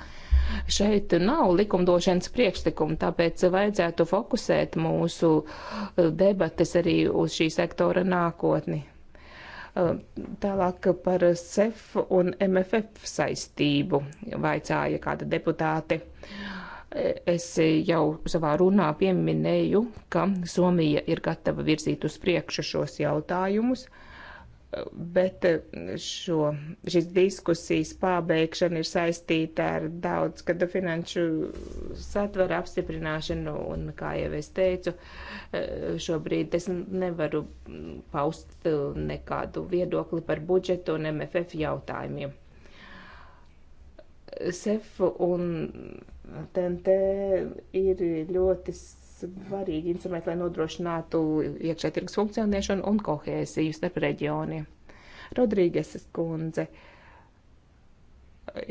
Šeit nav likumdošanas priekšlikuma, tāpēc vajadzētu fokusēt mūsu e, debates arī uz šī sektora nākotni. E, tālāk par CEF un MFF saistību vaicāja kāda deputāte. Uh, Es jau savā runā pieminēju, ka Somija ir gatava virzīt uz priekšu šos jautājumus, bet šo, šis diskusijas pabeigšana ir saistīta ar daudz, kad finanšu satvera apstiprināšanu, un, kā jau es teicu, šobrīd es nevaru paust nekādu viedokli par budžetu un MFF jautājumiem. SEF un TNT ir ļoti svarīgi instrumenti, lai nodrošinātu iekšē tirgus funkcionēšanu un kohēziju starp reģioniem. Rodrīgeses kundze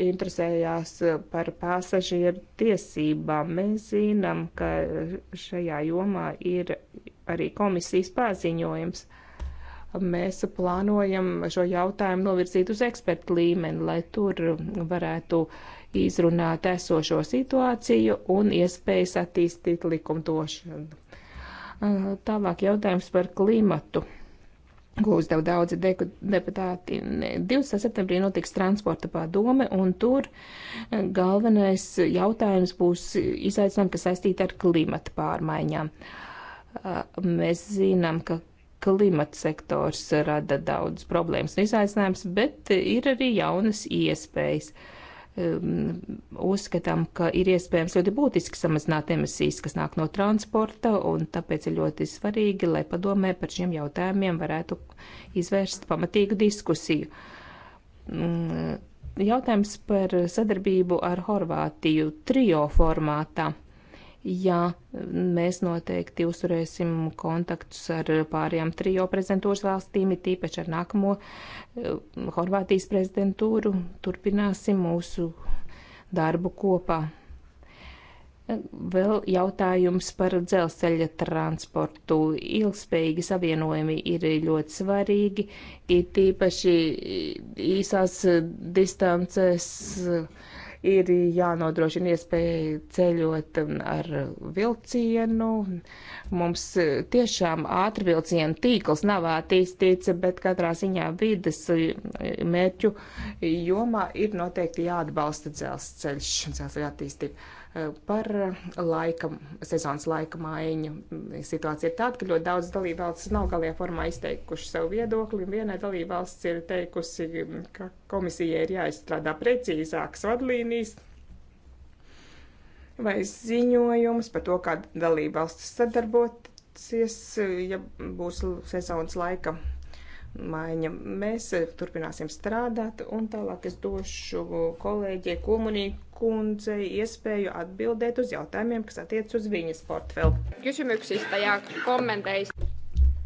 interesējās par pasažieru tiesībām. Mēs zinām, ka šajā jomā ir arī komisijas paziņojums. Mēs plānojam šo jautājumu novirzīt uz ekspertu līmeni, lai tur varētu uh, izrunāt esošo situāciju un iespējas attīstīt likumdošanu. Tālāk jautājums par klimatu ko uzdev daudzi de deputāti. 20. septembrī notiks transporta padome, un tur galvenais jautājums būs izaicinājumi, kas saistīti ar klimata pārmaiņām. Mēs zinām, ka klimata sektors rada daudz problēmas un izaicinājums, bet ir arī jaunas iespējas. Uh, Um, uzskatām, ka ir iespējams ļoti būtiski samazināt emisijas, kas nāk no transporta, un tāpēc ir ļoti svarīgi, lai padomē par šiem jautājumiem varētu izvērst pamatīgu diskusiju. Mm, jautājums par sadarbību ar Horvātiju trio formātā. Jā, mēs noteikti uzturēsim kontaktus ar pārējām trijo prezidentūras valstīm, it īpaši ar nākamo eh, Horvātijas prezidentūru. Turpināsim mūsu darbu kopā. Vēl jautājums par dzelzceļa transportu. Ilgspējīgi savienojumi ir ļoti svarīgi, ir tīpaši īsās distancēs ir jānodrošina iespēja ceļot ar vilcienu. Mums tiešām ātri vilcienu tīkls nav attīstīts, bet katrā ziņā vides mērķu jomā ir noteikti jāatbalsta dzelzceļš un dzelzceļa attīstība. Eh, par eh, laika, sezonas laika maiņu. Mm, situācija ir tāda, ka ļoti daudz dalībvalsts nav galajā formā izteikuši savu viedokli, un vienai dalībvalsts ir teikusi, mm, ka komisijai ir jāizstrādā precīzākas vadlīnijas vai ziņojums par to, kā dalībvalsts sadarbosies, eh, ja būs sezonas laika maiņa. Mēs eh, turpināsim strādāt, un tālāk es došu kolēģie Kulmunī kundzei iespēju atbildēt uz jautājumiem, kas attiec uz viņas portfeli. Kysymyksistä ja kommenteista.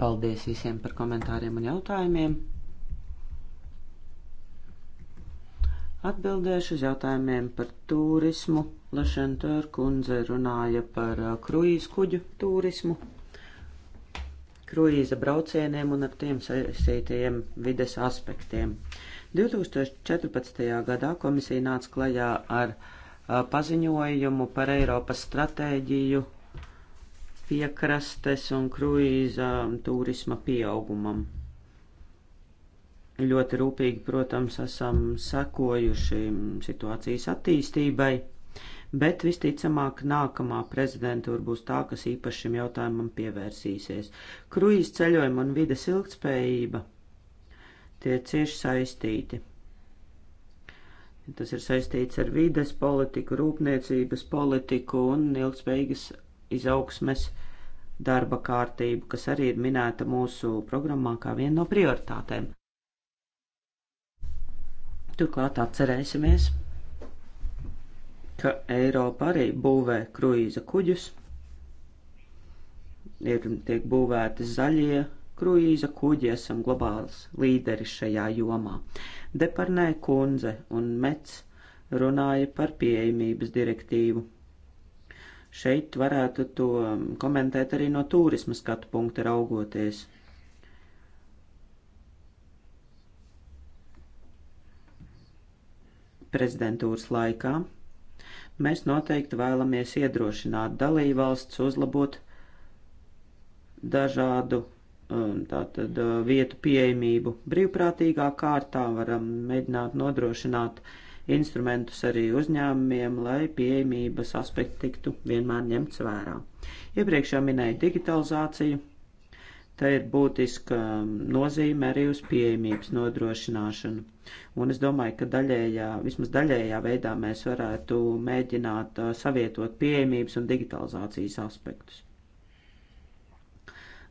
Paldies visiem par komentāriem un jautājumiem. Atbildēšu uz jautājumiem par turismu. Lešentēra kundze runāja par eh, kruīzkuģu turismu kruīza braucieniem un ar tiem saistītajiem vides aspektiem. 2014. gadā komisija nāca klajā ar paziņojumu par Eiropas stratēģiju piekrastes un kruīza turisma pieaugumam. Ļoti rūpīgi, protams, esam sekojuši situācijas attīstībai bet visticamāk nākamā prezidentūra būs tā, kas īpaši šim jautājumam pievērsīsies. Kruīz ceļojuma un vides ilgtspējība tie cieši saistīti. Tas ir saistīts ar vides politiku, rūpniecības politiku un ilgspējīgas izaugsmes darba kārtību, kas arī ir minēta mūsu programmā kā viena no prioritātēm. Turklāt atcerēsimies, ka Eiropa arī būvē kruīza kuģus, ir tiek būvēti zaļie kruīza kuģi, esam globāls līderis šajā jomā. Deparnē kundze un mets runāja par pieejamības direktīvu. Šeit varētu to komentēt arī no turisma skatu punkta raugoties. Prezidentūras laikā mēs noteikti vēlamies iedrošināt dalībvalsts uzlabot dažādu um, tātad uh, vietu pieejamību brīvprātīgā kārtā, varam mēģināt nodrošināt instrumentus arī uzņēmumiem, lai pieejamības aspekti tiktu vienmēr ņemts vērā. Iepriekš jau minēju digitalizāciju, Te ir būtiska nozīme arī uz pieejamības nodrošināšanu. Un es domāju, ka daļējā, vismaz daļējā veidā mēs varētu mēģināt savietot pieejamības un digitalizācijas aspektus.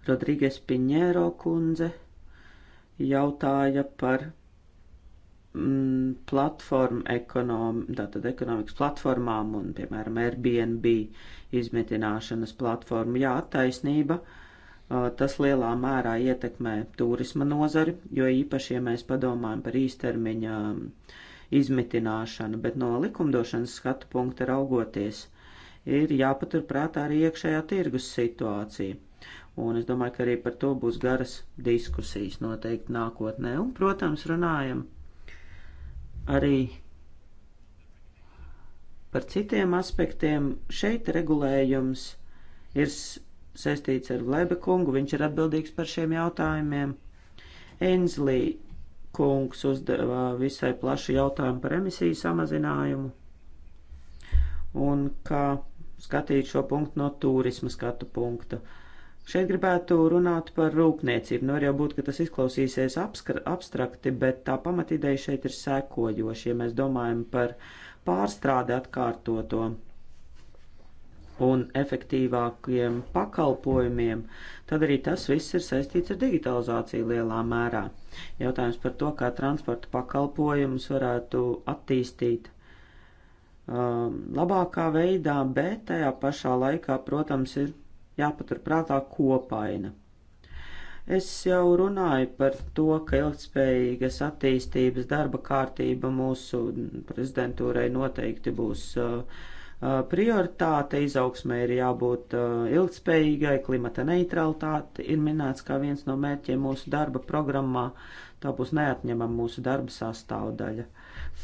Rodrīgas Piņēro kundze jautāja par mm, platformu ekonom, tātad ekonomikas platformām un, piemēram, Airbnb izmitināšanas platformu. Jā, taisnība. Uh, Uh, tas lielā mērā ietekmē turisma nozari, jo īpaši, ja mēs padomājam par īstermiņa um, izmitināšanu, bet no likumdošanas skatu punkta raugoties, ir jāpaturprātā arī iekšējā tirgus situācija. Un es domāju, ka arī par to būs garas diskusijas noteikti nākotnē. Un, protams, runājam arī par citiem aspektiem. Šeit regulējums ir saistīts ar Lebe kungu, viņš ir atbildīgs par šiem jautājumiem. Enslī kungs uzdevā visai plašu jautājumu par emisiju samazinājumu un kā skatīt šo punktu no turisma skatu punktu. Šeit gribētu runāt par rūpniecību. Nu, var jau būt, ka tas izklausīsies abstrakti, bet tā pamatideja šeit ir sekojoša, ja mēs domājam par pārstrādi atkārtoto un efektīvākiem pakalpojumiem, tad arī tas viss ir saistīts ar digitalizāciju lielā mērā. Jautājums par to, kā transporta pakalpojumus varētu attīstīt um, labākā veidā, bet tajā pašā laikā, protams, ir jāpaturprātā kopaina. Es jau runāju par to, ka ilgspējīgas attīstības darba kārtība mūsu prezidentūrai noteikti būs uh, Uh, prioritāte, izaugsmē ir jābūt uh, ilgspējīgai, klimata neutralitāte ir minēts kā viens no mērķiem mūsu darba programmā, tā būs neatņemama mūsu darba sastāvdaļa.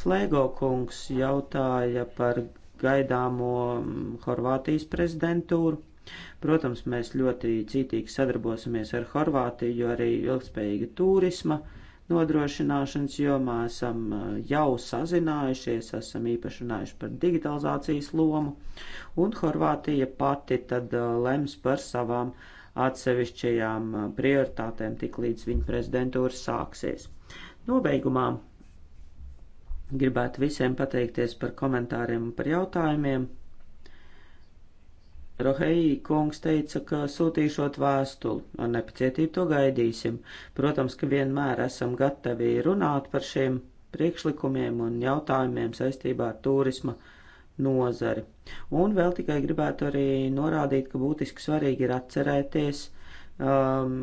Flego kungs jautāja par gaidāmo mm, Horvātijas prezidentūru. Protams, mēs ļoti cītīgi sadarbosimies ar Horvātiju, jo arī ilgspējīga turisma uh, nodrošināšanas jomā esam uh, jau sazinājušies, esam īpaši runājuši par digitalizācijas lomu, un Horvātija pati tad uh, lems par savām atsevišķajām uh, prioritātēm, tik līdz viņa prezidentūra sāksies. Nobeigumā gribētu visiem pateikties par komentāriem un par jautājumiem. Rohei kungs teica, ka sūtīšot vēstuli un nepacietību to gaidīsim. Protams, ka vienmēr esam gatavi runāt par šiem priekšlikumiem un jautājumiem saistībā ar turisma nozari. Un vēl tikai gribētu arī norādīt, ka būtiski svarīgi ir atcerēties um,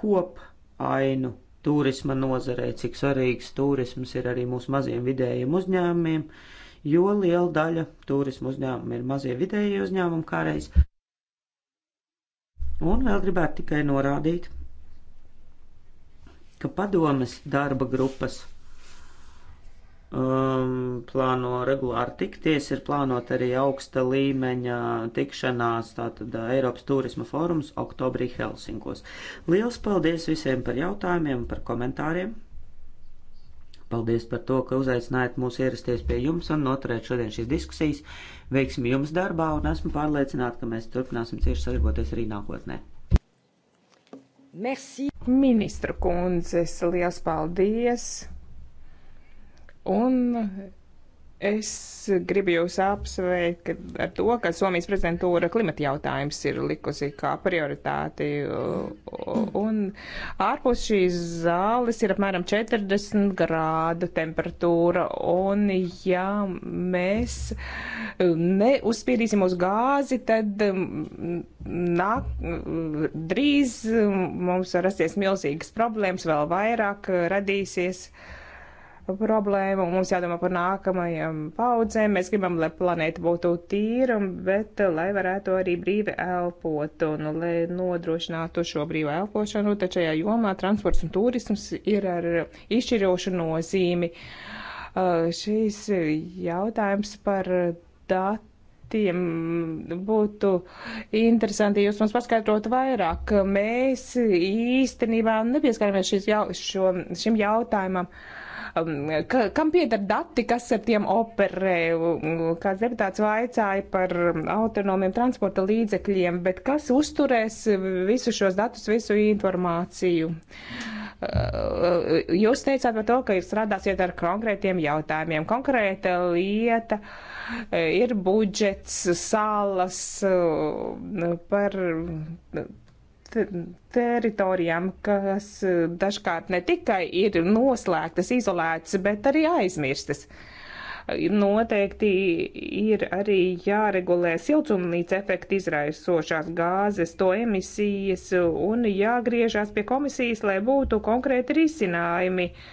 kopainu turisma nozarei, cik svarīgs turisms ir arī mūsu maziem vidējiem uzņēmumiem. Uh, jo liela daļa turismu uzņēmumu ir mazie vidējie uzņēmumi kāreiz. Un vēl gribētu tikai norādīt, ka padomes darba grupas um, plāno regulāri tikties, ir plānot arī augsta līmeņa tikšanās, tātad Eiropas turisma fórums oktobrī Helsinkos. Liels paldies visiem par jautājumiem, par komentāriem! Paldies par to, ka uzaicinājāt mūs ierasties pie jums un noturēt šodien šīs diskusijas. Veiksim jums darbā un esmu pārliecināta, ka mēs turpināsim cieši sadarboties arī nākotnē. Merci. Ministra kundzes, liels paldies! Un Es gribu jūs apsveikt ar to, ka Somijas prezidentūra klimata jautājums ir likusi kā prioritāti. Un ārpus šīs zāles ir apmēram 40 grādu temperatūra. Un ja mēs neuzspīdīsim uz gāzi, tad nāk, drīz mums var rasties milzīgas problēmas, vēl vairāk radīsies. Uh, problēmu. Mums jādomā par nākamajām paudzēm. Mēs gribam, lai planēta būtu tīra, bet eh, lai varētu arī brīvi elpot un lai nodrošinātu šo brīvo elpošanu, tad šajā jomā transports un turisms ir ar izšķirošu nozīmi. Eh, Šīs jautājums par datu citiem būtu interesanti, ja jūs mums paskaidrotu vairāk. Mēs īstenībā nepieskaramies jau, šo, šim jautājumam. Uh, ka, kam pieder dati, kas ar tiem operē. Kāds deputāts vaicāja par autonomiem transporta līdzekļiem, bet kas uzturēs visu šos datus, visu informāciju? Uh, jūs teicāt par to, ka jūs strādāsiet ar konkrētiem jautājumiem. Konkrēta lieta uh, ir budžets, salas uh, par teritorijām, kas e, dažkārt ne tikai ir noslēgtas, izolētas, bet arī aizmirstas. Noteikti ir arī jāregulē siltumnīca efekta izraisošās gāzes, to emisijas un jāgriežās pie komisijas, lai būtu konkrēti risinājumi. Uh,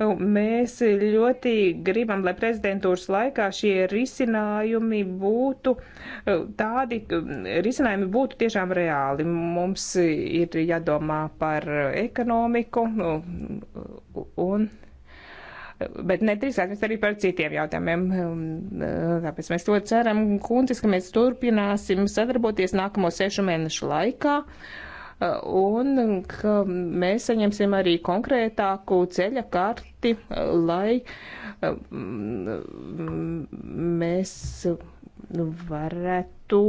Nu, mēs ļoti gribam, lai prezidentūras laikā šie risinājumi būtu eh, tādi, risinājumi būtu tiešām reāli. Mums ir jādomā par ekonomiku nu, un. Bet nedrīkst aizmirst arī par citiem jautājumiem. Eh, tāpēc mēs to ceram, kundzes, ka mēs turpināsim sadarboties nākamo sešu mēnešu laikā. Uh, un ka mēs saņemsim arī konkrētāku ceļa karti, lai mm, mēs varētu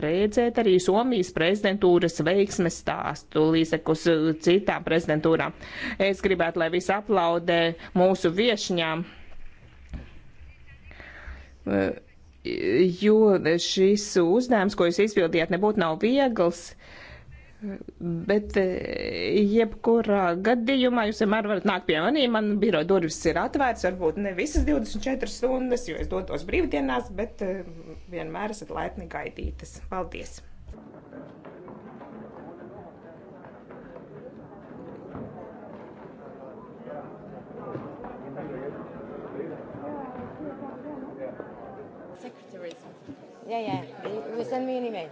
redzēt arī Somijas prezidentūras veiksmes stāstu līdzekus citām prezidentūrām. Es gribētu, lai visi aplaudē mūsu viešņām, jo šis uzdevums, ko jūs izpildījāt, nebūtu nav viegls. Uh, Bet e, jebkurā gadījumā jūs vienmēr varat nākt pie manī. Man biro durvis ir atvērts, varbūt ne visas 24 stundas, jo es dotos brīvdienās, bet e, vienmēr esat laipni gaidītas. Paldies! Secretaries. Yeah, yeah. You send me an email.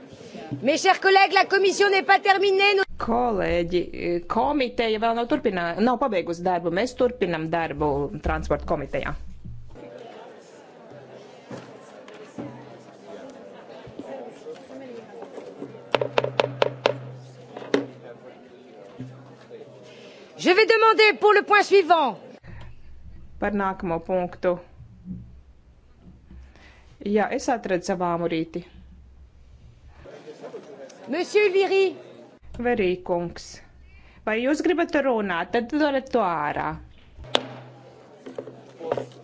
Mes chers collègues, la commission n'est pas terminée. Kolēģi, komiteja vēl nav turpinājusi, nav pabeigusi darbu. Mēs turpinam darbu transporta komitejā. Je vais demander pour le point suivant. Par nākamo punktu. Jā, es atradu savām rīti. Monsieur Virī! Verī kungs, vai jūs gribat runāt, tad dodat to ārā.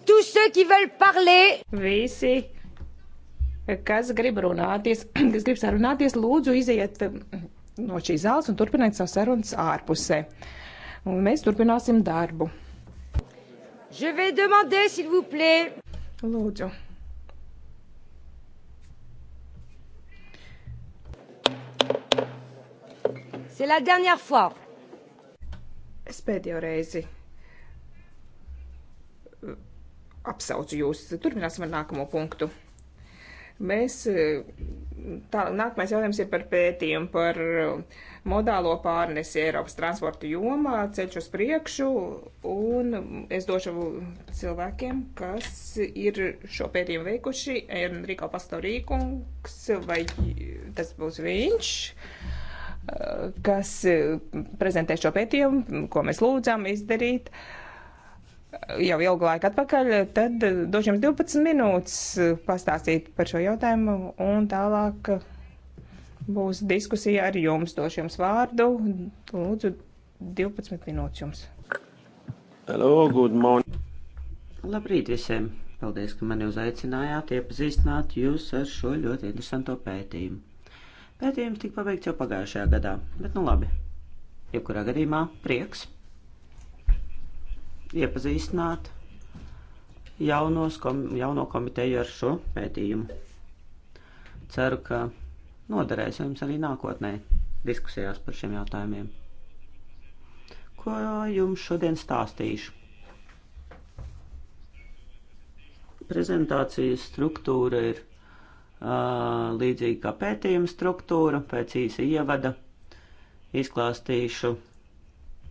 Tous ceux qui veulent parler! Visi, kas grib runāties, kas grib sarunāties, lūdzu iziet um, no šīs zāles un turpiniet savu sarunas ārpusē. Un mēs turpināsim darbu. Je vais demander, s'il vous plaît. Lūdzu. C'est la dernière fois. Es pēdējo reizi uh, apsaucu jūs. Turpināsim ar nākamo punktu. Mēs, uh, tā, nākamais jautājums ir par pētījumu par uh, modālo pārnesi Eiropas transporta jomā, ceļš uz priekšu, un es došu cilvēkiem, kas ir šo pētījumu veikuši, Enriko Pastorīkungs, vai tas būs viņš? Uh, kas eh, prezentē šo pētījumu, ko mēs lūdzām izdarīt jau ilgu laiku atpakaļ, tad došu jums 12 minūtes eh, pastāstīt par šo jautājumu un tālāk eh, būs diskusija ar jums. Došu jums vārdu. Lūdzu, 12 minūtes jums. Hello, good morning. Labrīt visiem! Paldies, ka mani uzaicinājāt iepazīstināt jūs ar šo ļoti interesanto pētījumu. Pētījums tika paveikts jau pagājušajā gadā, bet nu labi. Jebkurā gadījumā prieks iepazīstināt jaunos, kom, jauno komiteju ar šo pētījumu. Ceru, ka noderēs jums arī nākotnē diskusijās par šiem jautājumiem. Ko jums šodien stāstīšu? Prezentācijas struktūra ir līdzīgi kā pētījuma struktūra, pēc īsa ievada izklāstīšu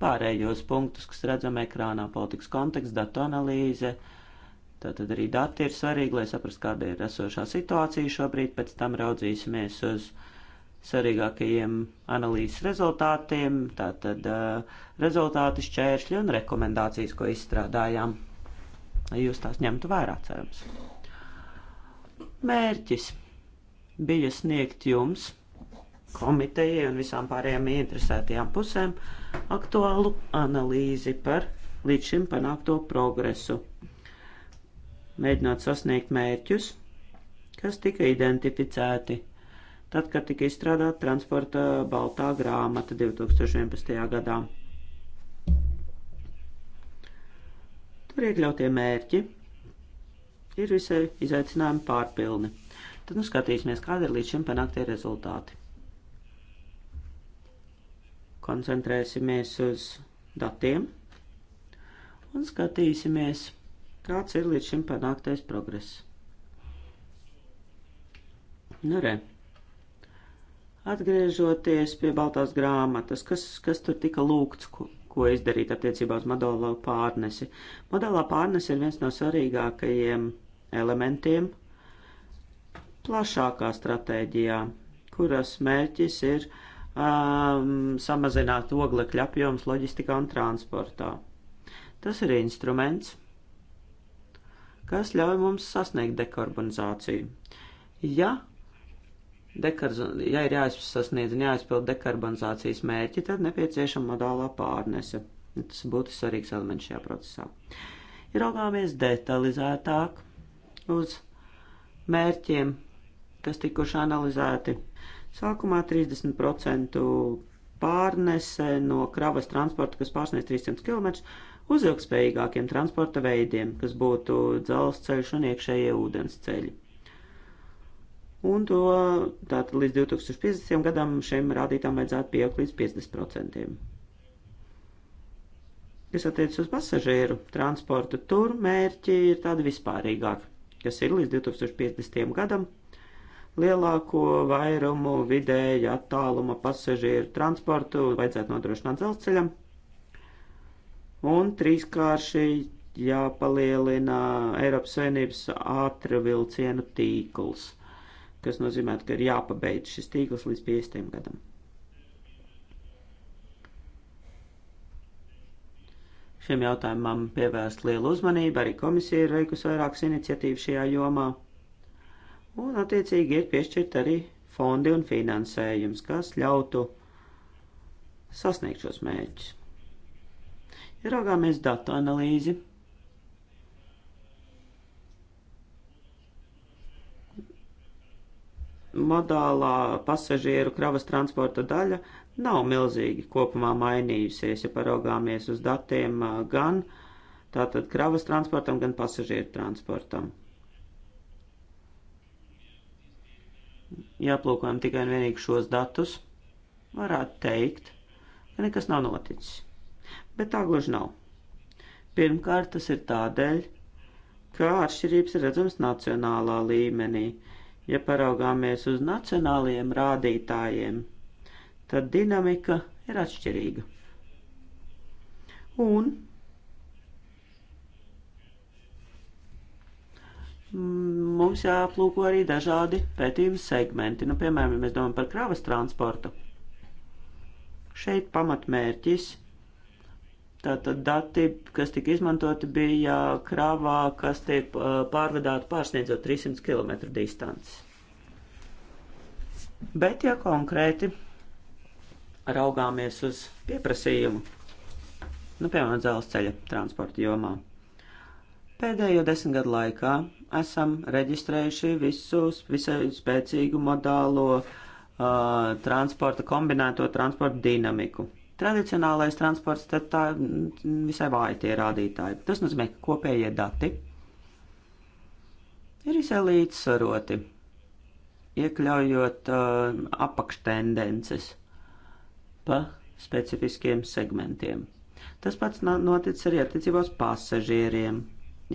pārējos punktus, kas redzam ekrānā - politikas konteksts, datu analīze. Tātad arī dati ir svarīgi, lai saprastu, kāda ir esošā situācija šobrīd. Pēc tam raudzīsimies uz svarīgākajiem analīzes rezultātiem, tātad uh, rezultāti šķēršļi un rekomendācijas, ko izstrādājām. Jūs tās ņemtu vērā, cerams. Mērķis bija sniegt jums, komitejai un visām pārējām ieinteresētajām pusēm, aktuālu analīzi par līdz šim panākto progresu, mēģinot sasniegt mērķus, kas tika identificēti tad, kad tika izstrādāta transporta baltā grāmata 2011. gadā. Tur iekļautie mērķi ir visai izaicinājumi pārpilni. Tad nu skatīsimies, kāda ir līdz šim panāktie rezultāti. Koncentrēsimies uz datiem un skatīsimies, kāds ir līdz šim panāktais progress. Nu, re. Atgriežoties pie Baltās grāmatas, kas, kas tur tika lūgts, ko, ko izdarīt attiecībā uz modālo pārnesi. Modālā pārnese ir viens no svarīgākajiem elementiem plašākā stratēģijā, kuras mērķis ir um, samazināt oglekļa apjoms loģistikā un transportā. Tas ir instruments, kas ļauj mums sasniegt dekarbonizāciju. Ja, dekarz, ja ir jāizsasniedz un jāizpild dekarbonizācijas mērķi, tad nepieciešama modālā pārnese. Tas būtu svarīgs elements šajā procesā. Ir augāmies detalizētāk uz mērķiem kas tikuši analizēti. Sākumā 30% pārnese no kravas transporta, kas pārsniedz 300 km, uz ilgspējīgākiem transporta veidiem, kas būtu dzelzceļš un iekšējie ūdensceļi. Un to tātad līdz 2050. gadam šiem rādītām vajadzētu pieaugt līdz 50%. Kas attiec uz pasažieru transportu, tur mērķi ir tādi vispārīgāki, kas ir līdz 2050. gadam lielāko vairumu vidēja attāluma pasažieru transportu vajadzētu nodrošināt dzelzceļam. Un trīskārši jāpalielina Eiropas Savienības ātra vilcienu tīkls, kas nozīmē, ka ir jāpabeidz šis tīkls līdz 50 gadam. Šiem jautājumam pievērst lielu uzmanību, arī komisija ir veikusi vairākas iniciatīvas šajā jomā. Un, attiecīgi, ir piešķirt arī fondi un finansējums, kas ļautu sasniegt šos mērķus. Ja raugāmies datu analīzi, modālā pasažieru kravas transporta daļa nav milzīgi kopumā mainījusies, ja paraugāmies uz datiem gan tātad kravas transportam, gan pasažieru transportam. ja aplūkojam tikai un vienīgi šos datus, varētu teikt, ka nekas nav noticis. Bet tā gluži nav. Pirmkārt, tas ir tādēļ, ka atšķirības ir redzamas nacionālā līmenī. Ja paraugāmies uz nacionālajiem rādītājiem, tad dinamika ir atšķirīga. Un mums jāaplūko arī dažādi pētījuma segmenti. Nu, piemēram, ja mēs domājam par kravas transportu, šeit pamatmērķis. Tātad dati, kas tika izmantoti, bija kravā, kas tiek pārvedāta pārsniedzot 300 km distanci. Bet, ja konkrēti raugāmies uz pieprasījumu, nu, piemēram, dzelzceļa transporta jomā, Pēdējo desmit gadu laikā esam reģistrējuši visus visai spēcīgu modālo uh, transporta, kombinēto transporta dinamiku. Tradicionālais transports tad tā mm, visai vāji tie rādītāji. Tas nozīmē, ka kopējie dati ir visai līdzsvaroti, iekļaujot uh, apakštendences pa specifiskiem segmentiem. Tas pats noticis arī attiecībā uz pasažieriem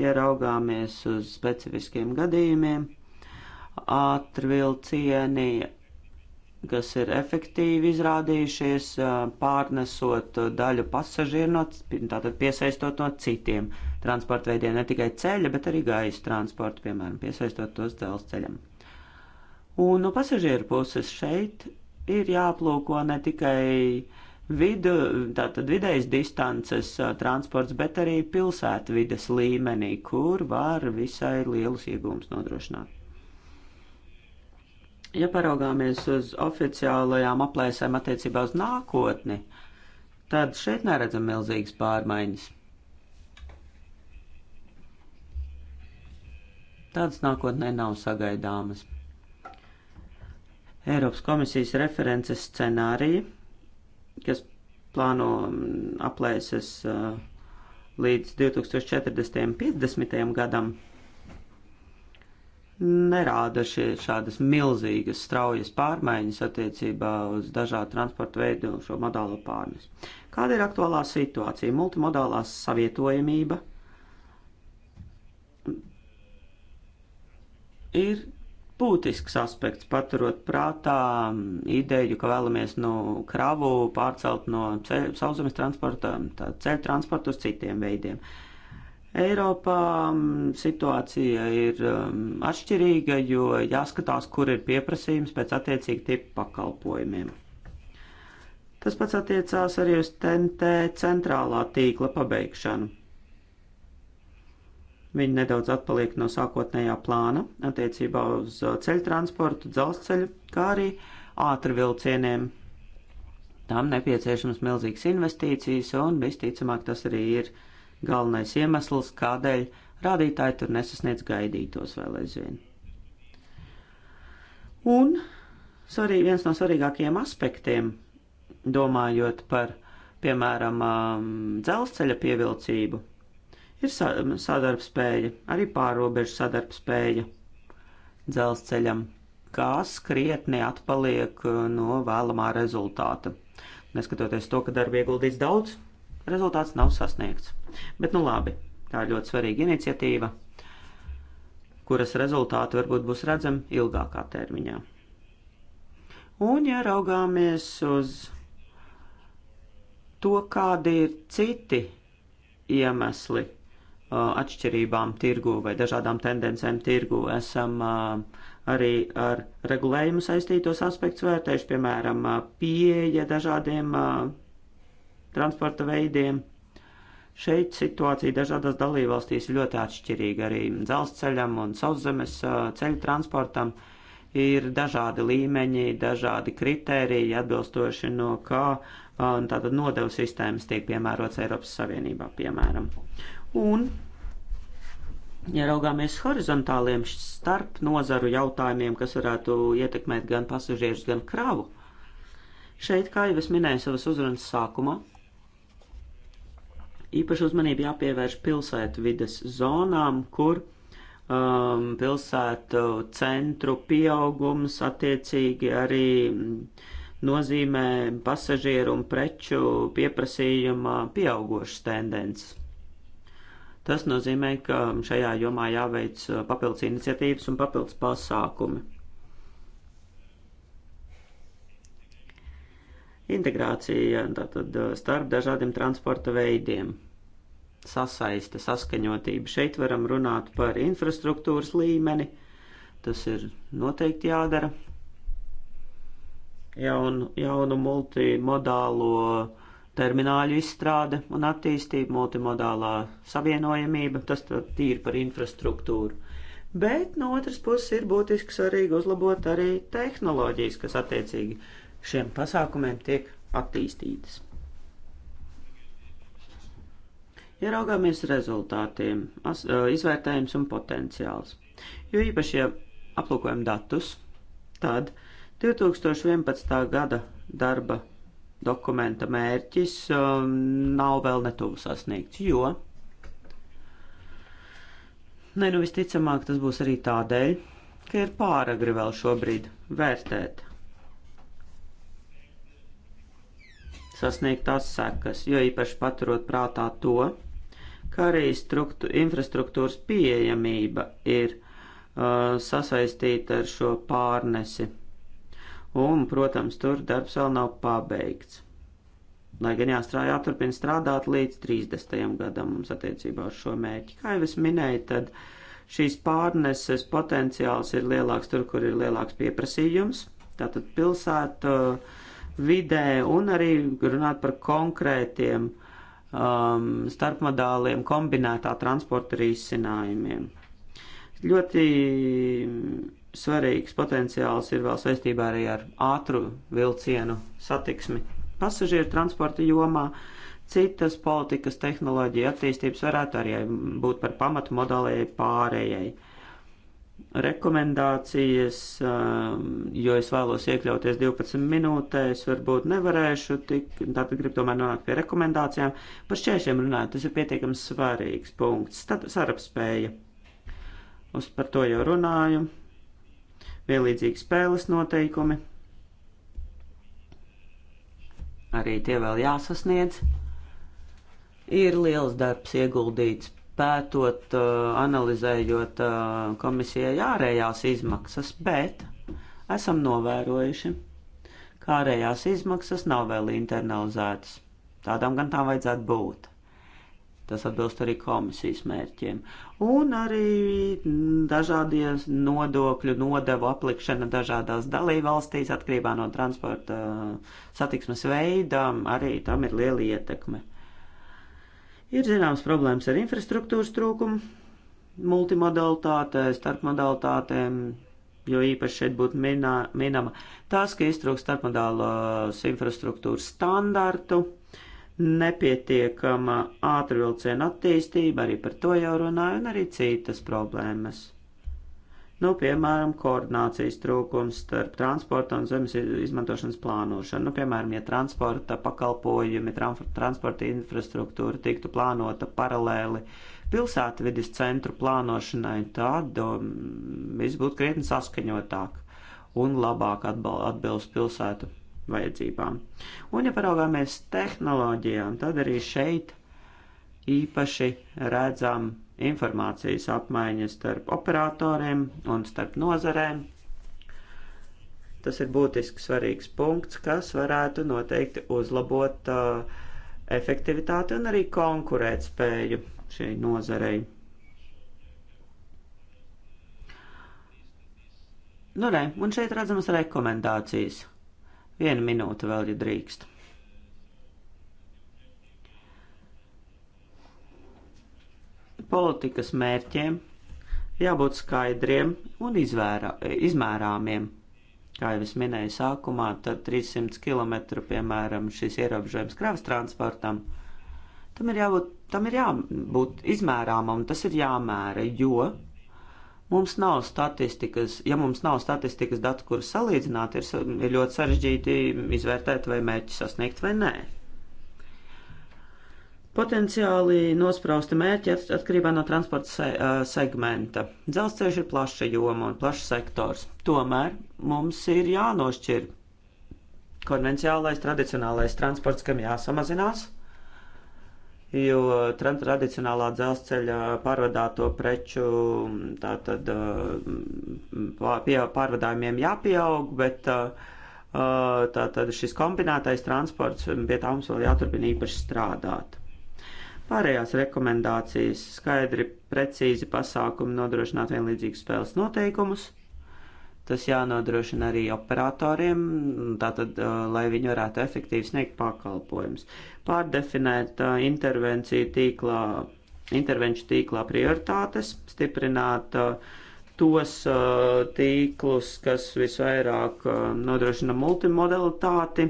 ja raugāmies uz specifiskiem gadījumiem, ātrvilcieni, kas ir efektīvi izrādījušies, pārnesot daļu pasažieru, no, tātad piesaistot no citiem transporta veidiem, ne tikai ceļa, bet arī gaisa transportu, piemēram, piesaistot tos dzelzceļam. Un no pasažieru puses šeit ir jāplūko ne tikai uh, vidu, tātad vidējas distances transports, bet arī pilsētvides līmenī, kur var visai lielus iegūmus nodrošināt. Ja paraugāmies uz oficiālajām aplēsēm attiecībā uz nākotni, tad šeit neredzam milzīgas pārmaiņas. Tādas nākotnē nav sagaidāmas. Eiropas komisijas references scenārija kas plāno mm, aplēses līdz 2040. un 50. gadam, nerāda šie, šādas milzīgas, straujas pārmaiņas attiecībā uz dažādu transportu veidu un šo modālo pārnes. Kāda ir aktuālā situācija? Multimodālā savietojamība ir būtisks aspekts, paturot prātā ideju, ka vēlamies no nu, kravu pārcelt no sauszemes transporta, ceļu transporta uz citiem veidiem. Eiropā mm, situācija ir mm, atšķirīga, jo jāskatās, kur ir pieprasījums pēc attiecīgi tipu pakalpojumiem. Tas pats attiecās arī uz TNT centrālā tīkla pabeigšanu. Viņi nedaudz atpaliek no sākotnējā plāna attiecībā uz uh, ceļu transportu, dzelzceļu, kā arī ātrvilcieniem. Tām nepieciešams milzīgas investīcijas, un visticamāk tas arī ir galvenais iemesls, kādēļ rādītāji tur nesasniedz gaidītos vēl aizvien. Un svarī, viens no svarīgākajiem aspektiem, domājot par, piemēram, um, dzelzceļa pievilcību, ir sadarbspēja, arī pārobežu sadarbspēja dzelzceļam, kas krietni atpaliek uh, no vēlamā rezultāta. Neskatoties to, ka darba ieguldīts daudz, rezultāts nav sasniegts. Bet nu labi, tā ir ļoti svarīga iniciatīva, kuras rezultāti varbūt būs redzami ilgākā termiņā. Un, ja raugāmies uz to, kādi ir citi iemesli, Uh, atšķirībām tirgu vai dažādām tendencēm tirgu esam uh, arī ar regulējumu saistītos aspektus vērtējuši, piemēram, uh, pieeja dažādiem transporta veidiem. Šeit situācija dažādās dalībvalstīs ir ļoti atšķirīga arī dzelzceļam un sauszemes ceļu transportam. Ir dažādi līmeņi, dažādi kritēriji, atbilstoši no kā tātad nodevu sistēmas tiek piemērots Eiropas Savienībā, piemēram. Uh, un Ja raugāmies horizontāliem starp nozaru jautājumiem, kas varētu ietekmēt gan pasažierus, gan kravu, šeit, kā jau es minēju savas uzrunas sākumā, īpaši uzmanību jāpievērš pilsētu vides zonām, kur um, pilsētu centru pieaugums attiecīgi arī nozīmē pasažieru un preču pieprasījuma pieaugošas tendences. Tas nozīmē, ka šajā jomā jāveic uh, papildus iniciatīvas un papildus pasākumi. Integrācija tātad uh, starp dažādiem transporta veidiem, sasaiste, saskaņotība. Šeit varam runāt par infrastruktūras līmeni, tas ir noteikti jādara. Jaunu, jaunu multimodālo uh, termināļu izstrāde un attīstība, multimodālā savienojamība, tas tīri par infrastruktūru. Bet no otras puses ir būtiski svarīgi uzlabot arī tehnoloģijas, kas attiecīgi šiem pasākumiem tiek attīstītas. Ieraugāmies rezultātiem, izvērtējums un potenciāls. Jo īpaši, ja aplūkojam datus, tad 2011. gada darba dokumenta mērķis um, nav vēl netuvu sasniegts, jo ne nu visticamāk tas būs arī tādēļ, ka ir pāragri vēl šobrīd vērtēt sasniegtās sekas, jo īpaši paturot prātā to, ka arī struktu, infrastruktūras pieejamība ir uh, sasaistīta ar šo pārnesi un, protams, tur darbs vēl nav pabeigts. Lai gan jāstrādā, jāturpina strādāt līdz 30. gadam mums attiecībā uz šo mērķi. Kā jau es minēju, tad šīs pārneses potenciāls ir lielāks tur, kur ir lielāks pieprasījums. Tātad pilsētu uh, vidē un arī runāt par konkrētiem um, starpmodāliem kombinētā transporta risinājumiem. Ļoti svarīgs potenciāls ir vēl saistībā arī ar ātru vilcienu satiksmi pasažieru transporta jomā. Citas politikas tehnoloģija attīstības varētu arī būt par pamatu modālajai pārējai rekomendācijas, um, jo es vēlos iekļauties 12 minūtēs, varbūt nevarēšu, tik, tātad gribu tomēr nonākt pie rekomendācijām. Par šķēršiem runājot, tas ir pietiekams svarīgs punkts. Tad sarapspēja. Uz par to jau runāju vienlīdzīgi spēles noteikumi. Arī tie vēl jāsasniedz. Ir liels darbs ieguldīts pētot, uh, analizējot uh, komisijai ārējās izmaksas, bet esam novērojuši, ka ārējās izmaksas nav vēl internalizētas. Tādām gan tā vajadzētu būt. Tas atbilst arī komisijas mērķiem. Un arī dažādie nodokļu nodevu aplikšana dažādās dalībvalstīs atkarībā no transporta uh, satiksmes veidām, arī tam ir liela ietekme. Ir zināms problēmas ar infrastruktūras trūkumu, multimodalitāte, starpmodalitātēm, jo īpaši šeit būtu minā, minama tas, ka iztrūkst starpmodālās infrastruktūras standartu nepietiekama ātrvilciena attīstība, arī par to jau runāju, un arī citas problēmas. Nu, piemēram, koordinācijas trūkums starp transporta un zemes izmantošanas plānošanu. Nu, piemēram, ja transporta pakalpojumi, transporta infrastruktūra tiktu plānota paralēli pilsētvidas centru plānošanai, tad um, viss būtu krietni saskaņotāk un labāk atbilst pilsētu vajadzībām. Un, ja paraugāmies tehnoloģijām, tad arī šeit īpaši redzam informācijas apmaiņas starp operatoriem un starp nozarēm. Tas ir būtiski svarīgs punkts, kas varētu noteikti uzlabot uh, efektivitāti un arī konkurēt spēju šai nozarei. Nu, re, un šeit redzamas rekomendācijas Viena minūte vēl, ja drīkst. Politikas mērķiem jābūt skaidriem un izvērā, izmērāmiem. Kā jau es minēju sākumā, tad 300 km, piemēram, šis ierobežojums kravas transportam, tam ir jābūt, tam ir jābūt izmērāmam, tas ir jāmēra, jo Mums nav statistikas, ja mums nav statistikas datu, kuras salīdzināt, ir, ir ļoti sarežģīti izvērtēt, vai mērķi sasniegt vai nē. Potenciāli nosprausti mērķi atkarībā no transporta se segmenta. Dzelzceļš ir plaša joma un plašs sektors. Tomēr mums ir jānošķir konvencionālais, tradicionālais transports, kam jāsamazinās jo tradicionālā dzelzceļa pārvadāto preču tātad mm, pārvadājumiem jāpieaug, bet tātad šis kombinētais transports, pie tā mums vēl jāturpina īpaši strādāt. Pārējās rekomendācijas skaidri, precīzi pasākumi nodrošināt vienlīdzīgus spēles noteikumus – Tas jānodrošina arī operatoriem, tātad, uh, lai viņi varētu efektīvi sniegt pakalpojumus. Pārdefinēt uh, intervenciju tīklā, intervenciju tīklā prioritātes, stiprināt uh, tos tīklus, kas visvairāk nodrošina multimodalitāti,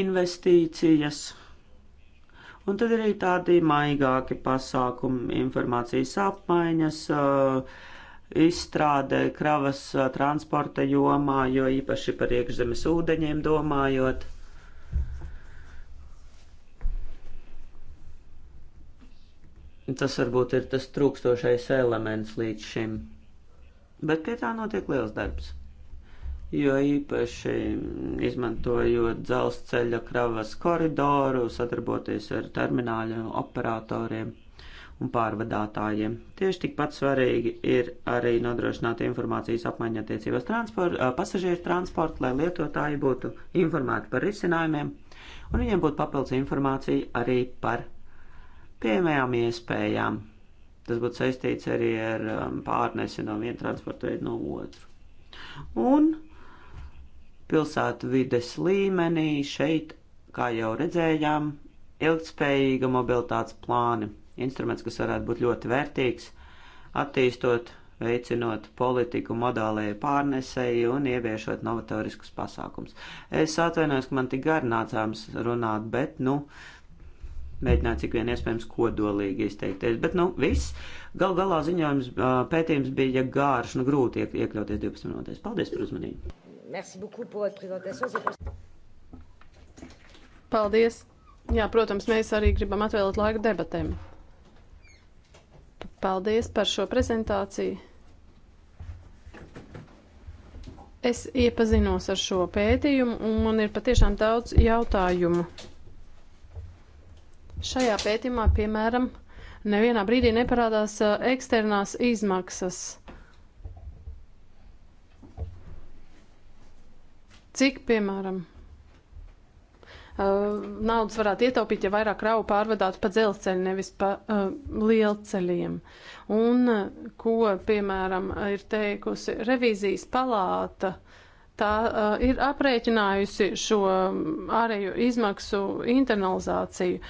investīcijas. Un tad arī tādi maigāki pasākumi, informācijas apmaiņas, uh, izstrādē kravas transporta jomā, jo īpaši par iekšzemes ūdeņiem domājot. Tas varbūt ir tas trūkstošais elements līdz šim. Bet pie tā notiek liels darbs. Jo īpaši izmantojot dzelzceļa kravas koridoru, sadarboties ar termināļu operatoriem un pārvadātājiem. Tieši tikpat svarīgi ir arī nodrošināt informācijas apmaiņu attiecībās transport, pasažieru transportu, lai lietotāji būtu informēti par risinājumiem, un viņiem būtu papildus informācija arī par pieejamajām iespējām. Tas būtu saistīts arī ar pārnesi no viena transporta veida no otru. Un pilsētu vides līmenī šeit, kā jau redzējām, ilgtspējīga mobilitātes plāni instruments, kas varētu būt ļoti vērtīgs, attīstot, veicinot politiku modālajai pārnesēji un ieviešot novatoriskus pasākums. Es atvainojos, ka man tik gari nācāms runāt, bet, nu, mēģināju cik vien iespējams kodolīgi izteikties. Bet, nu, viss. Gal galā ziņojums pētījums bija gārš, nu, grūti iek iekļauties 12 minūtēs. Paldies par uzmanību! Merci beaucoup pour votre présentation. Paldies! Jā, protams, mēs arī gribam atvēlēt laiku debatēm. Paldies par šo prezentāciju. Es iepazinos ar šo pētījumu, un man ir patiešām daudz jautājumu. Šajā pētījumā, piemēram, nevienā brīdī neparādās uh, eksternās izmaksas. Cik, piemēram, Uh, naudas varētu ietaupīt, ja vairāk kravu pārvadātu pa dzelzceļu, nevis pa uh, lielceļiem. Un uh, ko, piemēram, ir teikusi revīzijas palāta, tā uh, ir aprēķinājusi šo um, ārējo izmaksu internalizāciju.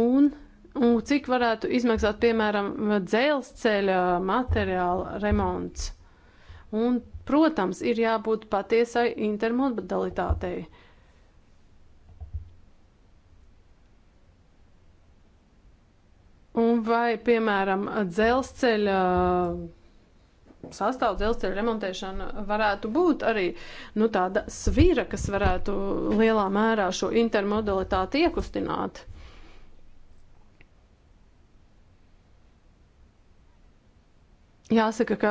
Un, un cik varētu izmaksāt, piemēram, dzelzceļa materiāla remonts. Un, protams, ir jābūt patiesai intermodalitātei. Uh, Un vai, piemēram, dzelzceļa sastāv dzelzceļa remontēšana varētu būt arī nu, tāda svira, kas varētu lielā mērā šo intermodalitāti iekustināt? Jāsaka, ka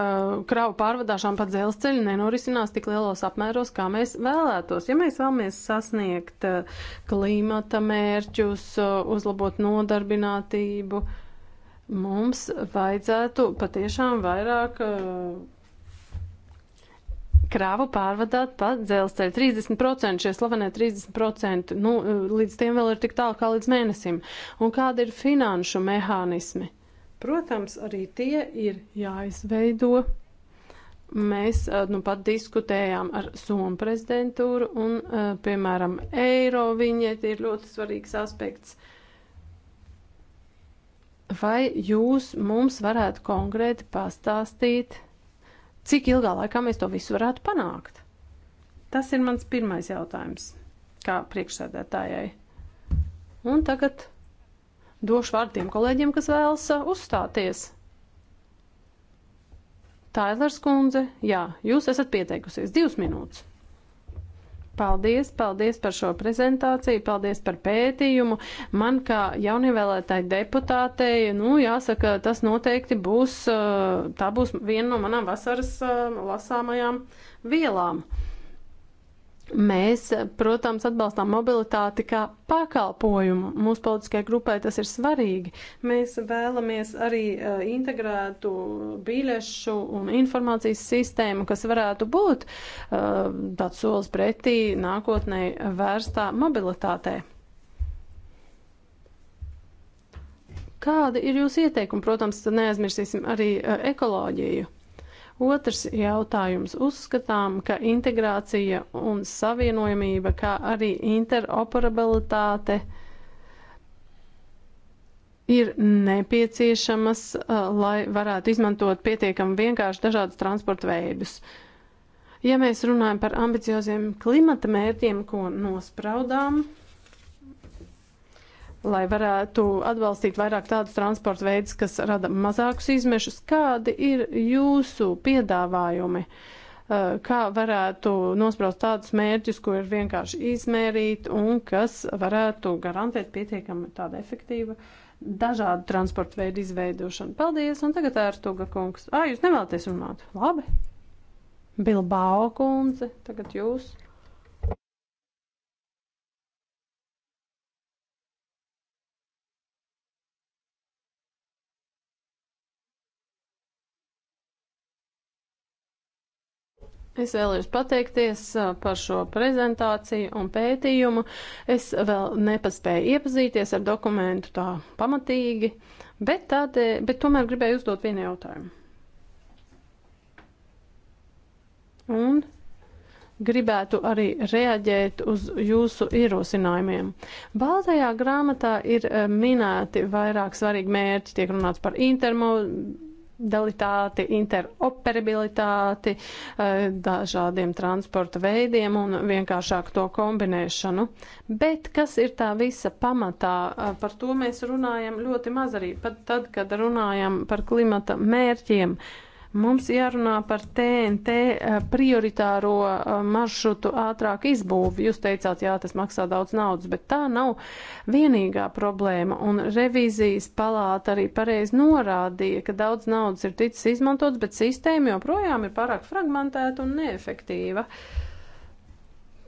kravu pārvadāšana pa dzelzceļu nenorisinās tik lielos apmēros, kā mēs vēlētos. Ja mēs vēlamies sasniegt eh, klimata mērķus, eh, uzlabot nodarbinātību, mums vajadzētu patiešām vairāk eh, kravu pārvadāt pa dzelzceļu. 30% šie slavenie 30%, nu, līdz tiem vēl ir tik tālu kā līdz mēnesim. Un kādi ir finanšu mehānismi? Protams, arī tie ir jāizveido. Mēs nu pat diskutējām ar Somu prezidentūru un, piemēram, eiro viņiet ir ļoti svarīgs aspekts. Vai jūs mums varētu konkrēti pastāstīt, cik ilgā laikā mēs to visu varētu panākt? Tas ir mans pirmais jautājums kā priekšsēdētājai. Un tagad Došu vārdu tiem kolēģiem, kas vēlas uh, uzstāties. Tailers kundze, jā, jūs esat pieteikusies divas minūtes. Paldies, paldies par šo prezentāciju, paldies par pētījumu. Man kā jaunievēlētāji deputātei, nu, jāsaka, tas noteikti būs, uh, tā būs viena no manām vasaras uh, lasāmajām vielām. Mēs, protams, atbalstām mobilitāti kā pakalpojumu. Mūsu politiskajai grupai tas ir svarīgi. Mēs vēlamies arī e, integrētu biļešu un informācijas sistēmu, kas varētu būt e, tāds solis pretī nākotnē vērstā mobilitātē. Kādi ir jūsu ieteikumi? Protams, neaizmirsīsim arī e, ekoloģiju. Otrs jautājums. Uzskatām, ka integrācija un savienojamība, kā arī interoperabilitāte ir nepieciešamas, lai varētu izmantot pietiekami vienkārši dažādus transporta veidus. Ja mēs runājam par ambicioziem klimata mērķiem, ko nospraudām, lai varētu atbalstīt vairāk tādus transporta veidus, kas rada mazākus izmešus. Kādi ir jūsu piedāvājumi? Eh, kā varētu nospraust tādus mērķus, ko ir vienkārši izmērīt un kas varētu garantēt pietiekami tādu efektīvu dažādu transporta veidu izveidošanu? Paldies, un tagad ērtuga kungs. Ā, jūs nevēlaties runāt? Labi. Bilbao kundze, tagad jūs. Es vēlējos pateikties par šo prezentāciju un pētījumu. Es vēl nepaspēju iepazīties ar dokumentu tā pamatīgi, bet, tādē, bet tomēr gribēju uzdot vienu jautājumu. Un gribētu arī reaģēt uz jūsu ierosinājumiem. Baltajā grāmatā ir minēti vairāk svarīgi mērķi, tiek runāts par intermodu intermodalitāti, interoperabilitāti, eh, dažādiem transporta veidiem un vienkāršāku to kombinēšanu. Bet kas ir tā visa pamatā? Eh, par to mēs runājam ļoti maz arī, pat tad, kad runājam par klimata mērķiem. Uh, Mums jārunā par TNT eh, prioritāro eh, maršrutu ātrāk izbūvi. Jūs teicāt, jā, tas maksā daudz naudas, bet tā nav vienīgā problēma. Un revīzijas palāta arī pareizi norādīja, ka daudz naudas ir ticis izmantots, bet sistēma joprojām ir pārāk fragmentēta un neefektīva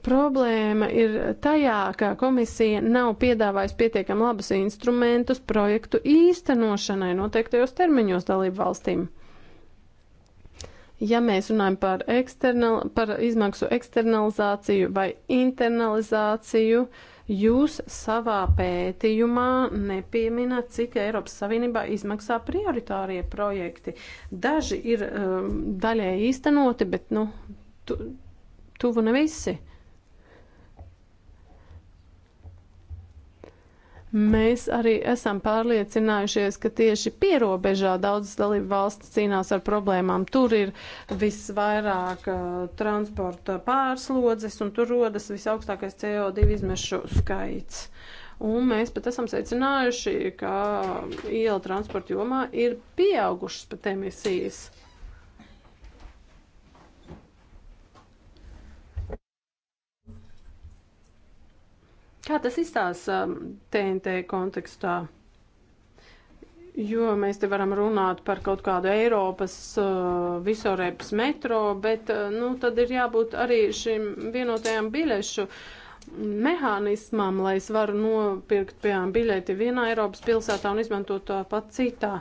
problēma ir tajā, ka komisija nav piedāvājusi pietiekami labus instrumentus projektu īstenošanai noteiktajos termiņos dalību valstīm. Ja mēs runājam par, eksternal, par izmaksu eksternalizāciju vai internalizāciju, jūs savā pētījumā nepieminat, cik Eiropas Savienībā izmaksā prioritārie projekti. Daži ir um, daļēji īstenoti, bet nu, tu, tuvu ne visi. Mēs arī esam pārliecinājušies, ka tieši pierobežā daudzas dalību valsts cīnās ar problēmām. Tur ir visvairāk uh, transporta pārslodzes un tur rodas visaugstākais CO2 izmešu skaits. Un mēs pat esam secinājuši, ka uh, iela transporta jomā ir pieaugušas pat emisijas. Kā tas izstās um, TNT kontekstā? Jo mēs te varam runāt par kaut kādu Eiropas uh, visorēpas metro, bet uh, nu, tad ir jābūt arī šim vienotajam biļešu mehānismam, lai es varu nopirkt, piemēram, biļeti vienā Eiropas pilsētā un izmantot tāpat citā.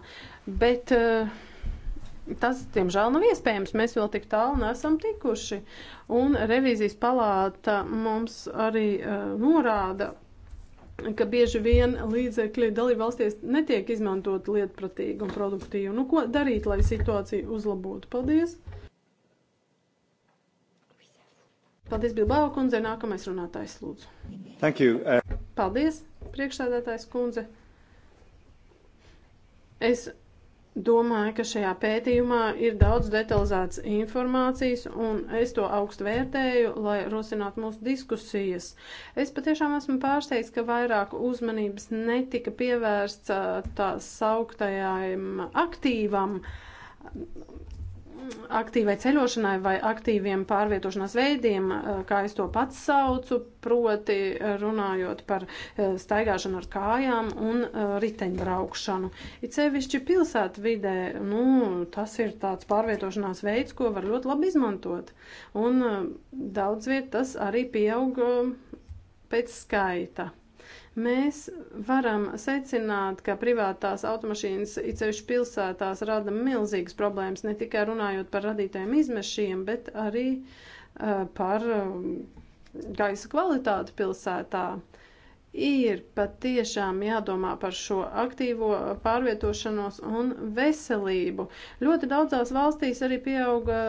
Bet uh, Tas, diemžēl, nav iespējams. Mēs vēl tik tālu nesam tikuši. Un revīzijas palāta mums arī uh, norāda, ka bieži vien līdzekļi dalībvalstīs netiek izmantot lietpratīgi un produktīvi. Nu, ko darīt, lai situāciju uzlabotu? Paldies! Paldies, Bilbao kundze. Nākamais runātājs lūdzu. Thank you. Uh... Paldies, priekšsēdētājs kundze. Es Domāju, ka šajā pētījumā ir daudz detalizētas informācijas, un es to augstu vērtēju, lai rosinātu mūsu diskusijas. Es patiešām esmu pārsteigts, ka vairāk uzmanības netika pievērsts tā sauktajām aktīvam aktīvai ceļošanai vai aktīviem pārvietošanās veidiem, eh, kā es to pats saucu, proti eh, runājot par eh, staigāšanu ar kājām un riteņbraukšanu. It sevišķi pilsētvidē, nu, tas ir tāds pārvietošanās veids, ko var ļoti labi izmantot. Un daudz viet tas arī pieaug pēc skaita. Mēs varam secināt, ka privātās automašīnas īcevišķi pilsētās rada milzīgas problēmas, ne tikai runājot par radītajiem izmešiem, bet arī uh, par uh, gaisa kvalitāti pilsētā ir patiešām jādomā par šo aktīvo pārvietošanos un veselību. Ļoti daudzās valstīs arī pieauga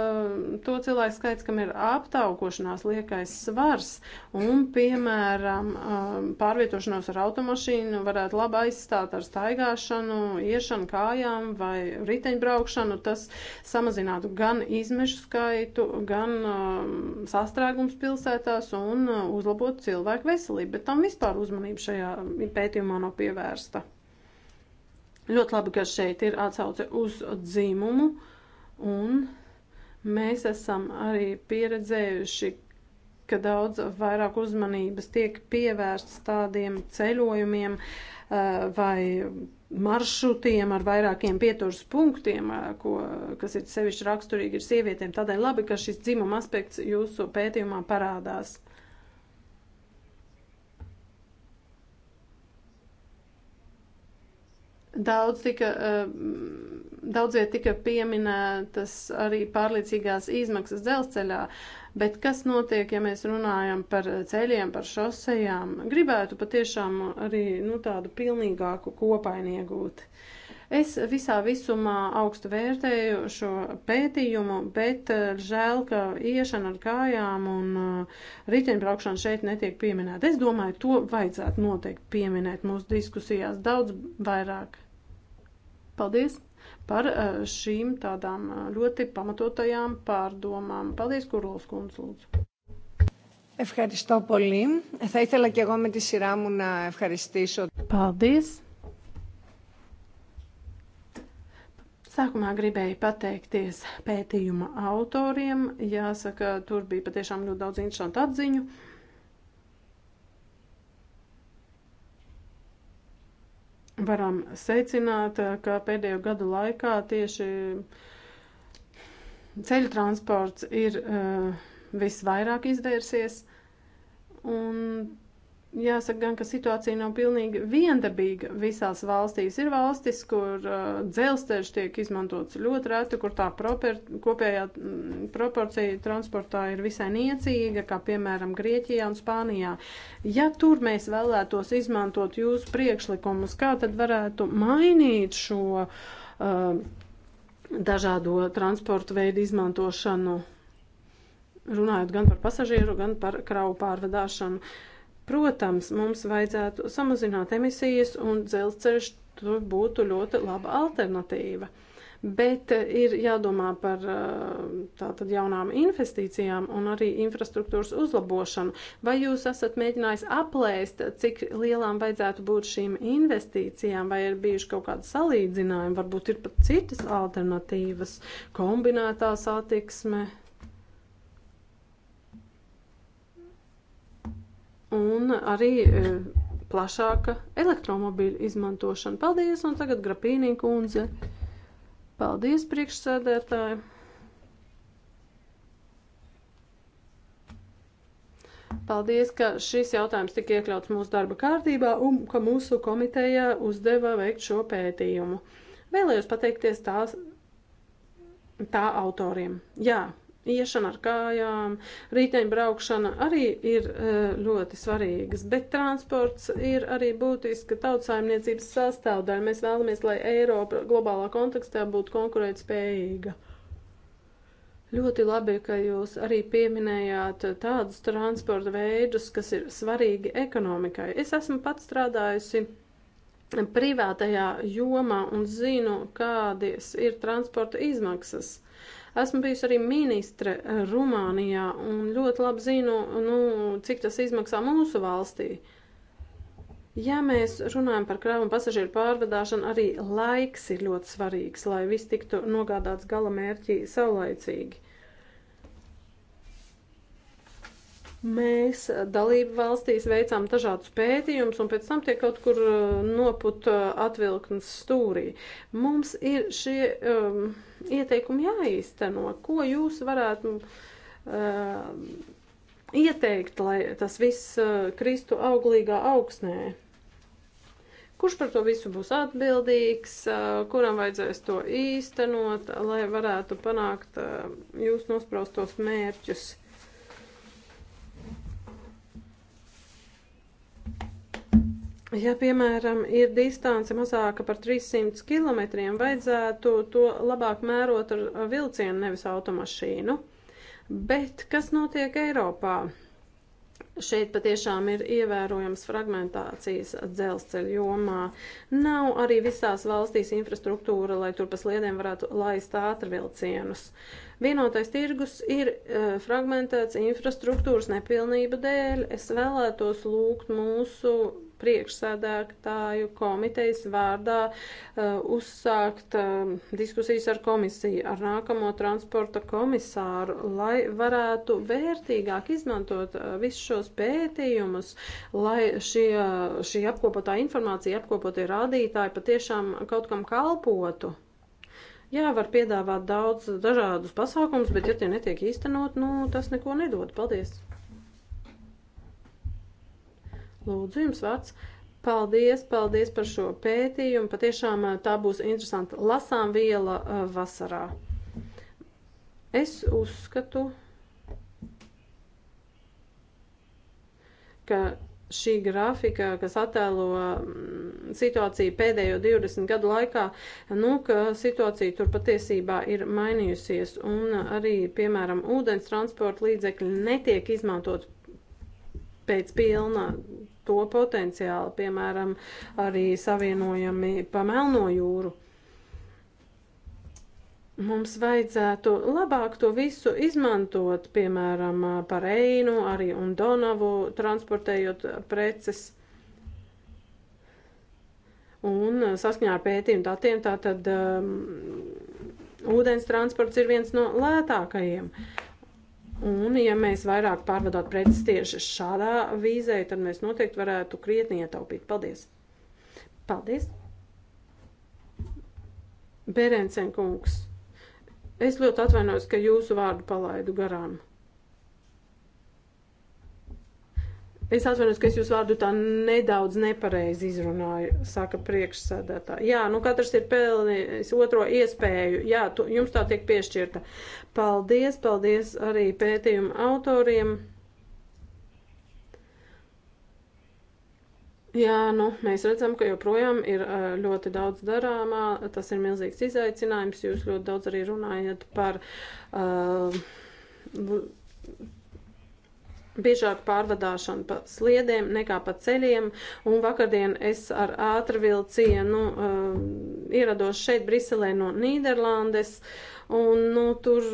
to cilvēku skaits, kam ir aptaukošanās liekais svars, un, piemēram, um, pārvietošanos ar automašīnu varētu labi aizstāt ar staigāšanu, iešanu kājām vai riteņbraukšanu. Tas samazinātu gan izmešu skaitu, gan um, sastrēgums pilsētās un uh, uzlabotu cilvēku veselību, bet tam vispār uzmanību uzmanība šajā pētījumā nav pievērsta. Ļoti labi, ka šeit ir atsauce uz dzimumu, un mēs esam arī pieredzējuši, ka daudz vairāk uzmanības tiek pievērsts tādiem ceļojumiem eh, vai maršrutiem ar vairākiem pieturas punktiem, eh, ko, kas ir sevišķi raksturīgi ir sievietēm. Tādēļ labi, ka šis dzimuma aspekts jūsu pētījumā parādās. Daudz tika, eh, daudzie tika pieminētas arī pārliecīgās izmaksas dzelzceļā, bet kas notiek, ja mēs runājam par ceļiem, par šosejām? Gribētu patiešām arī nu, tādu pilnīgāku kopainu iegūt. Es visā visumā augstu vērtēju šo pētījumu, bet eh, žēl, ka iešana ar kājām un eh, riteņbraukšana šeit netiek pieminēta. Es domāju, to vajadzētu noteikti pieminēt mūsu diskusijās daudz vairāk. Paldies par eh, šīm tādām eh, ļoti pamatotajām pārdomām. Paldies, Kurlovs kundze, lūdzu. Ευχαριστώ πολύ. Θα ήθελα και εγώ με τη σειρά μου να ευχαριστήσω. Paldies. Sākumā gribēju pateikties pētījuma autoriem. Jāsaka, tur bija patiešām ļoti daudz interesantu atziņu. Uh, varam secināt, eh, ka pēdējo gadu laikā tieši ceļu transports ir uh, visvairāk izvērsies, un Jāsaka gan, ka situācija nav pilnīgi viendabīga visās valstīs. Ir valstis, kur uh, dzelzceļš tiek izmantots ļoti reti, kur tā proper, kopējā m, mm, proporcija transportā ir visai niecīga, kā piemēram Grieķijā un Spānijā. Ja tur mēs vēlētos izmantot jūsu priekšlikumus, kā tad varētu mainīt šo uh, dažādo transportu veidu izmantošanu, runājot gan par pasažieru, gan par kravu pārvadāšanu? Uh, Protams, mums vajadzētu samazināt emisijas un dzelzceļš tur būtu ļoti laba alternatīva. Bet eh, ir jādomā par eh, tātad jaunām investīcijām un arī infrastruktūras uzlabošanu. Vai jūs esat mēģinājis aplēst, cik lielām vajadzētu būt šīm investīcijām, vai ir bijuši kaut kādi salīdzinājumi, varbūt ir pat citas alternatīvas, kombinētā satiksme? un arī e, plašāka elektromobīļu izmantošana. Paldies, un tagad Grapīnī kundze. Paldies, priekšsēdētāji. Paldies, ka šis jautājums tika iekļauts mūsu darba kārtībā un ka mūsu komitejā uzdeva veikt šo pētījumu. Vēlējos pateikties tās, tā autoriem. Jā, iešana ar kājām, riteņbraukšana arī ir e, ļoti svarīgas, bet transports ir arī būtiska tautsājumniecības sastāvdaļa. Mēs vēlamies, lai Eiropa globālā kontekstā būtu konkurētspējīga. Ļoti labi, ka jūs arī pieminējāt tādus transporta veidus, kas ir svarīgi ekonomikai. Es esmu pats strādājusi privātajā jomā un zinu, kādas ir transporta izmaksas. Esmu bijusi arī ministre eh, Rumānijā un ļoti labi zinu, nu, cik tas izmaksā mūsu valstī. Ja mēs runājam par kravu un pasažieru pārvadāšanu, arī laiks ir ļoti svarīgs, lai viss tiktu nogādāts gala mērķī saulaicīgi. Mēs dalību valstīs veicām dažādus pētījumus, un pēc tam tie kaut kur uh, noput uh, atvilknes stūrī. Mums ir šie um, ieteikumi jāīsteno. Ko jūs varētu uh, ieteikt, lai tas viss uh, kristu auglīgā augsnē? Kurš par to visu būs atbildīgs, uh, kuram vajadzēs to īstenot, lai varētu panākt jūs nospraustos mērķus? Ja, piemēram, ir distance mazāka par 300 km, vajadzētu to labāk mērot ar vilcienu, nevis automašīnu. Bet kas notiek Eiropā? Šeit patiešām ir ievērojams fragmentācijas dzelzceļa jomā. Nav arī visās valstīs infrastruktūra, lai tur pa sliediem varētu laist ātrvilcienus. Vienotais tirgus ir uh, fragmentēts infrastruktūras nepilnība dēļ. Es vēlētos lūgt mūsu priekšsēdētāju komitejas vārdā uh, uzsākt uh, diskusijas ar komisiju, ar nākamo transporta komisāru, lai varētu vērtīgāk izmantot uh, visus šos pētījumus, lai šie, šī apkopotā informācija, apkopotie rādītāji patiešām kaut kam kalpotu. Jā, var piedāvāt daudz dažādus pasākumus, bet ja tie netiek īstenot, nu, tas neko nedod. Paldies! Lūdzu, jums vārds. Paldies, paldies par šo pētījumu. Patiešām eh, tā būs interesanta lasām viela eh, vasarā. Es uzskatu, ka šī grafika, kas attēlo mm, situāciju pēdējo 20 gadu laikā, nu, ka situācija tur patiesībā ir mainījusies un arī, piemēram, ūdens transporta līdzekļi netiek izmantot pēc pilnā to potenciālu, piemēram, arī savienojami pa Melno jūru. Mums vajadzētu labāk to visu izmantot, piemēram, par Einu arī un Donavu transportējot preces. Un eh, saskaņā ar pētījumu datiem, tātad um, ūdens transports ir viens no lētākajiem. Uh, Un, ja mēs vairāk pārvadātu preces tieši šādā vīzē, tad mēs noteikti varētu krietni ietaupīt. Paldies! Paldies! Berencen kungs, es ļoti atvainojos, ka jūsu vārdu palaidu garām. Es atvainojos, ka es jūsu vārdu tā nedaudz nepareizi izrunāju, saka priekšsēdētā. Jā, nu katrs ir pelnījis otro iespēju. Jā, tu, jums tā tiek piešķirta. Paldies, paldies arī pētījuma autoriem. Jā, nu, mēs redzam, ka joprojām ir eh, ļoti daudz darāmā. Tas ir milzīgs izaicinājums. Jūs ļoti daudz arī runājat par. Uh, biežāk pārvadāšana pa sliedēm nekā pa ceļiem, un vakardien es ar ātru vilcienu uh, ierados šeit Briselē no Nīderlandes, un nu, tur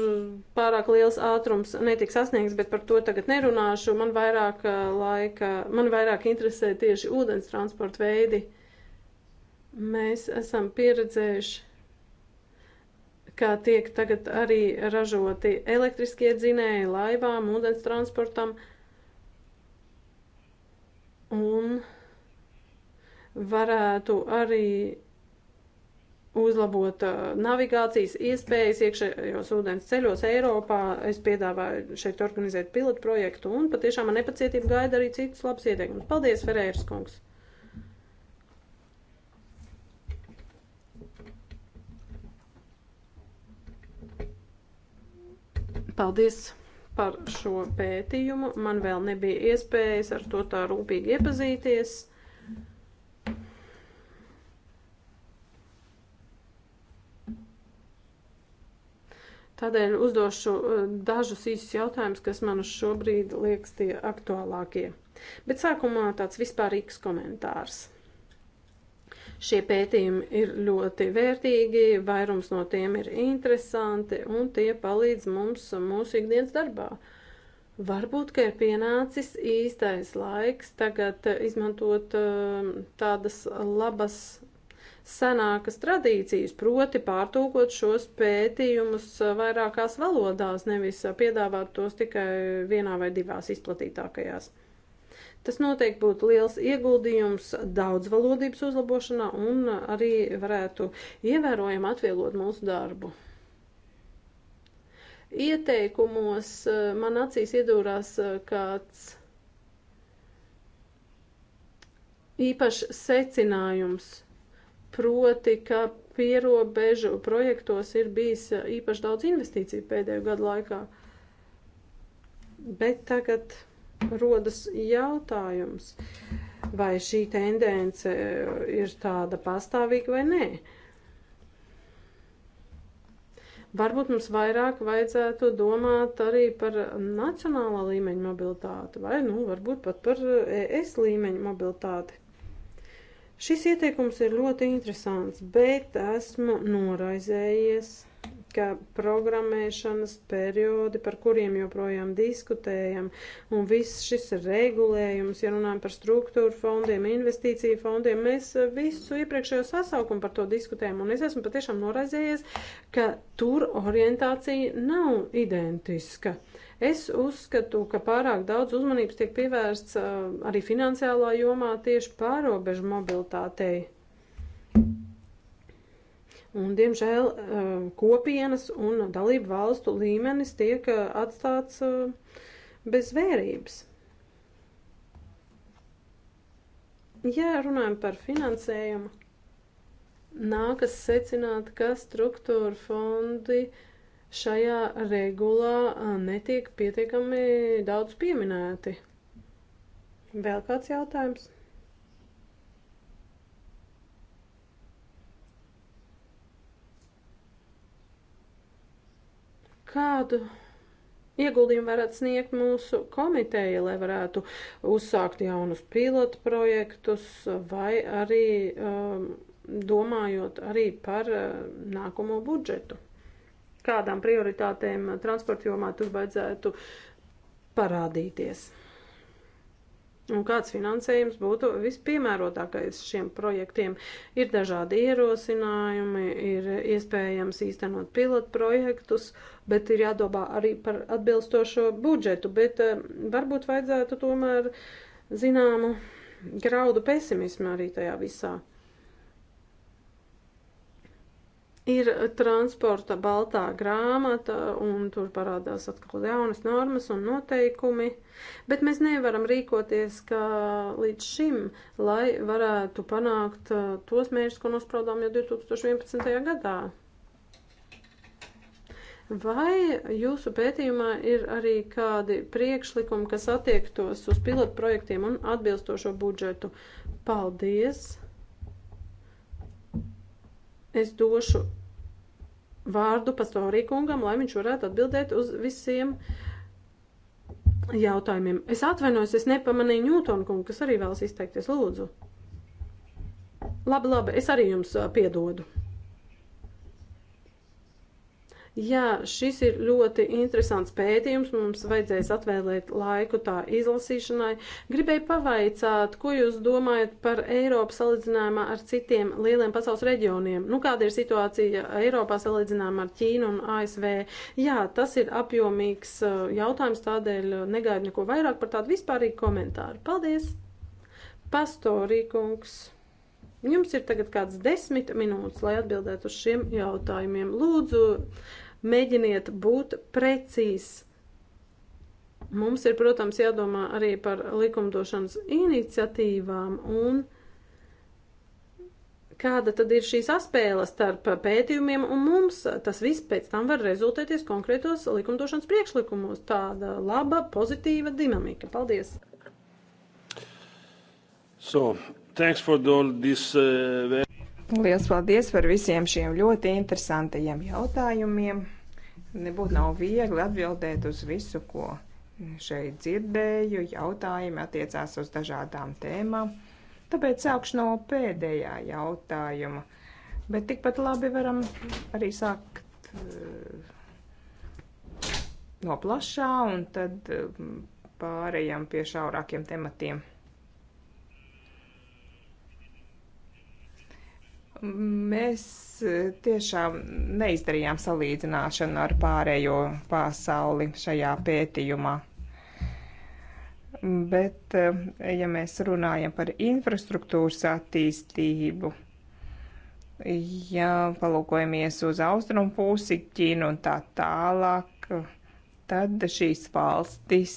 pārāk liels ātrums netiks sasniegts, bet par to tagad nerunāšu. Man vairāk uh, laika, man vairāk interesē tieši ūdens transporta veidi. Mēs esam pieredzējuši kā tiek tagad arī ražoti elektriskie dzinēji laivām, ūdens transportam, uh, un varētu arī uzlabot uh, navigācijas iespējas iekšējos ūdens ceļos Eiropā. Es piedāvāju šeit organizēt pilotu projektu un patiešām man nepacietība gaida arī citus labus ieteikumus. Paldies, Ferēras kungs! Paldies! par šo pētījumu. Man vēl nebija iespējas ar to tā rūpīgi iepazīties. Tādēļ uzdošu uh, dažus īsus jautājumus, kas man uz šobrīd liekas tie aktuālākie. Bet sākumā tāds vispārīgs komentārs. Šie pētījumi ir ļoti vērtīgi, vairums no tiem ir interesanti un tie palīdz mums mūsu ikdienas darbā. Varbūt, ka ir pienācis īstais laiks tagad izmantot um, tādas labas senākas tradīcijas, proti pārtūkot šos pētījumus vairākās valodās, nevis piedāvāt tos tikai vienā vai divās izplatītākajās. Tas noteikti būtu liels ieguldījums daudzvalodības uzlabošanā un arī varētu ievērojami atvieglot mūsu darbu. Ieteikumos eh, man acīs iedūrās eh, kāds īpašs secinājums, proti, ka pierobežu projektos ir bijis eh, īpaši daudz investīciju pēdējo gadu laikā. Bet tagad rodas jautājums, vai šī tendence eh, ir tāda pastāvīga vai nē. Varbūt mums vairāk vajadzētu domāt arī par nacionālā līmeņa mobilitāti, vai nu, varbūt pat par eh, ES līmeņa mobilitāti. Šis ieteikums ir ļoti interesants, bet esmu noraizējies ka programmēšanas periodi, par kuriem joprojām diskutējam, un viss šis regulējums, ja runājam par struktūru fondiem, investīciju fondiem, mēs eh, visu iepriekšējo sasaukumu par to diskutējam, un es esmu patiešām noraizējies, ka tur orientācija nav identiska. Es uzskatu, ka pārāk daudz uzmanības tiek pievērsts eh, arī finansiālā jomā tieši pārobežu mobilitātei. Un, diemžēl eh, kopienas un dalību valstu līmenis tiek eh, atstāts eh, bez vērības. Ja runājam par finansējumu, nākas secināt, ka struktūra fondi šajā regulā netiek pietiekami daudz pieminēti. Vēl kāds jautājums? Kādu ieguldījumu varētu sniegt mūsu komiteja, lai varētu uzsākt jaunus pilotu projektus vai arī um, domājot arī par uh, nākamo budžetu? Kādām prioritātēm transporta jomā tur vajadzētu parādīties? un kāds finansējums būtu vispiemērotākais šiem projektiem. Ir dažādi ierosinājumi, ir iespējams īstenot pilotprojektus, bet ir jādomā arī par atbilstošo budžetu, bet eh, varbūt vajadzētu tomēr zināmu graudu pesimismu arī tajā visā. ir transporta baltā grāmata, un tur parādās atkal jaunas normas un noteikumi, bet mēs nevaram rīkoties kā līdz šim, lai varētu panākt uh, tos mērķus, ko nospraudām jau 2011. gadā. Vai jūsu pētījumā ir arī kādi priekšlikumi, kas attiektos uz pilotprojektiem un atbilstošo budžetu? Paldies! Es došu vārdu pastāvī kungam, lai viņš varētu atbildēt uz visiem jautājumiem. Es atvainojos, es nepamanīju Ņūtonu kungu, kas arī vēlas izteikties. Lūdzu. Labi, labi, es arī jums piedodu. Jā, šis ir ļoti interesants pētījums. Mums vajadzēs atvēlēt laiku tā izlasīšanai. Gribēju pavaicāt, ko jūs domājat par Eiropu salīdzinājumā ar citiem lieliem pasaules reģioniem? Nu, kāda ir situācija Eiropā salīdzinājumā ar Ķīnu un ASV? Jā, tas ir apjomīgs uh, jautājums, tādēļ uh, negaidu neko vairāk par tādu vispārīgu komentāru. Paldies! Pastorīkungs! Jums ir tagad kāds desmit minūtes, lai atbildētu uz šiem jautājumiem. Lūdzu, mēģiniet būt precīzi. Mums ir, protams, jādomā arī par likumdošanas iniciatīvām un kāda tad ir šī saspēle starp pētījumiem un mums. Tas viss pēc tam var rezultēties konkrētos likumdošanas priekšlikumos. Tāda laba, pozitīva dinamika. Paldies! So, This, uh... Lielas paldies par visiem šiem ļoti interesantajiem jautājumiem. Nebūtu nav viegli atbildēt uz visu, ko šeit dzirdēju. Jautājumi attiecās uz dažādām tēmām. Tāpēc sākšu no pēdējā jautājuma. Bet tikpat labi varam arī sākt uh, no plašā un tad uh, pārējām pie šaurākiem tematiem. mēs eh, tiešām neizdarījām salīdzināšanu ar pārējo pasauli šajā pētījumā. Bet, eh, ja mēs runājam par infrastruktūras attīstību, ja palūkojamies uz austrumu pusi, Ķīnu un tā tālāk, tad šīs valstis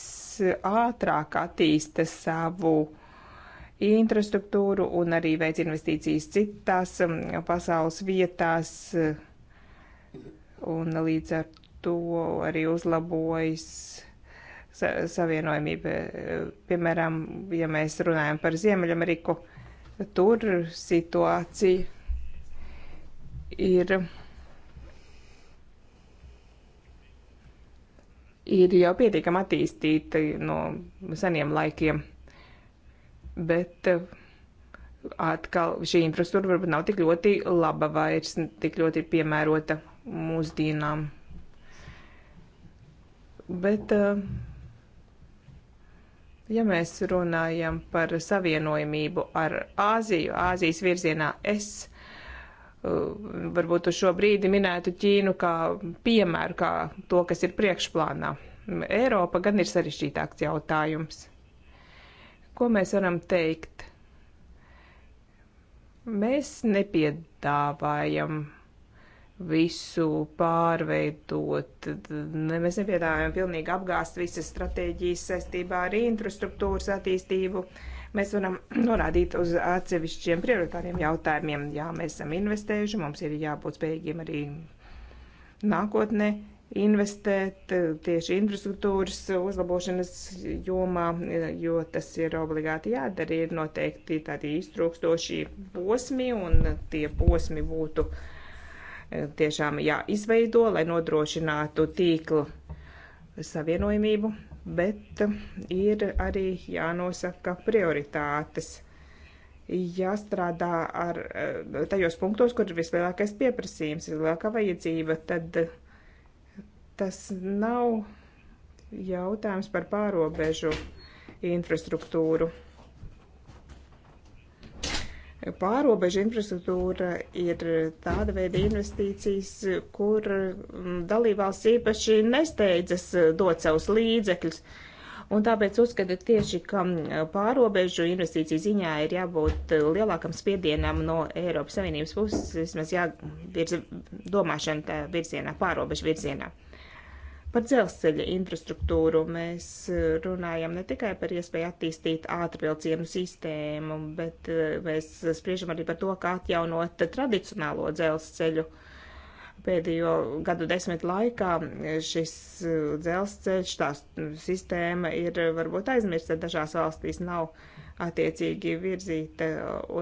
ātrāk attīsta savu uh, infrastruktūru un arī veic investīcijas citās um, pasaules vietās. Un līdz ar to arī uzlabojas savienojamība. Piemēram, ja mēs runājam par Ziemeļameriku, tur situācija ir. ir jau pietiekami attīstīta no seniem laikiem bet eh, atkal šī infrastruktūra varbūt nav tik ļoti laba vairs, tik ļoti piemērota mūsdienām. Bet, eh, ja mēs runājam par savienojamību ar Āziju, Āzijas virzienā, es eh, varbūt uz šo brīdi minētu Ķīnu kā piemēru, kā to, kas ir priekšplānā. Eiropa gan ir sarežģītāks jautājums Ko mēs varam teikt? Mēs nepiedāvājam visu pārveidot, ne, mēs nepiedāvājam pilnīgi apgāst visas stratēģijas saistībā ar infrastruktūras attīstību. Mēs varam norādīt uz atsevišķiem prioritāriem jautājumiem. Jā, mēs esam investējuši, mums ir jābūt spējīgiem arī nākotnē investēt eh, tieši infrastruktūras uzlabošanas jomā, eh, jo tas ir obligāti jādara. Ir noteikti tādi iztrūkstošie posmi, un tie posmi būtu eh, tiešām jāizveido, lai nodrošinātu tīklu savienojumību, bet ir arī jānosaka prioritātes. Jāstrādā ar tajos punktos, kur ir vislielākais pieprasījums, vislielākā vajadzība, tad uh, Tas nav jautājums par pārobežu infrastruktūru. Pārobežu infrastruktūra ir tāda veida investīcijas, kur dalībvalsts īpaši nesteidzas dot savus līdzekļus. Un tāpēc uzskatu tieši, ka pārobežu investīciju ziņā ir jābūt lielākam spiedienam no Eiropas Savienības puses, vismaz jāvirza domāšana tā virzienā, pārobežu virzienā. Par dzelzceļa infrastruktūru mēs eh, runājam ne tikai par iespēju attīstīt ātrvilcienu sistēmu, bet eh, mēs spriežam arī par to, kā atjaunot tradicionālo dzelzceļu. Pēdējo gadu desmit laikā eh, šis dzelzceļš, tā sistēma ir varbūt aizmirsta, dažās valstīs nav attiecīgi virzīta,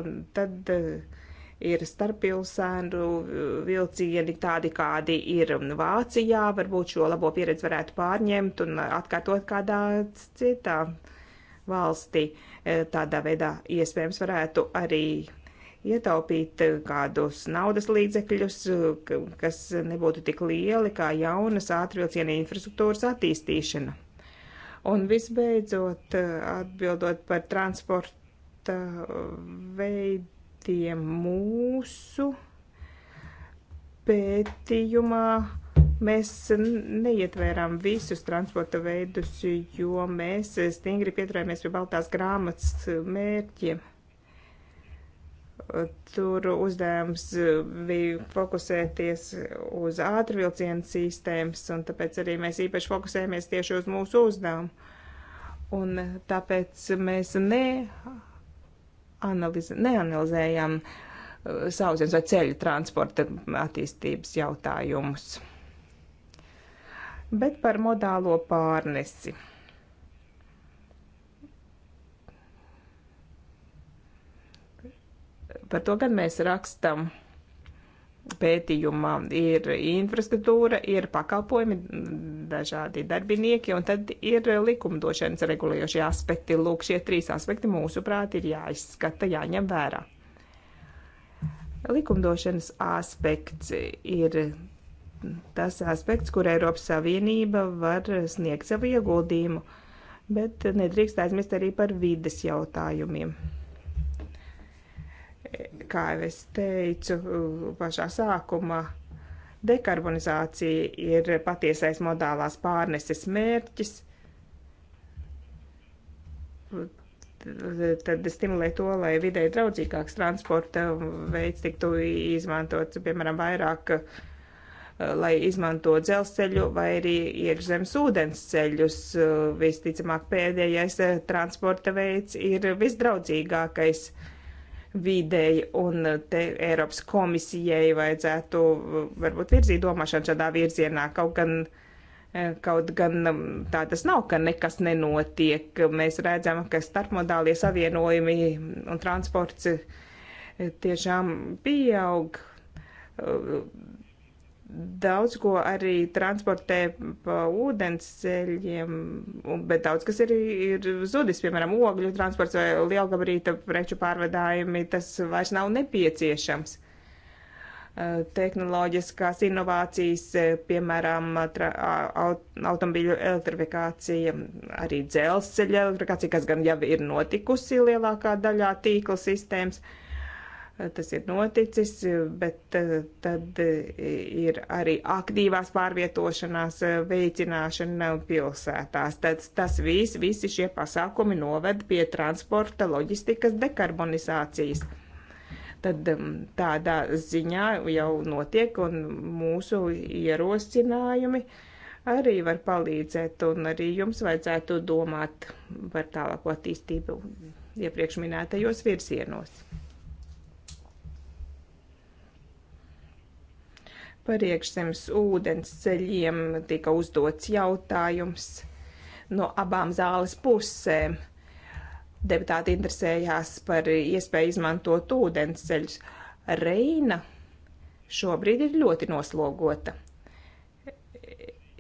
un tad uh, ir starppilsēnu eh, vilcieni tādi, kādi ir Vācijā. Varbūt šo labo pieredzi varētu pārņemt un atkārtot kādā citā valstī. Eh, tādā veidā iespējams varētu arī ietaupīt eh, kādus naudas līdzekļus, kas nebūtu tik lieli kā jaunas ātrvilciena infrastruktūras attīstīšana. Un visbeidzot, atbildot par transporta veidu pie mūsu pētījumā mēs neietvērām visus transporta veidus, jo mēs stingri pieturējāmies pie Baltās grāmatas mērķiem. Tur uzdevums bija fokusēties uz ātrvilcienu sistēmas, un tāpēc arī mēs īpaši fokusējāmies tieši uz mūsu uzdevumu. Un tāpēc mēs ne analiz, neanalizējam eh, sauszemes vai ceļu transporta attīstības jautājumus. Bet par modālo pārnesi. Par to gan mēs rakstam pētījumā ir infrastruktūra, ir pakalpojumi, dažādi darbinieki, un tad ir likumdošanas regulējošie aspekti. Lūk, šie trīs aspekti mūsuprāt ir jāizskata, jāņem vērā. Likumdošanas aspekts ir tas aspekts, kur Eiropas Savienība var sniegt savu ieguldījumu, bet nedrīkst aizmirst arī par vides jautājumiem kā jau es teicu, pašā sākumā dekarbonizācija ir patiesais modālās pārneses mērķis. Tad stimulē to, lai videi draudzīgāks transporta veids tiktu izmantots, piemēram, vairāk, lai izmanto dzelzceļu vai arī iekšzemes ūdens ceļus. Visticamāk, pēdējais transporta veids ir visdraudzīgākais. Uh, videi, un te Eiropas komisijai vajadzētu varbūt virzīt domāšanu šādā virzienā. Kaut gan, e, kaut gan tā tas nav, ka nekas nenotiek. Mēs redzam, ka starpmodālie savienojumi un transports e, tiešām pieaug. E, daudz ko arī transportē pa ūdensceļiem, bet daudz kas arī ir zudis, piemēram, ogļu transports vai lielgabarīta preču pārvedājumi, tas vairs nav nepieciešams. Tehnoloģiskās inovācijas, piemēram, automobīļu elektrifikācija, arī dzelzceļa elektrifikācija, kas gan jau ir notikusi lielākā daļā tīkla sistēmas. Uh, tas ir noticis, bet eh, tad eh, ir arī aktīvās pārvietošanās eh, veicināšana pilsētās. Tad tas viss, visi šie pasākumi noved pie transporta loģistikas dekarbonizācijas. Tad mm, tādā ziņā jau notiek un mūsu ierosinājumi arī var palīdzēt un arī jums vajadzētu domāt par tālāko attīstību iepriekš minētajos virsienos. par iekšzemes ūdens ceļiem tika uzdots jautājums no abām zāles pusēm. Deputāti interesējās par iespēju izmantot ūdens ceļus. Reina šobrīd ir ļoti noslogota.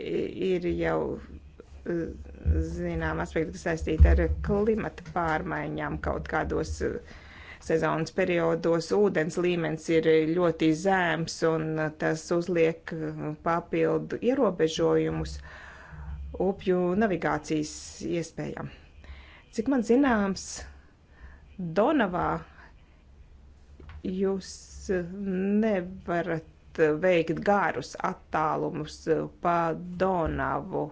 Ir jau zinām aspekti, kas saistīti ar klimata pārmaiņām kaut kādos uh, sezonas periodos ūdens līmenis ir ļoti zēms un tas uzliek uh, papildu ierobežojumus upju navigācijas iespējām. Cik man zināms, Donavā jūs uh, nevarat veikt garus attālumus uh, pa Donavu.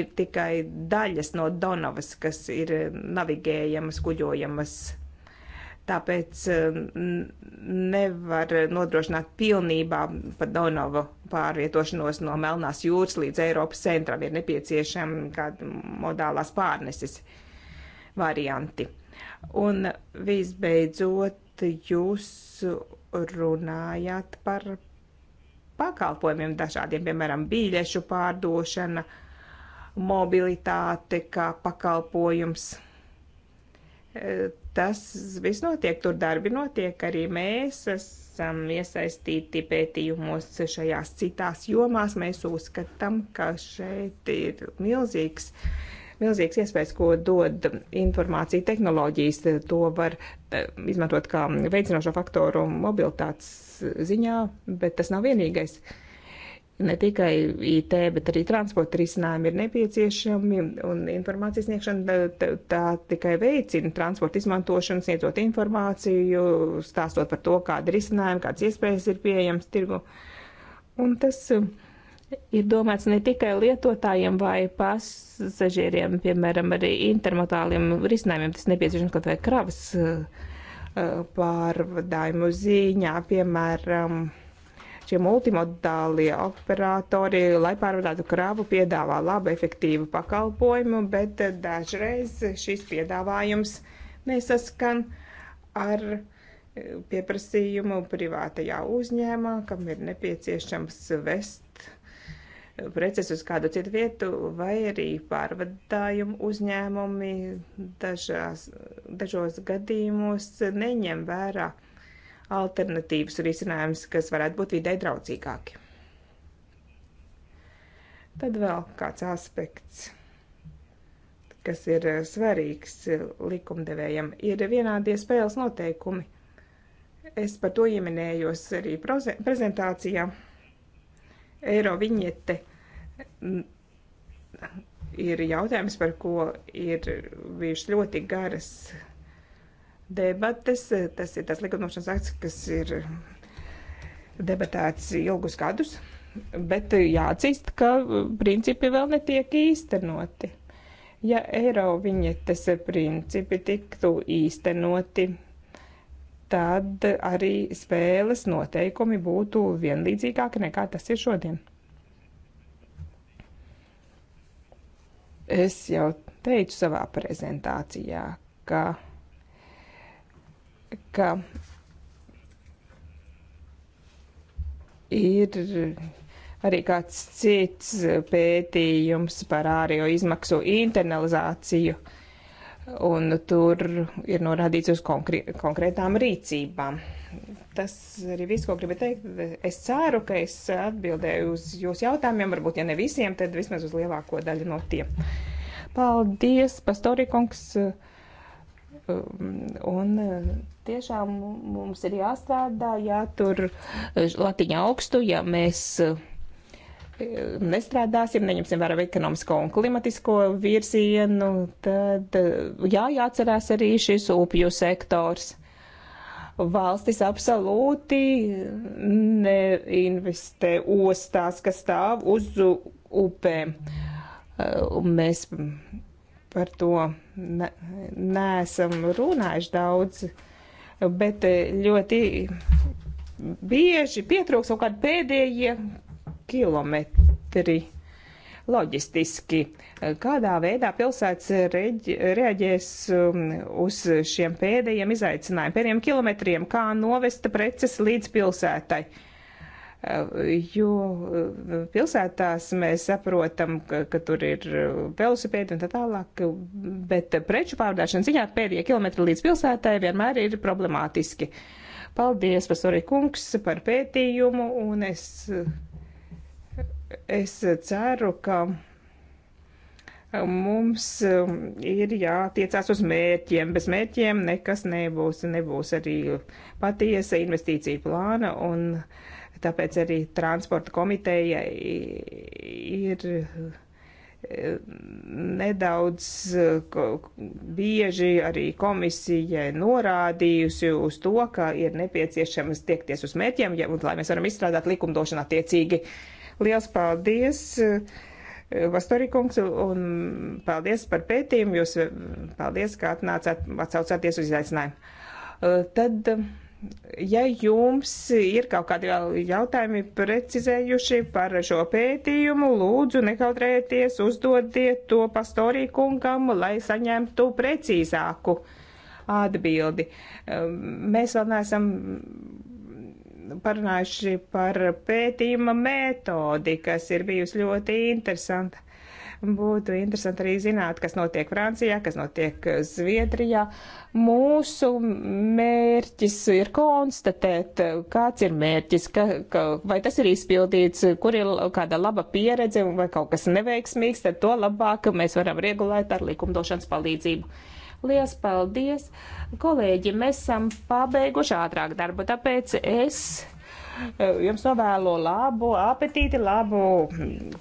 Ir tikai daļas no Donavas, kas ir navigējamas, kuģojamas tāpēc eh, nevar nodrošināt pilnībā par Donovu pārvietošanos no Melnās jūras līdz Eiropas centram. Ir nepieciešami kādi modālās pārneses varianti. Un visbeidzot, jūs runājāt par pakalpojumiem dažādiem, piemēram, bīļešu pārdošana, mobilitāte kā pakalpojums eh, tas viss notiek, tur darbi notiek, arī mēs esam iesaistīti pētījumos šajās citās jomās. Mēs uzskatām, ka šeit ir milzīgs. Milzīgs iespējas, ko dod informācija tehnoloģijas, to var eh, izmantot kā veicinošo faktoru mobilitātes ziņā, bet tas nav vienīgais. Uh, Ne tikai IT, bet arī transporta risinājumi ir nepieciešami, un informācijas sniegšana tā, tā tikai veicina transporta izmantošanu, sniedzot informāciju, stāstot par to, kāda risinājuma, kādas iespējas ir pieejamas tirgu. Un tas um, ir domāts ne tikai lietotājiem vai pasažieriem, piemēram, arī intermodāliem risinājumiem, tas nepieciešams kaut vai kravas uh, uh, pārvadājumu ziņā, piemēram, Šie multimodālie operatori, lai pārvadātu kravu, piedāvā labu, efektīvu pakalpojumu, bet dažreiz šis piedāvājums nesaskan ar e, pieprasījumu privātajā uzņēmumā, kam ir nepieciešams vest e, preces uz kādu citu vietu, vai arī pārvadājumu uzņēmumi dažās, dažos gadījumos neņem vērā alternatīvas risinājumus, kas varētu būt vidē draudzīgāki. Tad vēl kāds aspekts, kas ir svarīgs likumdevējam, ir vienādie spēles noteikumi. Es par to ieminējos arī prezentācijā. Eiro viņiete ir jautājums, par ko ir bijušas ļoti garas debates. Tas ir tas likumdošanas akts, kas ir debatēts ilgus gadus, bet jāatzīst, ka uh, principi vēl netiek īstenoti. Ja eiro viņetes principi tiktu īstenoti, tad arī spēles noteikumi būtu vienlīdzīgāki nekā tas ir šodien. Es jau teicu savā prezentācijā, ka ka ir arī kāds cits pētījums par ārējo izmaksu internalizāciju, un tur ir norādīts uz konkrētām rīcībām. Tas arī viss, ko gribu teikt. Es ceru, ka es atbildēju uz jūsu jautājumiem, varbūt, ja ne visiem, tad vismaz uz lielāko daļu no tiem. Paldies, Pastorikungs! kungs! Mm, un eh, tiešām mums ir jāstrādā, jātur eh, latiņa augstu, ja mēs eh, nestrādāsim, neņemsim vērā ekonomisko un klimatisko virzienu, tad jā, jāatcerās arī šis upju sektors. Valstis absolūti mm, neinvestē ostās, kas stāv uz upēm. Mēs par to ne, neesam runājuši daudz, bet eh, ļoti bieži pietrūks kaut kādi pēdējie kilometri loģistiski. Kādā veidā pilsētas reģi, reaģēs um, uz šiem pēdējiem izaicinājumiem, pēdējiem kilometriem, kā novesta preces līdz pilsētai? jo eh, pilsētās mēs saprotam, ka, ka tur ir eh, velosipēdi un tā tālāk, bet preču pārdāšana ziņā pēdējie kilometri līdz pilsētai vienmēr ir problemātiski. Paldies, pasori kungs, par pētījumu, un es, es ceru, ka mums eh, ir jātiecās uz mērķiem. Bez mērķiem nekas nebūs, nebūs arī patiesa investīcija plāna, un uh, Tāpēc arī transporta komiteja ir eh, nedaudz bieži arī komisijai norādījusi uz to, ka ir nepieciešams tiekties uz mērķiem, ja, un lai mēs varam izstrādāt likumdošanu attiecīgi. Liels paldies! Eh, Vastorikungs, un paldies par pētījumu, jūs eh, paldies, ka atnācāt, atsaucāties uz izaicinājumu. Tad ja jums ir kaut kādi jautājumi precizējuši par šo pētījumu, lūdzu nekautrēties, uzdodiet to pastorī kungam, lai saņemtu precīzāku atbildi. Mēs vēl neesam parunājuši par pētījuma metodi, kas ir bijusi ļoti interesanta. Būtu interesanti arī zināt, kas notiek Francijā, kas notiek Zviedrijā. Mūsu mērķis ir konstatēt, kāds ir mērķis, ka, ka, vai tas ir izpildīts, kur ir kāda laba pieredze vai kaut kas neveiksmīgs, tad to labāk mēs varam regulēt ar likumdošanas palīdzību. Lielas paldies! Kolēģi, mēs esam pabeiguši ātrāk darbu, tāpēc es Jums novēlo labu apetīti, labu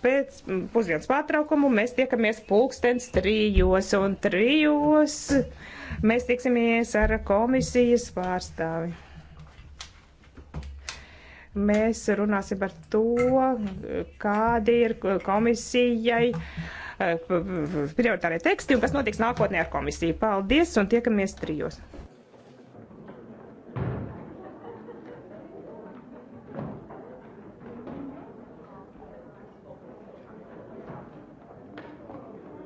pēc pusdienas pārtraukumu. Mēs tiekamies pulkstens trijos un trijos. Mēs tiksimies ar komisijas pārstāvi. Mēs runāsim par to, kādi ir komisijai eh, prioritārie teksti un kas notiks nākotnē ar komisiju. Paldies un tiekamies trijos.